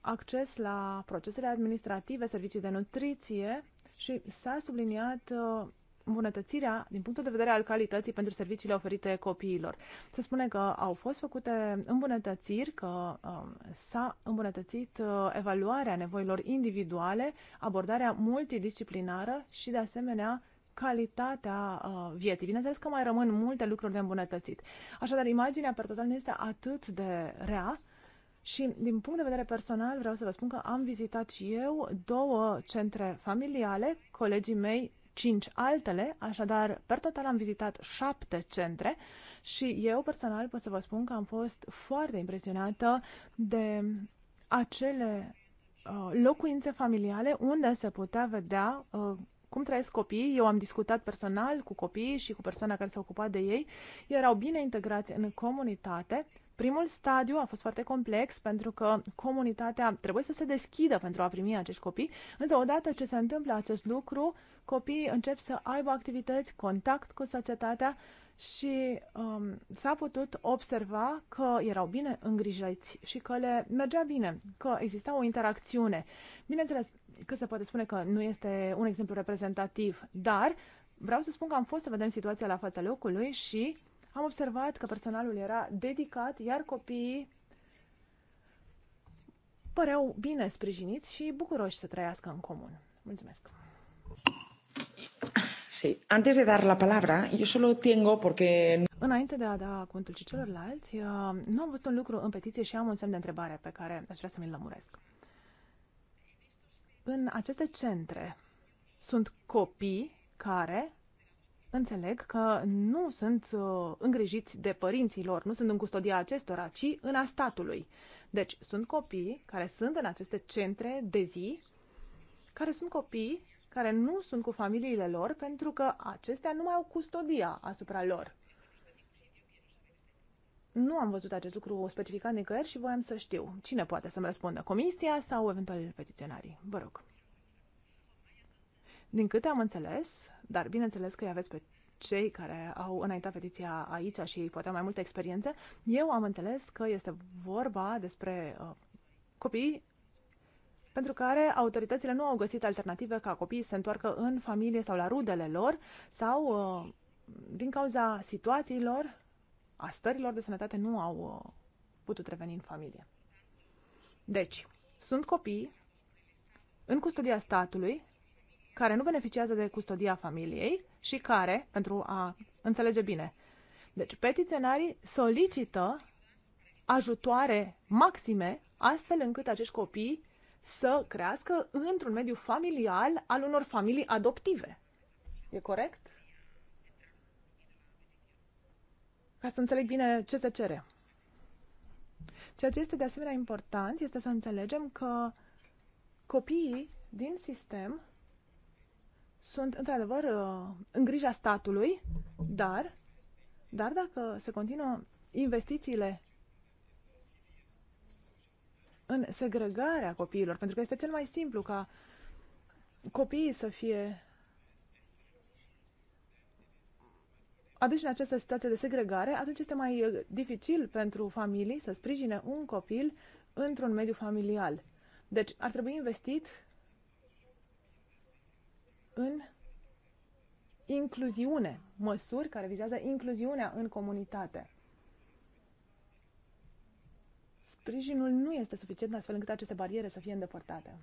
acces la procesele administrative, servicii de nutriție și s-a subliniat uh, îmbunătățirea din punctul de vedere al calității pentru serviciile oferite copiilor. Se spune că au fost făcute îmbunătățiri, că um, s-a îmbunătățit uh, evaluarea nevoilor individuale, abordarea multidisciplinară și, de asemenea, calitatea uh, vieții. Bineînțeles că mai rămân multe lucruri de îmbunătățit. Așadar, imaginea pe total nu este atât de rea, și din punct de vedere personal vreau să vă spun că am vizitat și eu două centre familiale. Colegii mei 5 altele, așadar, per total am vizitat 7 centre și eu personal pot să vă spun că am fost foarte impresionată de acele uh, locuințe familiale unde se putea vedea uh, cum trăiesc copiii. Eu am discutat personal cu copiii și cu persoana care s-a ocupat de ei. Erau bine integrați în comunitate Primul stadiu a fost foarte complex pentru că comunitatea trebuie să se deschidă pentru a primi acești copii, însă odată ce se întâmplă acest lucru, copiii încep să aibă activități, contact cu societatea și um, s-a putut observa că erau bine îngrijați și că le mergea bine, că exista o interacțiune. Bineînțeles că se poate spune că nu este un exemplu reprezentativ, dar vreau să spun că am fost să vedem situația la fața locului și am observat că personalul era dedicat, iar copiii păreau bine sprijiniți și bucuroși să trăiască în comun. Mulțumesc! Sí. Antes de dar la palabra, yo solo tengo porque... Înainte de a da cuvântul și celorlalți, uh, nu am văzut un lucru în petiție și am un semn de întrebare pe care aș vrea să mi-l lămuresc. În aceste centre sunt copii care înțeleg că nu sunt uh, îngrijiți de părinții lor, nu sunt în custodia acestora, ci în a statului. Deci sunt copii care sunt în aceste centre de zi, care sunt copii care nu sunt cu familiile lor pentru că acestea nu mai au custodia asupra lor. Nu am văzut acest lucru specificat nicăieri și voiam să știu cine poate să-mi răspundă, comisia sau eventualele petiționarii. Vă rog. Din câte am înțeles, dar bineînțeles că îi aveți pe cei care au înaintat petiția aici și ei poate au mai multe experiențe. Eu am înțeles că este vorba despre uh, copii pentru care autoritățile nu au găsit alternative ca copiii să se întoarcă în familie sau la rudele lor sau uh, din cauza situațiilor, a stărilor de sănătate, nu au uh, putut reveni în familie. Deci, sunt copii în custodia statului care nu beneficiază de custodia familiei și care, pentru a înțelege bine, deci petiționarii solicită ajutoare maxime astfel încât acești copii să crească într-un mediu familial al unor familii adoptive. E corect? Ca să înțeleg bine ce se cere. Ceea ce este de asemenea important este să înțelegem că copiii din sistem sunt într-adevăr uh, în grija statului, dar, dar dacă se continuă investițiile în segregarea copiilor, pentru că este cel mai simplu ca copiii să fie aduși în această situație de segregare, atunci este mai uh, dificil pentru familii să sprijine un copil într-un mediu familial. Deci ar trebui investit în incluziune, măsuri care vizează incluziunea în comunitate. Sprijinul nu este suficient astfel încât aceste bariere să fie îndepărtate.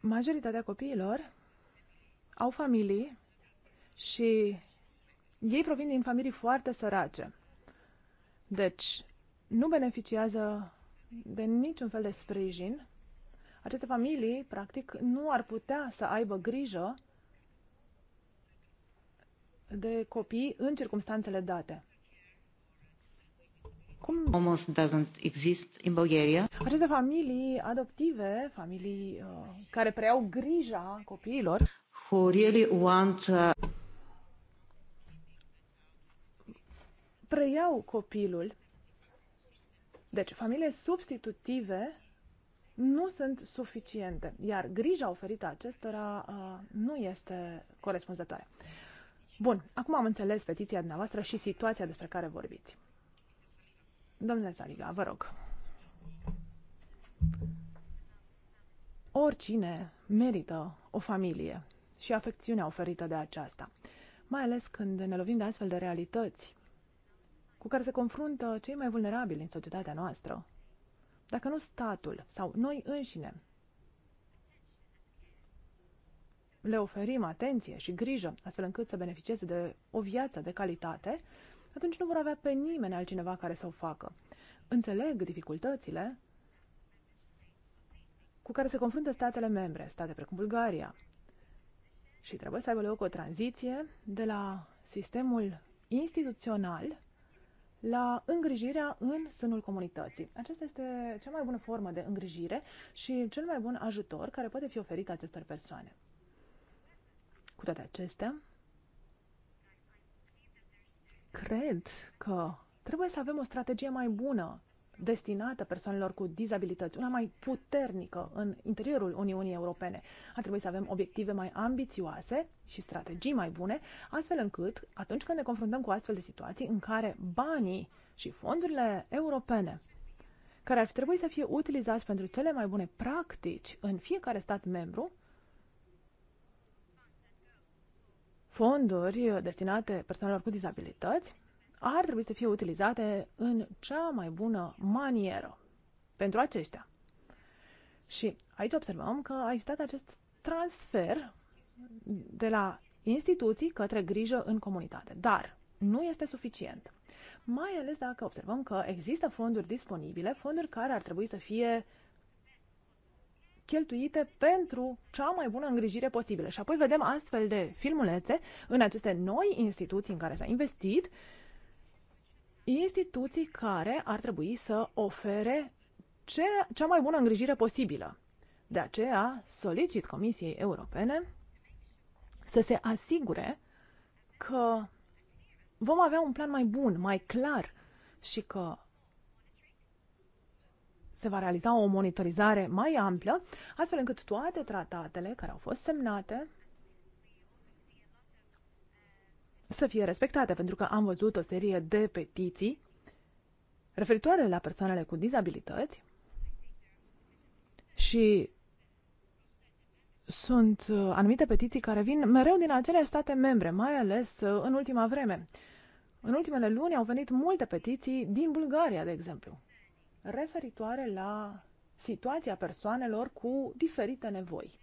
Majoritatea copiilor au familii și ei provin din familii foarte sărace. Deci, nu beneficiază de niciun fel de sprijin aceste familii, practic, nu ar putea să aibă grijă de copii în circumstanțele date. Cum almost doesn't exist in Bulgaria. Aceste familii adoptive, familii uh, care preiau grija copiilor, who really want uh... preiau copilul. Deci, familii substitutive nu sunt suficiente, iar grija oferită acestora uh, nu este corespunzătoare. Bun, acum am înțeles petiția dumneavoastră și situația despre care vorbiți. Domnule Saliga, vă rog. Oricine merită o familie și afecțiunea oferită de aceasta, mai ales când ne lovim de astfel de realități cu care se confruntă cei mai vulnerabili în societatea noastră, dacă nu statul sau noi înșine le oferim atenție și grijă astfel încât să beneficieze de o viață de calitate, atunci nu vor avea pe nimeni altcineva care să o facă. Înțeleg dificultățile cu care se confruntă statele membre, state precum Bulgaria. Și trebuie să aibă loc o tranziție de la sistemul instituțional la îngrijirea în sânul comunității. Aceasta este cea mai bună formă de îngrijire și cel mai bun ajutor care poate fi oferit acestor persoane. Cu toate acestea, cred că trebuie să avem o strategie mai bună destinată persoanelor cu dizabilități, una mai puternică în interiorul Uniunii Europene. Ar trebui să avem obiective mai ambițioase și strategii mai bune, astfel încât, atunci când ne confruntăm cu astfel de situații în care banii și fondurile europene care ar trebui să fie utilizați pentru cele mai bune practici în fiecare stat membru, fonduri destinate persoanelor cu dizabilități, ar trebui să fie utilizate în cea mai bună manieră pentru aceștia. Și aici observăm că a existat acest transfer de la instituții către grijă în comunitate. Dar nu este suficient. Mai ales dacă observăm că există fonduri disponibile, fonduri care ar trebui să fie cheltuite pentru cea mai bună îngrijire posibilă. Și apoi vedem astfel de filmulețe în aceste noi instituții în care s-a investit instituții care ar trebui să ofere ce, cea mai bună îngrijire posibilă. De aceea solicit Comisiei Europene să se asigure că vom avea un plan mai bun, mai clar și că se va realiza o monitorizare mai amplă, astfel încât toate tratatele care au fost semnate să fie respectate, pentru că am văzut o serie de petiții referitoare la persoanele cu dizabilități și sunt uh, anumite petiții care vin mereu din acele state membre, mai ales uh, în ultima vreme. În ultimele luni au venit multe petiții din Bulgaria, de exemplu, referitoare la situația persoanelor cu diferite nevoi.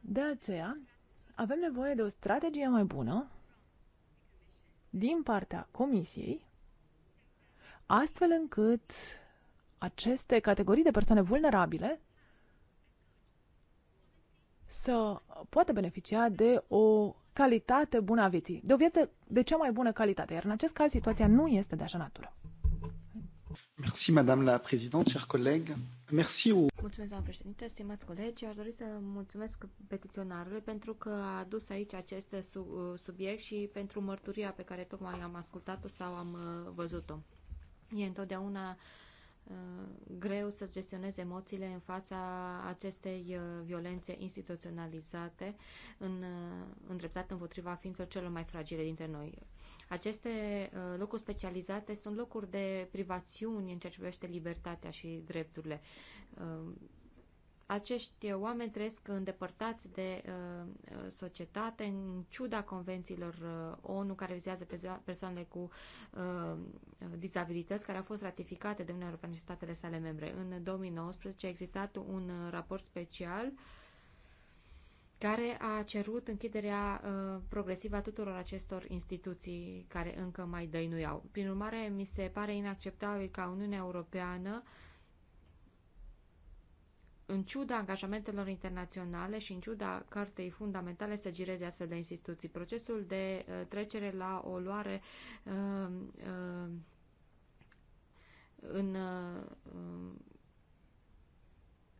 De aceea, avem nevoie de o strategie mai bună din partea Comisiei, astfel încât aceste categorii de persoane vulnerabile să poată beneficia de o calitate bună a vieții, de o viață de cea mai bună calitate, iar în acest caz situația nu este de așa natură. Merci, Madame la Présidente, chers collègues. Merci au... Mulțumesc, doamnă președinte, stimați colegi. Aș dori să mulțumesc petiționarului pentru că a adus aici acest subiect și pentru mărturia pe care tocmai am ascultat-o sau am uh, văzut-o. E întotdeauna uh, greu să gestioneze emoțiile în fața acestei uh, violențe instituționalizate, în, îndreptate împotriva ființelor celor mai fragile dintre noi. Aceste uh, locuri specializate sunt locuri de privațiuni în ceea ce privește libertatea și drepturile. Uh, acești oameni trăiesc îndepărtați de uh, societate în ciuda convențiilor ONU care vizează persoanele cu dizabilități care au fost ratificate de Uniunea Europeană și statele sale membre. În 2019 a existat un raport special uh, care a cerut închiderea uh, progresivă a tuturor acestor instituții care încă mai dăinuiau. Prin urmare, mi se pare inacceptabil ca Uniunea Europeană în ciuda angajamentelor internaționale și în ciuda cartei fundamentale să gireze astfel de instituții. Procesul de uh, trecere la o luare uh, uh,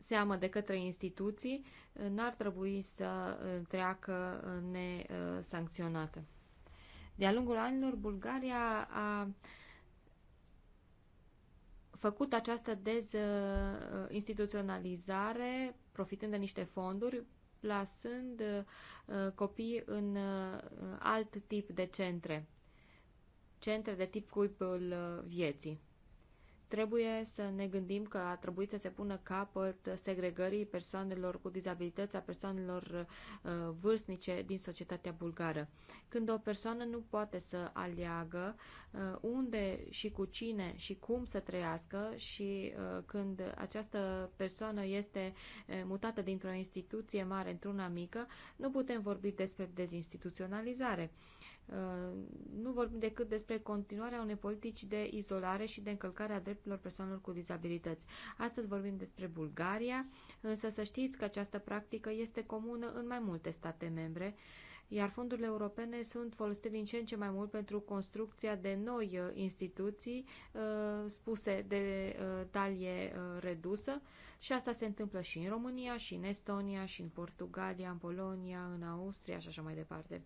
seamă de către instituții, n-ar trebui să uh, treacă uh, nesancționată. De-a lungul anilor, Bulgaria a făcut această dezinstituționalizare, profitând de niște fonduri, plasând uh, copii în alt tip de centre, centre de tip cuibul vieții. Trebuie să ne gândim că a trebuit să se pună capăt segregării persoanelor cu dizabilități, a persoanelor uh, vârstnice din societatea bulgară. Când o persoană nu poate să aleagă uh, unde și cu cine și cum să trăiască și uh, când această persoană este mutată dintr-o instituție mare într-una mică, nu putem vorbi despre dezinstituționalizare nu vorbim decât despre continuarea unei politici de izolare și de încălcare a drepturilor persoanelor cu dizabilități. Astăzi vorbim despre Bulgaria, însă să știți că această practică este comună în mai multe state membre, iar fondurile europene sunt folosite din ce în ce mai mult pentru construcția de noi uh, instituții uh, spuse de uh, talie redusă și asta se întâmplă și în România, și în Estonia, și în Portugalia, în Polonia, în Austria și așa mai departe.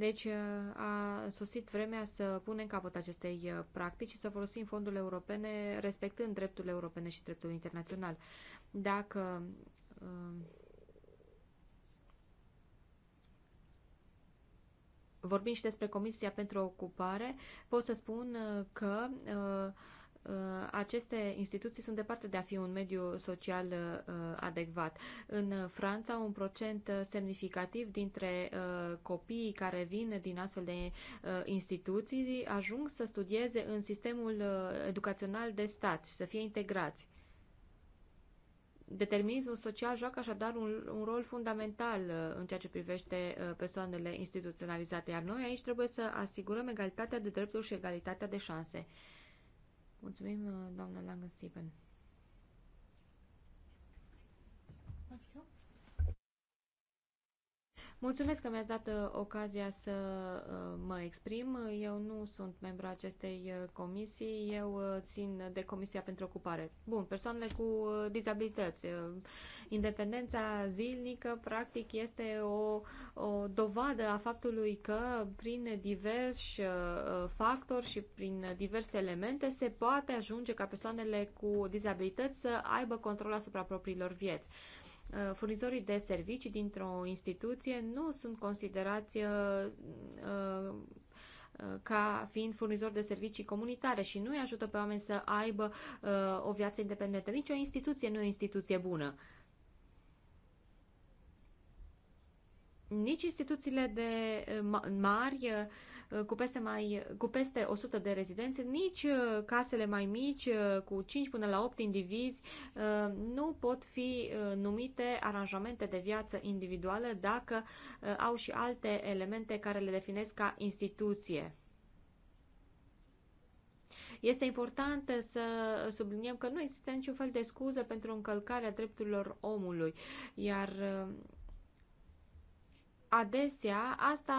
Deci uh, a sosit vremea să punem capăt acestei uh, practici și să folosim fondurile europene respectând dreptul europene și dreptul internațional. Dacă uh, vorbim și despre Comisia pentru Ocupare, pot să spun că uh, Uh, aceste instituții sunt departe de a fi un mediu social uh, adecvat. În Franța, un procent semnificativ dintre uh, copiii care vin din astfel de instituții ajung să studieze în sistemul educațional de stat și să fie integrați. Determinismul social joacă așadar un, un rol fundamental în ceea ce privește persoanele instituționalizate, iar noi aici trebuie să asigurăm egalitatea de drepturi și egalitatea de șanse. Mulțumim, uh, doamna Langen-Sipen. Mulțumesc că mi-ați dat uh, ocazia să uh, mă exprim. Eu nu sunt membru acestei uh, comisii, eu țin de Comisia pentru Ocupare. Bun, persoanele cu dizabilități. Independența zilnică, practic, este o, o dovadă a faptului că prin diversi factori și prin diverse elemente se poate ajunge ca persoanele cu dizabilități să aibă control asupra propriilor vieți. Uh, furnizorii de servicii dintr-o instituție nu sunt considerați uh, uh, ca fiind furnizor de servicii comunitare și nu îi ajută pe oameni să aibă o viață independentă. Nici o instituție nu e o instituție bună. Nici instituțiile de mari Uh, cu peste, mai, cu peste 100 de rezidențe, nici uh, casele mai mici, uh, cu 5 până la 8 indivizi, nu pot fi numite aranjamente de viață individuală dacă au și alte elemente care le definesc ca instituție. Este important să subliniem că nu există niciun fel de scuză pentru încălcarea drepturilor omului, iar adesea asta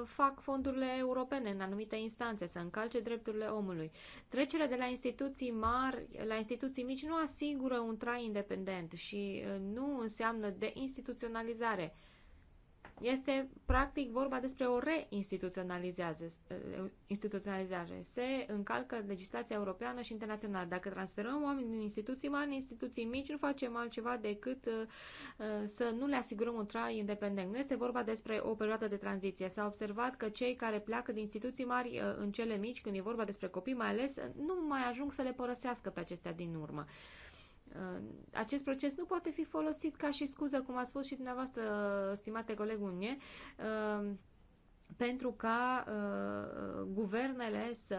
uh, fac fondurile europene în anumite instanțe, să încalce drepturile omului. Trecerea de la instituții mari la instituții mici nu asigură un trai independent și uh, nu înseamnă instituționalizare. Este practic vorba despre o reinstituționalizare. Se încalcă legislația europeană și internațională. Dacă transferăm oameni din instituții mari în instituții mici, nu facem altceva decât uh, să nu le asigurăm un trai independent. Nu este vorba despre o perioadă de tranziție. S-a observat că cei care pleacă din instituții mari uh, în cele mici, când e vorba despre copii mai ales, nu mai ajung să le părăsească pe acestea din urmă. Uh, acest proces nu poate fi folosit ca și scuză, cum a spus și dumneavoastră, stimate coleg Unie, uh, pentru ca uh, guvernele să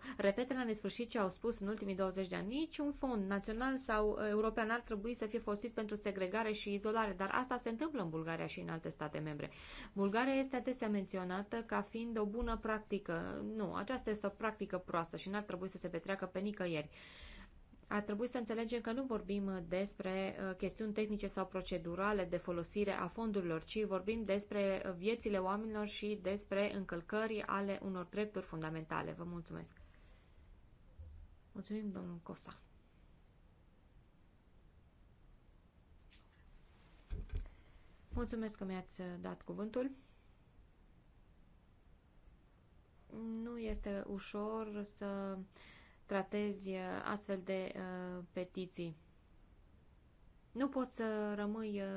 uh, repete la nesfârșit ce au spus în ultimii 20 de ani. Niciun fond național sau uh, european ar trebui să fie folosit pentru segregare și izolare, dar asta se întâmplă în Bulgaria și în alte state membre. Bulgaria este adesea menționată ca fiind o bună practică. Nu, aceasta este o practică proastă și n-ar trebui să se petreacă pe nicăieri. Uh, ar trebui să înțelegem că nu vorbim despre uh, chestiuni tehnice sau procedurale de folosire a fondurilor, ci vorbim despre uh, viețile oamenilor și despre încălcări ale unor drepturi fundamentale. Vă mulțumesc! Mulțumim, domnul Cosa. Mulțumesc că mi-ați uh, dat cuvântul. Nu este ușor să uh, tratezi uh, astfel de uh, petiții. Nu poți să rămâi uh,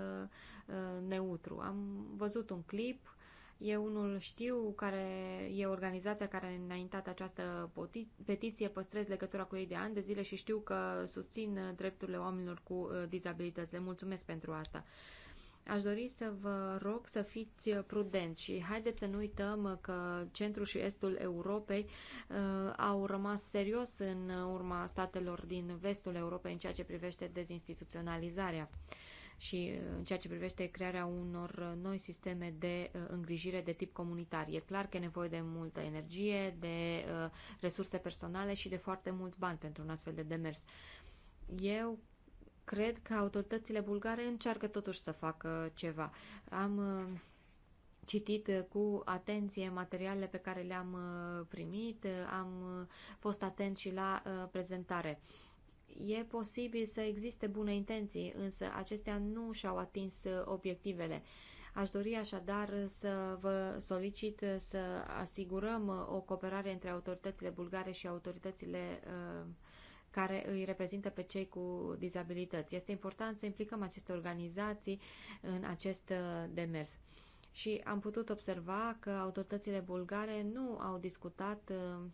uh, neutru. Am văzut un clip, E unul știu care e organizația care a înaintat această petiție, păstrez legătura cu ei de ani de zile și știu că susțin uh, drepturile oamenilor cu uh, dizabilități. Mulțumesc pentru asta. Uh, Aș dori să vă rog să fiți prudenți și haideți să nu uităm că centrul și estul Europei uh, au rămas serios în urma statelor din vestul Europei în ceea ce privește dezinstituționalizarea și uh, în ceea ce privește crearea unor noi sisteme de uh, îngrijire de tip comunitar. E clar că e nevoie de multă energie, de uh, resurse personale și de foarte mult bani pentru un astfel de demers. Eu Cred că autoritățile bulgare încearcă totuși să facă ceva. Am uh, citit cu atenție materialele pe care le-am uh, primit, uh, am fost atent și la prezentare. E posibil să existe bune intenții, însă acestea nu și-au atins obiectivele. Aș dori așadar să vă solicit să asigurăm o cooperare între autoritățile bulgare și autoritățile uh, care îi reprezintă pe cei cu dizabilități. Este important să implicăm aceste organizații în acest uh, demers. Și am putut observa că autoritățile bulgare nu au discutat uh,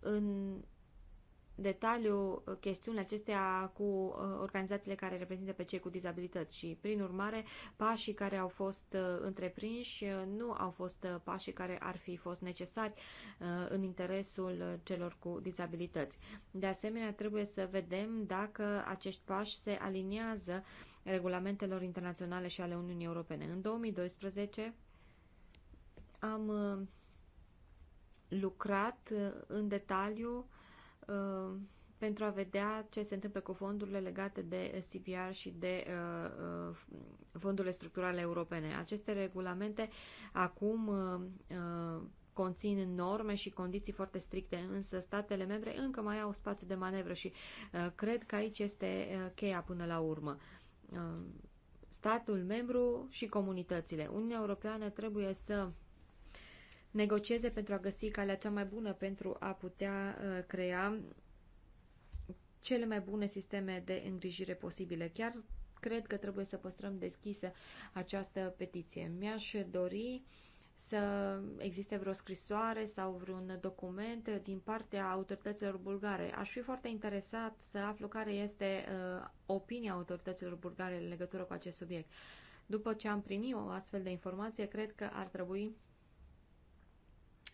în detaliu uh, chestiunea acestea cu uh, organizațiile care reprezintă pe cei cu dizabilități și, prin urmare, pașii care au fost uh, întreprinși nu au fost pașii care ar fi fost necesari în interesul celor cu dizabilități. De asemenea, trebuie să vedem dacă acești pași se aliniază regulamentelor internaționale și ale Uniunii Europene. În 2012 am lucrat în detaliu Uh, pentru a vedea ce se întâmplă cu fondurile legate de CPR și de uh, uh, fondurile structurale europene. Aceste regulamente acum uh, uh, conțin norme și condiții foarte stricte, însă statele membre încă mai au spațiu de manevră și uh, cred că aici este uh, cheia până la urmă. Uh, statul membru și comunitățile. Uniunea Europeană trebuie să negocieze pentru a găsi calea cea mai bună pentru a putea uh, crea cele mai bune sisteme de îngrijire posibile. Chiar cred că trebuie să păstrăm deschisă această petiție. Mi-aș dori să existe vreo scrisoare sau vreun document din partea autorităților bulgare. Aș fi foarte interesat să aflu care este uh, opinia autorităților bulgare în legătură cu acest subiect. După ce am primit o astfel de informație, cred că ar trebui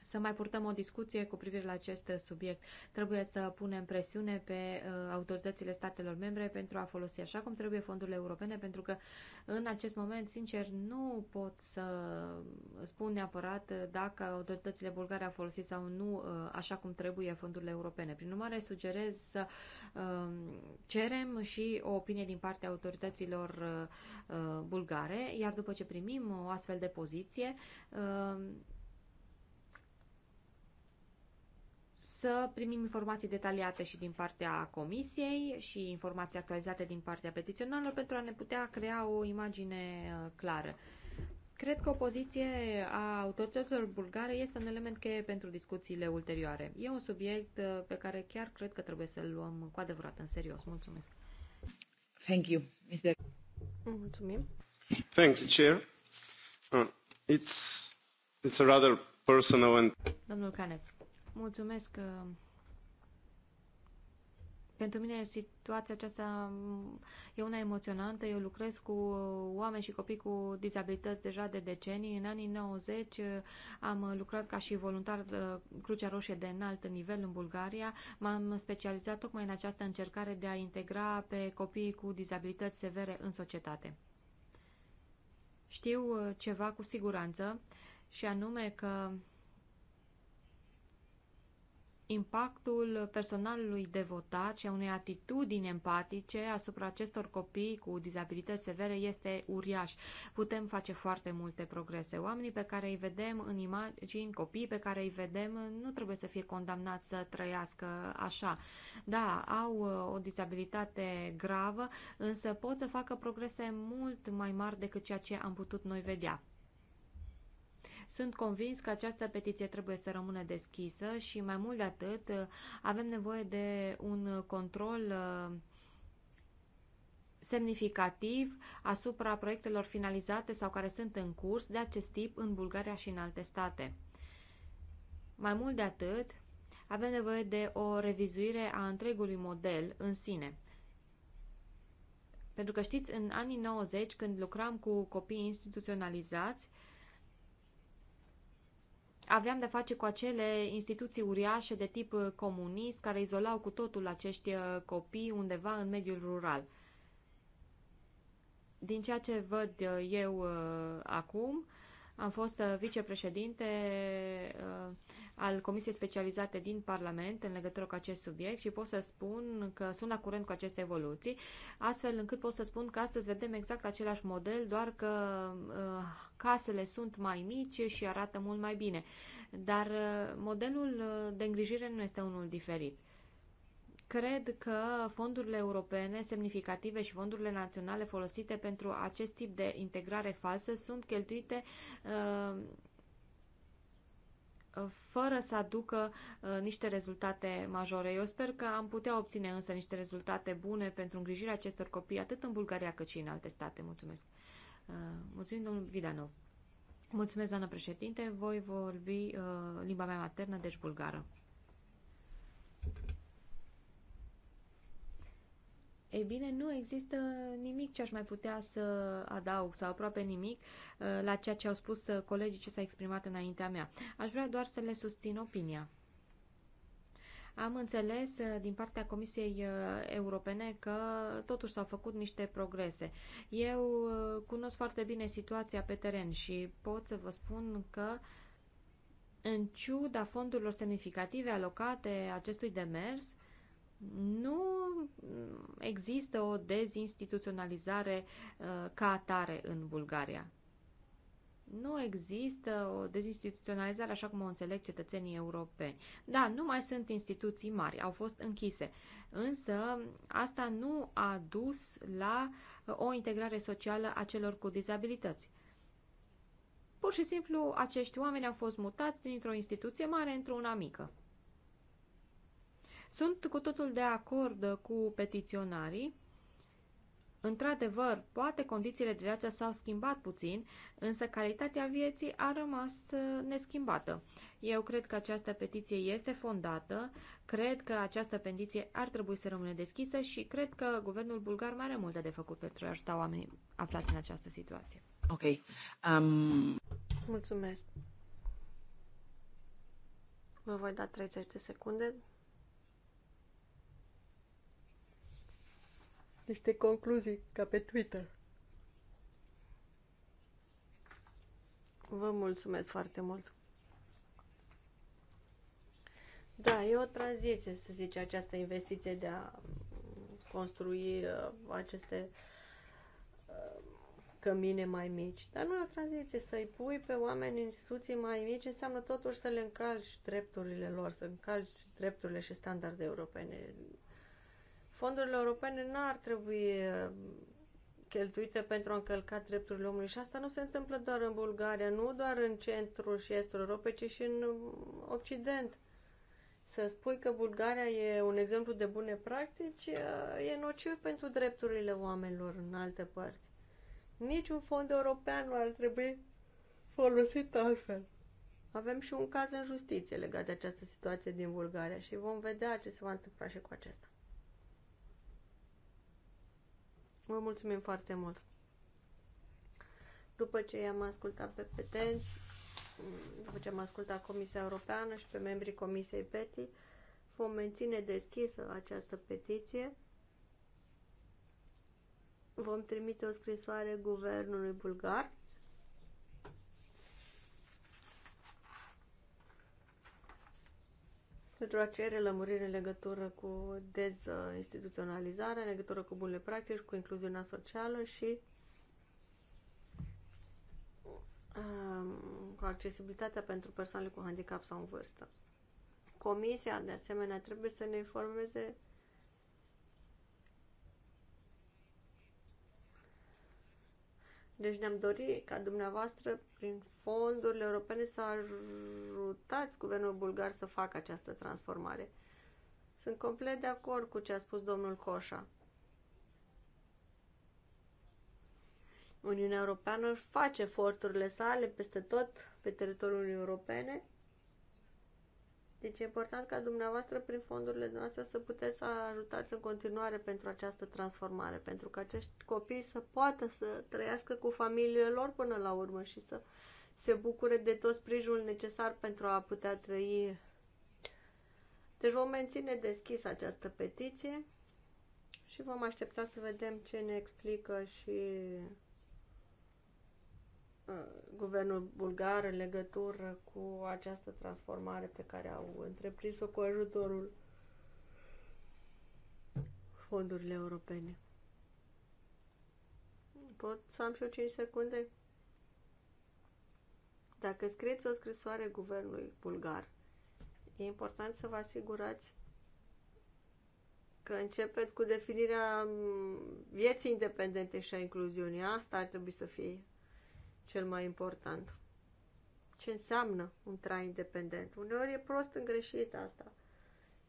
să mai purtăm o discuție cu privire la acest subiect. Trebuie să punem presiune pe uh, autoritățile statelor membre pentru a folosi așa cum trebuie fondurile europene, pentru că în acest moment, sincer, nu pot să spun neapărat dacă autoritățile bulgare au folosit sau nu uh, așa cum trebuie fondurile europene. Prin urmare, sugerez să um, cerem și o opinie din partea autorităților uh, bulgare, iar după ce primim o astfel de poziție, um, să primim informații detaliate și din partea comisiei și informații actualizate din partea petiționarilor pentru a ne putea crea o imagine uh, clară. Cred că o poziție a autorităților bulgare este un element cheie pentru discuțiile ulterioare. E un subiect uh, pe care chiar cred că trebuie să-l luăm cu adevărat în serios. Mulțumesc. Thank you, Mr. Mulțumim. Thank you, Chair. Uh, it's, it's a rather personal and... Domnul Canet. Mulțumesc. Uh, pentru mine situația aceasta mm, e una emoționantă. Eu lucrez cu uh, oameni și copii cu dizabilități deja de decenii. În anii 90 uh, am lucrat ca și voluntar Crucea Roșie de înalt nivel în Bulgaria. M-am specializat tocmai în această încercare de a integra pe copiii cu dizabilități severe în societate. Știu ceva cu siguranță și anume că impactul personalului devotat și a unei atitudini empatice asupra acestor copii cu dizabilități severe este uriaș. Putem face foarte multe progrese. Oamenii pe care îi vedem în imagini, copiii pe care îi vedem, nu trebuie să fie condamnați să trăiască așa. Da, au uh, o dizabilitate gravă, însă pot să facă progrese mult mai mari decât ceea ce am putut noi vedea. Sunt convins că această petiție trebuie să rămână deschisă și mai mult de atât avem nevoie de un control uh, semnificativ asupra proiectelor finalizate sau care sunt în curs de acest tip în Bulgaria și în alte state. Mai mult de atât, avem nevoie de o revizuire a întregului model în sine. Pentru că știți, în anii 90, când lucram cu copii instituționalizați, aveam de face cu acele instituții uriașe de tip uh, comunist care izolau cu totul acești uh, copii undeva în mediul rural. Din ceea ce văd uh, eu acum, am fost uh, vicepreședinte uh, al Comisiei Specializate din Parlament în legătură cu acest subiect și pot să spun că sunt la curent cu aceste evoluții, astfel încât pot să spun că astăzi vedem exact același model, doar că uh, casele sunt mai mici și arată mult mai bine. Dar modelul de îngrijire nu este unul diferit. Cred că fondurile europene semnificative și fondurile naționale folosite pentru acest tip de integrare falsă sunt cheltuite uh, fără să aducă uh, niște rezultate majore. Eu sper că am putea obține însă niște rezultate bune pentru îngrijirea acestor copii, atât în Bulgaria cât și în alte state. Mulțumesc. Uh, mulțumim, domnul Vidanov. Mulțumesc, doamnă președinte. Voi vorbi uh, limba mea maternă, deci bulgară. Ei bine, nu există nimic ce aș mai putea să adaug sau aproape nimic uh, la ceea ce au spus uh, colegii ce s-a exprimat înaintea mea. Aș vrea doar să le susțin opinia. Am înțeles uh, din partea Comisiei Europene că totuși s-au făcut niște progrese. Eu cunosc foarte bine situația pe teren și pot să vă spun că în ciuda fondurilor semnificative alocate acestui demers, nu există o dezinstituționalizare uh, ca atare în Bulgaria. Nu există o dezinstituționalizare așa cum o înțeleg cetățenii europeni. Da, nu mai sunt instituții mari, au fost închise, însă asta nu a dus la uh, o integrare socială a celor cu dizabilități. Pur și simplu, acești oameni au fost mutați dintr-o instituție mare într-una mică. Sunt cu totul de acord cu petiționarii. Într-adevăr, poate condițiile de viață s-au schimbat puțin, însă calitatea vieții a rămas uh, neschimbată. Eu cred că această petiție este fondată, cred că această petiție ar trebui să rămână deschisă și cred că guvernul bulgar mai are multe de făcut pentru a ajuta oamenii aflați în această situație. Ok. Um... Mulțumesc. Vă voi da 30 de secunde niște concluzii ca pe Twitter. Vă mulțumesc foarte mult. Da, e o tranziție, să zice, această investiție de a construi uh, aceste uh, cămine mai mici. Dar nu e o tranziție. Să-i pui pe oameni în instituții mai mici înseamnă totuși să le încalci drepturile lor, să încalci drepturile și standarde europene fondurile europene nu ar trebui uh, cheltuite pentru a încălca drepturile omului. Și asta nu se întâmplă doar în Bulgaria, nu doar în centrul și estul Europei, ci și în uh, Occident. Să spui că Bulgaria e un exemplu de bune practici uh, e nociv pentru drepturile oamenilor în alte părți. Niciun fond european nu ar trebui folosit altfel. Avem și un caz în justiție legat de această situație din Bulgaria și vom vedea ce se va întâmpla și cu acesta. Vă mulțumim foarte mult! După ce i-am ascultat pe petenți, după ce am ascultat Comisia Europeană și pe membrii Comisiei PETI, vom menține deschisă această petiție. Vom trimite o scrisoare guvernului bulgar pentru a cere lămurire în legătură cu dezinstituționalizarea, în legătură cu bunele practici, cu incluziunea socială și um, cu accesibilitatea pentru persoanele cu handicap sau în vârstă. Comisia, de asemenea, trebuie să ne informeze Deci ne-am dorit ca dumneavoastră, prin fondurile europene, să ajutați guvernul bulgar să facă această transformare. Sunt complet de acord cu ce a spus domnul Coșa. Uniunea Europeană face eforturile sale peste tot pe teritoriul Uniunii Europene deci e important ca dumneavoastră, prin fondurile noastre, să puteți să ajutați în continuare pentru această transformare, pentru că acești copii să poată să trăiască cu familiile lor până la urmă și să se bucure de tot sprijinul necesar pentru a putea trăi. Deci vom menține deschis această petiție și vom aștepta să vedem ce ne explică și Uh, guvernul bulgar în legătură cu această transformare pe care au întreprins-o cu ajutorul fondurile europene. Pot să am și eu 5 secunde? Dacă scrieți o scrisoare guvernului bulgar, e important să vă asigurați că începeți cu definirea mm, vieții independente și a incluziunii. Asta ar trebui să fie cel mai important. Ce înseamnă un trai independent? Uneori e prost îngreșit asta.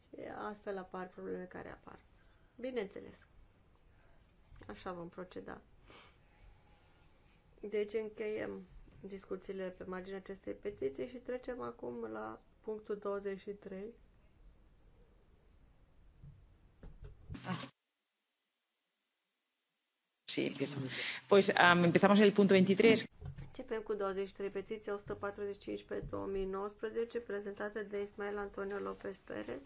Și astfel apar probleme care apar. Bineînțeles. Așa vom proceda. Deci încheiem discuțiile pe marginea acestei petiții și trecem acum la punctul 23. Sí, empiezo. Pues um, empezamos el punto 23. Începem cu 23 repetiții, 145 pe 2019 prezentată de Ismael Antonio López Pérez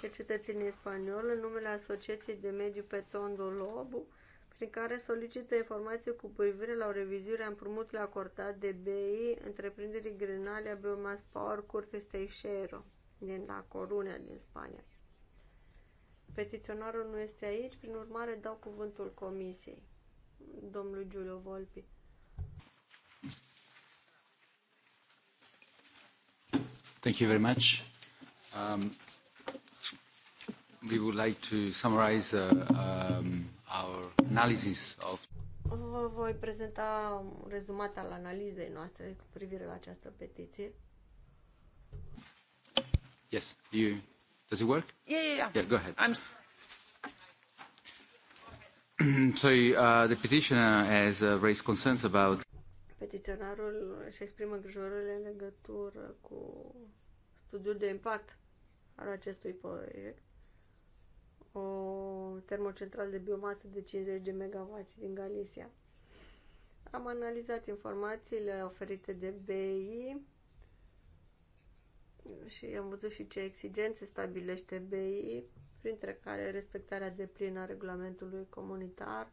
de cetățenie spaniol, în numele Asociației de Mediu pe Tondul Lobu prin care solicită informații cu privire la o revizuire a împrumutului acordat de BI întreprinderii Grenalia Biomas Power Curtis Teixeira din La Coruña din Spania. Petiționarul nu este aici, prin urmare dau cuvântul comisiei, domnul Giulio Volpi. Thank you very much. Um, we would like to summarize uh, um, our analysis of Vă voi prezenta rezumat al analizei noastre cu privire la această petiție. Yes, you does it work? Yeah, yeah, yeah. Yeah, go ahead. I'm so uh, the petitioner has uh, raised concerns about Petiționarul își exprimă îngrijorările în legătură cu studiul de impact al acestui proiect. O termocentral de biomasă de 50 de MW din Galicia. Am analizat informațiile oferite de BI și am văzut și ce exigențe stabilește BI, printre care respectarea deplină a regulamentului comunitar,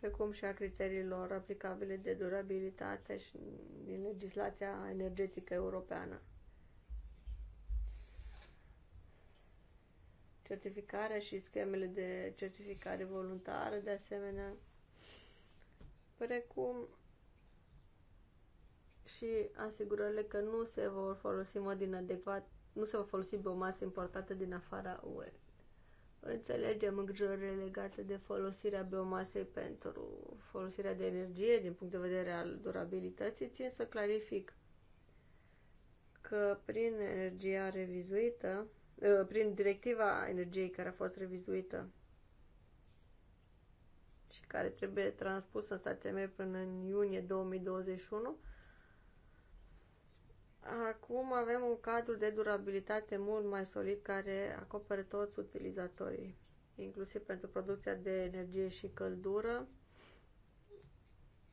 precum și a criteriilor aplicabile de durabilitate și din legislația energetică europeană. Certificarea și schemele de certificare voluntară, de asemenea, precum și asigurările că nu se vor folosi mod inadecvat, nu se vor folosi biomase importate din afara UE înțelegem îngrijorile legate de folosirea biomasei pentru folosirea de energie din punct de vedere al durabilității, țin să clarific că prin energia revizuită, ă, prin directiva energiei care a fost revizuită și care trebuie transpusă în statele mele până în iunie 2021, Acum avem un cadru de durabilitate mult mai solid care acoperă toți utilizatorii, inclusiv pentru producția de energie și căldură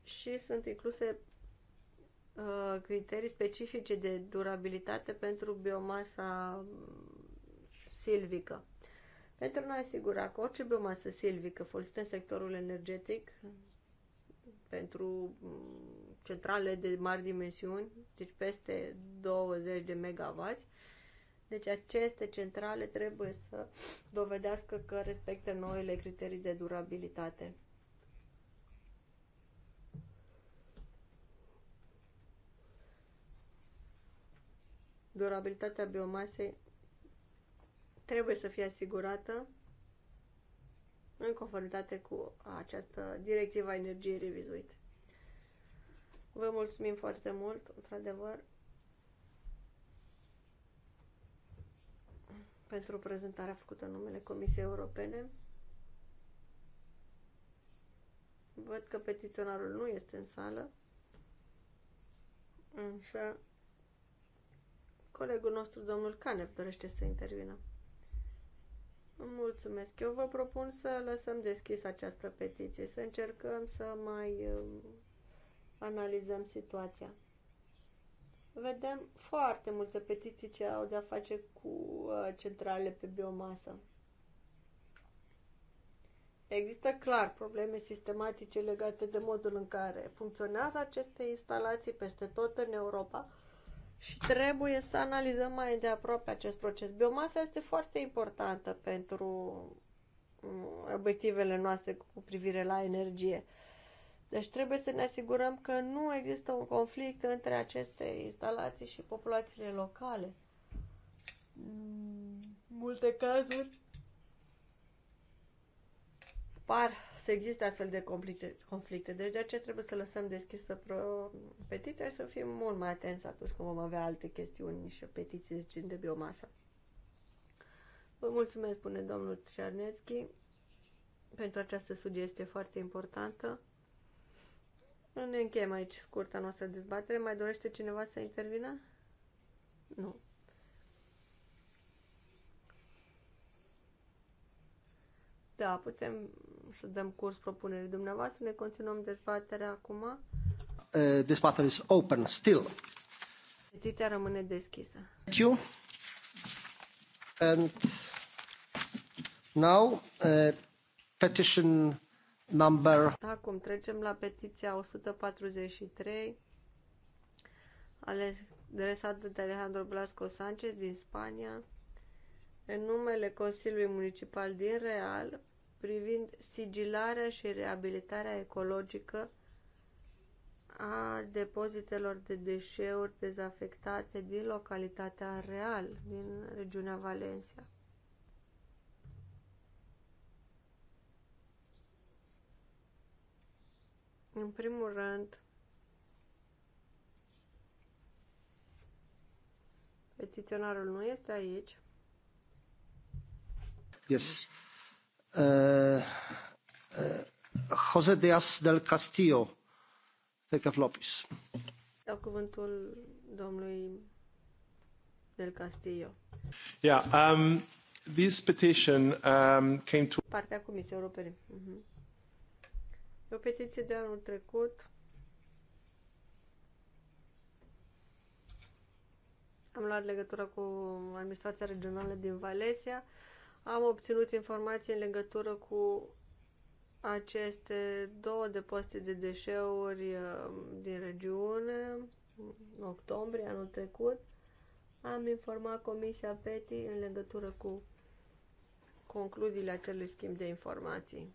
și sunt incluse uh, criterii specifice de durabilitate pentru biomasa silvică. Pentru noi asigura că orice biomasă silvică folosită în sectorul energetic pentru mm, centrale de mari dimensiuni, deci peste 20 de megawatts. Deci aceste centrale trebuie să dovedească că respectă noile criterii de durabilitate. Durabilitatea biomasei trebuie să fie asigurată în conformitate cu această directivă a energiei revizuite. Vă mulțumim foarte mult, într-adevăr, pentru prezentarea făcută în numele Comisiei Europene. Văd că petiționarul nu este în sală, însă colegul nostru, domnul Canev, dorește să intervină. Mulțumesc. Eu vă propun să lăsăm deschis această petiție, să încercăm să mai analizăm situația. Vedem foarte multe petiții ce au de-a face cu uh, centrale pe biomasă. Există clar probleme sistematice legate de modul în care funcționează aceste instalații peste tot în Europa și trebuie să analizăm mai de aproape acest proces. Biomasa este foarte importantă pentru mm, obiectivele noastre cu privire la energie. Deci trebuie să ne asigurăm că nu există un conflict între aceste instalații și populațiile locale. Mm, multe cazuri par să existe astfel de conflicte. Deci de aceea trebuie să lăsăm deschisă petiția și să fim mult mai atenți atunci când vom avea alte chestiuni și petiții de cin de biomasă. Vă mulțumesc, spune domnul Cernețchi, pentru această sugestie foarte importantă. Nu ne încheiem aici scurta noastră dezbatere. Mai dorește cineva să intervină? Nu. Da, putem să dăm curs propunerii dumneavoastră. Ne continuăm dezbaterea acum. Uh, dezbaterea is open still. Petiția rămâne deschisă. Thank you. And now uh, petition number. Acum trecem la petiția 143 adresată de Alejandro Blasco Sanchez din Spania în numele Consiliului Municipal din Real privind sigilarea și reabilitarea ecologică a depozitelor de deșeuri dezafectate din localitatea Real, din regiunea Valencia. În primul rând, petiționarul nu este aici. Yes. Uh, uh, José Díaz del Castillo, Tecaflopis. Dau cuvântul domnului del Castillo. Yeah, um, this petition um, came to... Partea Comisiei Europene. Uh mhm. -huh. E o petiție de anul trecut. Am luat legătura cu administrația regională din Valesia. Am obținut informații în legătură cu aceste două depozite de deșeuri uh, din regiune în octombrie anul trecut. Am informat Comisia PETI în legătură cu concluziile acelui schimb de informații.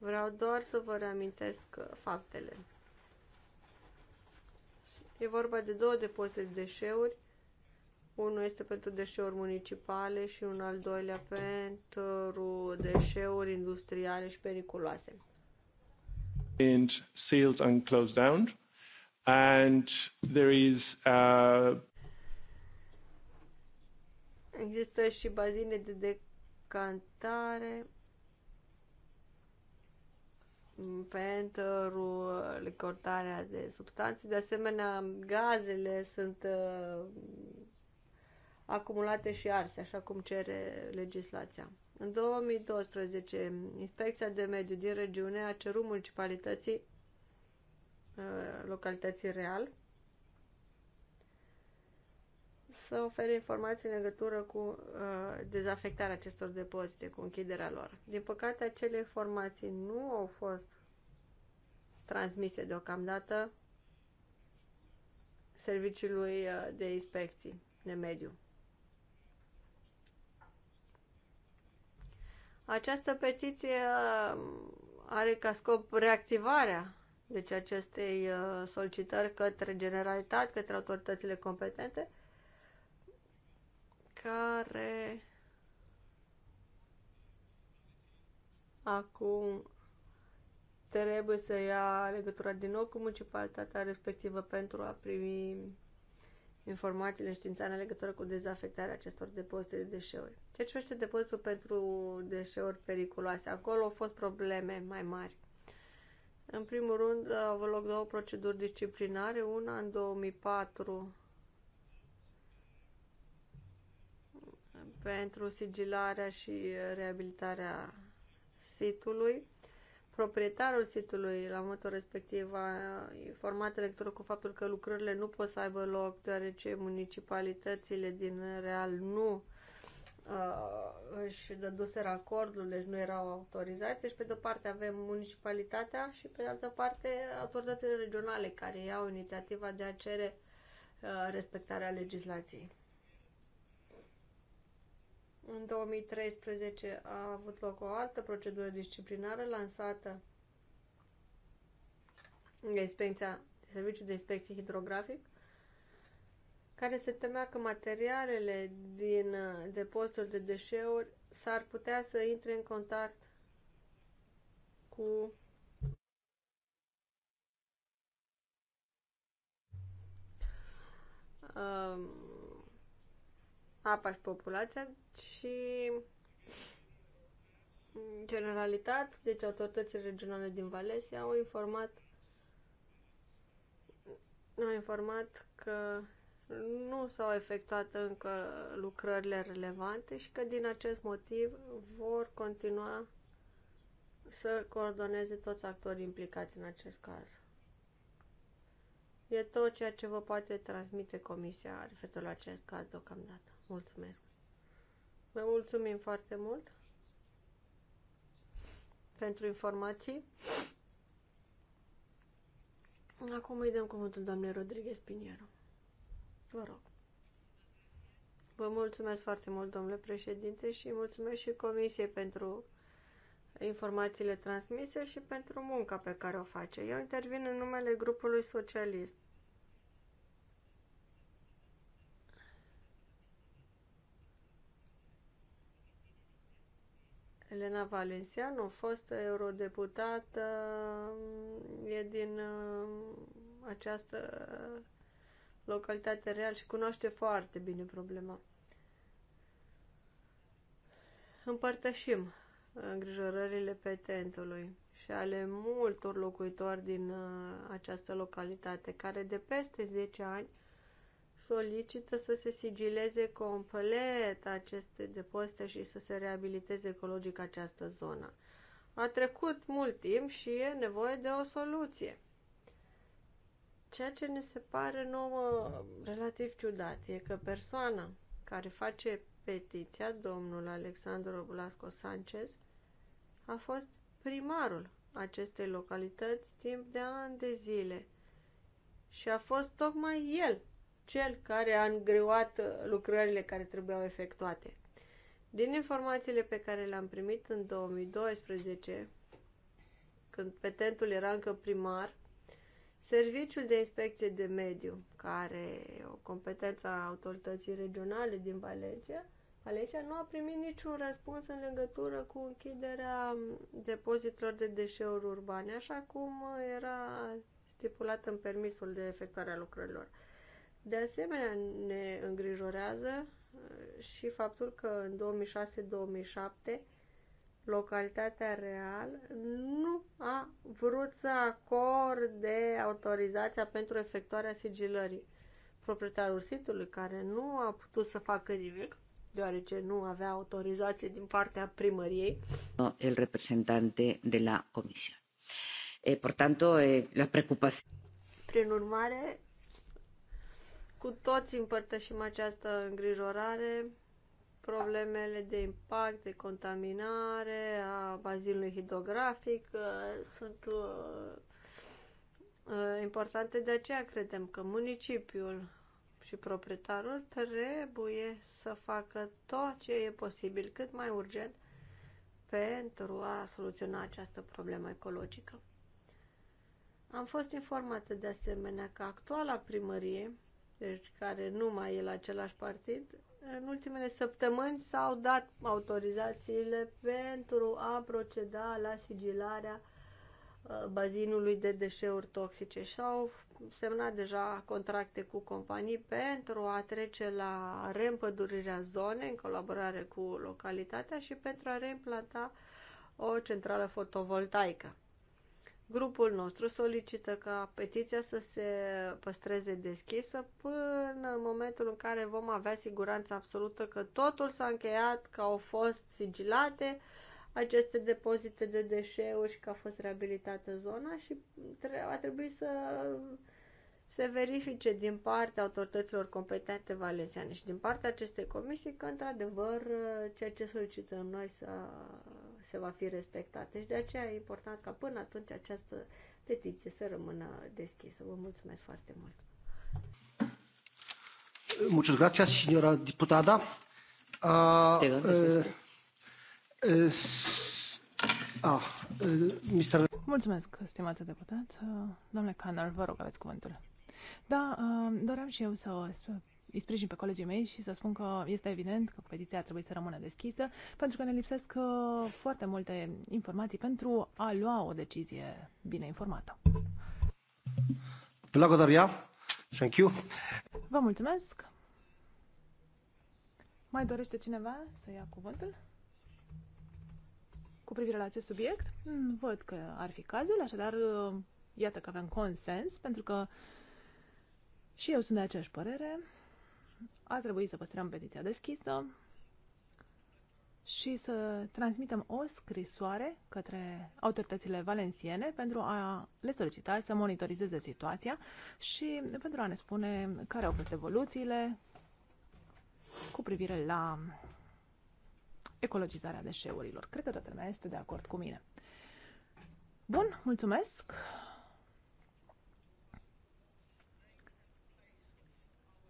Vreau doar să vă reamintesc uh, faptele. E vorba de două depozite de deșeuri. Unul este pentru deșeuri municipale și un al doilea pentru deșeuri industriale și periculoase. And sealed and closed down. And there is a... Uh, Există și bazine de decantare pentru recortarea de substanțe. De asemenea, gazele sunt uh, acumulate și arse, așa cum cere legislația. În 2012, Inspecția de Mediu din regiune a cerut municipalității uh, localității Real să ofere informații în legătură cu uh, dezafectarea acestor depozite, cu închiderea lor. Din păcate, acele informații nu au fost transmise deocamdată serviciului uh, de inspecții de mediu. Această petiție uh, are ca scop reactivarea deci acestei uh, solicitări către generalitate, către autoritățile competente care acum trebuie să ia legătura din nou cu municipalitatea respectivă pentru a primi informațiile științare în legătură cu dezafectarea acestor depozite de deșeuri. Ceea ce privește depozitul pentru deșeuri periculoase, acolo au fost probleme mai mari. În primul rând, avut loc două proceduri disciplinare, una în 2004 pentru sigilarea și reabilitarea sitului. Proprietarul sitului la momentul respectiv a informat electorul cu faptul că lucrările nu pot să aibă loc deoarece municipalitățile din Real nu uh, își dăduseră acordul, deci nu erau autorizați. Deci pe de-o parte avem municipalitatea și pe de altă parte autoritățile regionale care iau inițiativa de a cere uh, respectarea legislației. În 2013 a avut loc o altă procedură disciplinară lansată de inspecția de serviciu de inspecție hidrografic, care se temea că materialele din uh, depozitul de deșeuri s-ar putea să intre în contact cu um, apa și populația și în generalitate, deci autoritățile regionale din Valesia au informat au informat că nu s-au efectuat încă lucrările relevante și că din acest motiv vor continua să coordoneze toți actorii implicați în acest caz. E tot ceea ce vă poate transmite Comisia referitor la acest caz deocamdată. Mulțumesc. Vă mulțumim foarte mult pentru informații. Acum îi dăm cuvântul doamnei Rodriguez Piniero. Vă rog. Vă mulțumesc foarte mult, domnule președinte, și mulțumesc și comisiei pentru informațiile transmise și pentru munca pe care o face. Eu intervin în numele grupului socialist. Elena Valencianu, fostă eurodeputată, e din uh, această localitate real și cunoaște foarte bine problema. Împărtășim uh, îngrijorările petentului și ale multor locuitori din uh, această localitate care de peste 10 ani solicită să se sigileze complet aceste depozite și să se reabiliteze ecologic această zonă. A trecut mult timp și e nevoie de o soluție. Ceea ce ne se pare nouă relativ ciudat e că persoana care face petiția, domnul Alexandru Blasco Sanchez, a fost primarul acestei localități timp de ani de zile. Și a fost tocmai el cel care a îngreuat uh, lucrările care trebuiau efectuate. Din informațiile pe care le-am primit în 2012, când petentul era încă primar, Serviciul de Inspecție de Mediu, care e o competență a autorității regionale din Valencia, Valencia nu a primit niciun răspuns în legătură cu închiderea um, depozitelor de deșeuri urbane, așa cum era stipulat în permisul de efectuare a lucrărilor. De asemenea, ne îngrijorează uh, și faptul că în 2006-2007 localitatea real nu a vrut să acorde autorizația pentru efectuarea sigilării. Proprietarul sitului, care nu a putut să facă nimic, deoarece nu avea autorizație din partea primăriei. El reprezentante de la comisie. E, eh, portanto, e eh, la preocupație. Prin urmare, cu toți împărtășim această îngrijorare, problemele de impact, de contaminare a bazinului hidrografic uh, sunt uh, uh, importante, de aceea credem că municipiul și proprietarul trebuie să facă tot ce e posibil, cât mai urgent, pentru a soluționa această problemă ecologică. Am fost informată de asemenea că actuala primărie deci care nu mai e la același partid, în ultimele săptămâni s-au dat autorizațiile pentru a proceda la sigilarea uh, bazinului de deșeuri toxice și s-au semnat deja contracte cu companii pentru a trece la reîmpădurirea zonei în colaborare cu localitatea și pentru a reimplanta o centrală fotovoltaică. Grupul nostru solicită ca petiția să se păstreze deschisă până în momentul în care vom avea siguranța absolută că totul s-a încheiat, că au fost sigilate aceste depozite de deșeuri și că a fost reabilitată zona și va trebui să se verifice din partea autorităților competente valențiane și din partea acestei comisii că, într-adevăr, ceea ce solicităm noi să se va fi respectat. Deci de aceea e important ca până atunci această petiție să rămână deschisă. Vă mulțumesc foarte mult. Muchas gracias, señora diputada. Uh, uh, uh, uh, uh, Mulțumesc, stimate deputat. Domnule Canal, vă rog, aveți cuvântul. Da, eh, doream și eu să îi sprijin pe colegii mei și să spun că este evident că petiția trebuie să rămână deschisă, pentru că ne lipsesc uh, foarte multe informații pentru a lua o decizie bine informată. Благодаря. Thank you. Vă mulțumesc. Mai dorește cineva să ia cuvântul? Cu privire la acest subiect, mm, văd că ar fi cazul, așadar uh, iată că avem consens, pentru că și eu sunt de aceeași părere. A trebui să păstrăm petiția deschisă și să transmitem o scrisoare către autoritățile valențiene pentru a le solicita să monitorizeze situația și pentru a ne spune care au fost evoluțiile cu privire la ecologizarea deșeurilor. Cred că toată lumea este de acord cu mine. Bun, mulțumesc!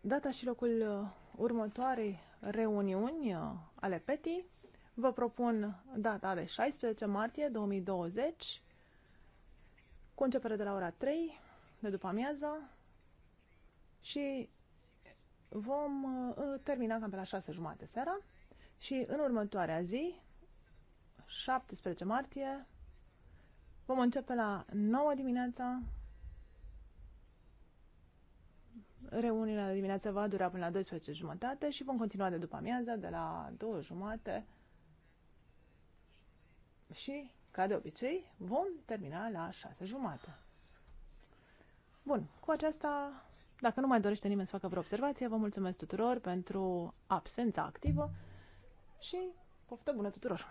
data și locul uh, următoarei reuniuni uh, ale PETI. Vă propun data de 16 martie 2020, cu începere de la ora 3 de după amiază și vom uh, termina cam pe la 6 jumate seara și în următoarea zi, 17 martie, vom începe la 9 dimineața Reuniunea de dimineață va dura până la 12 jumătate și vom continua de după amiază de la 2 jumate și, ca de obicei, vom termina la 6 jumate. Bun, cu aceasta, dacă nu mai dorește nimeni să facă vreo observație, vă mulțumesc tuturor pentru absența activă și poftă bună tuturor!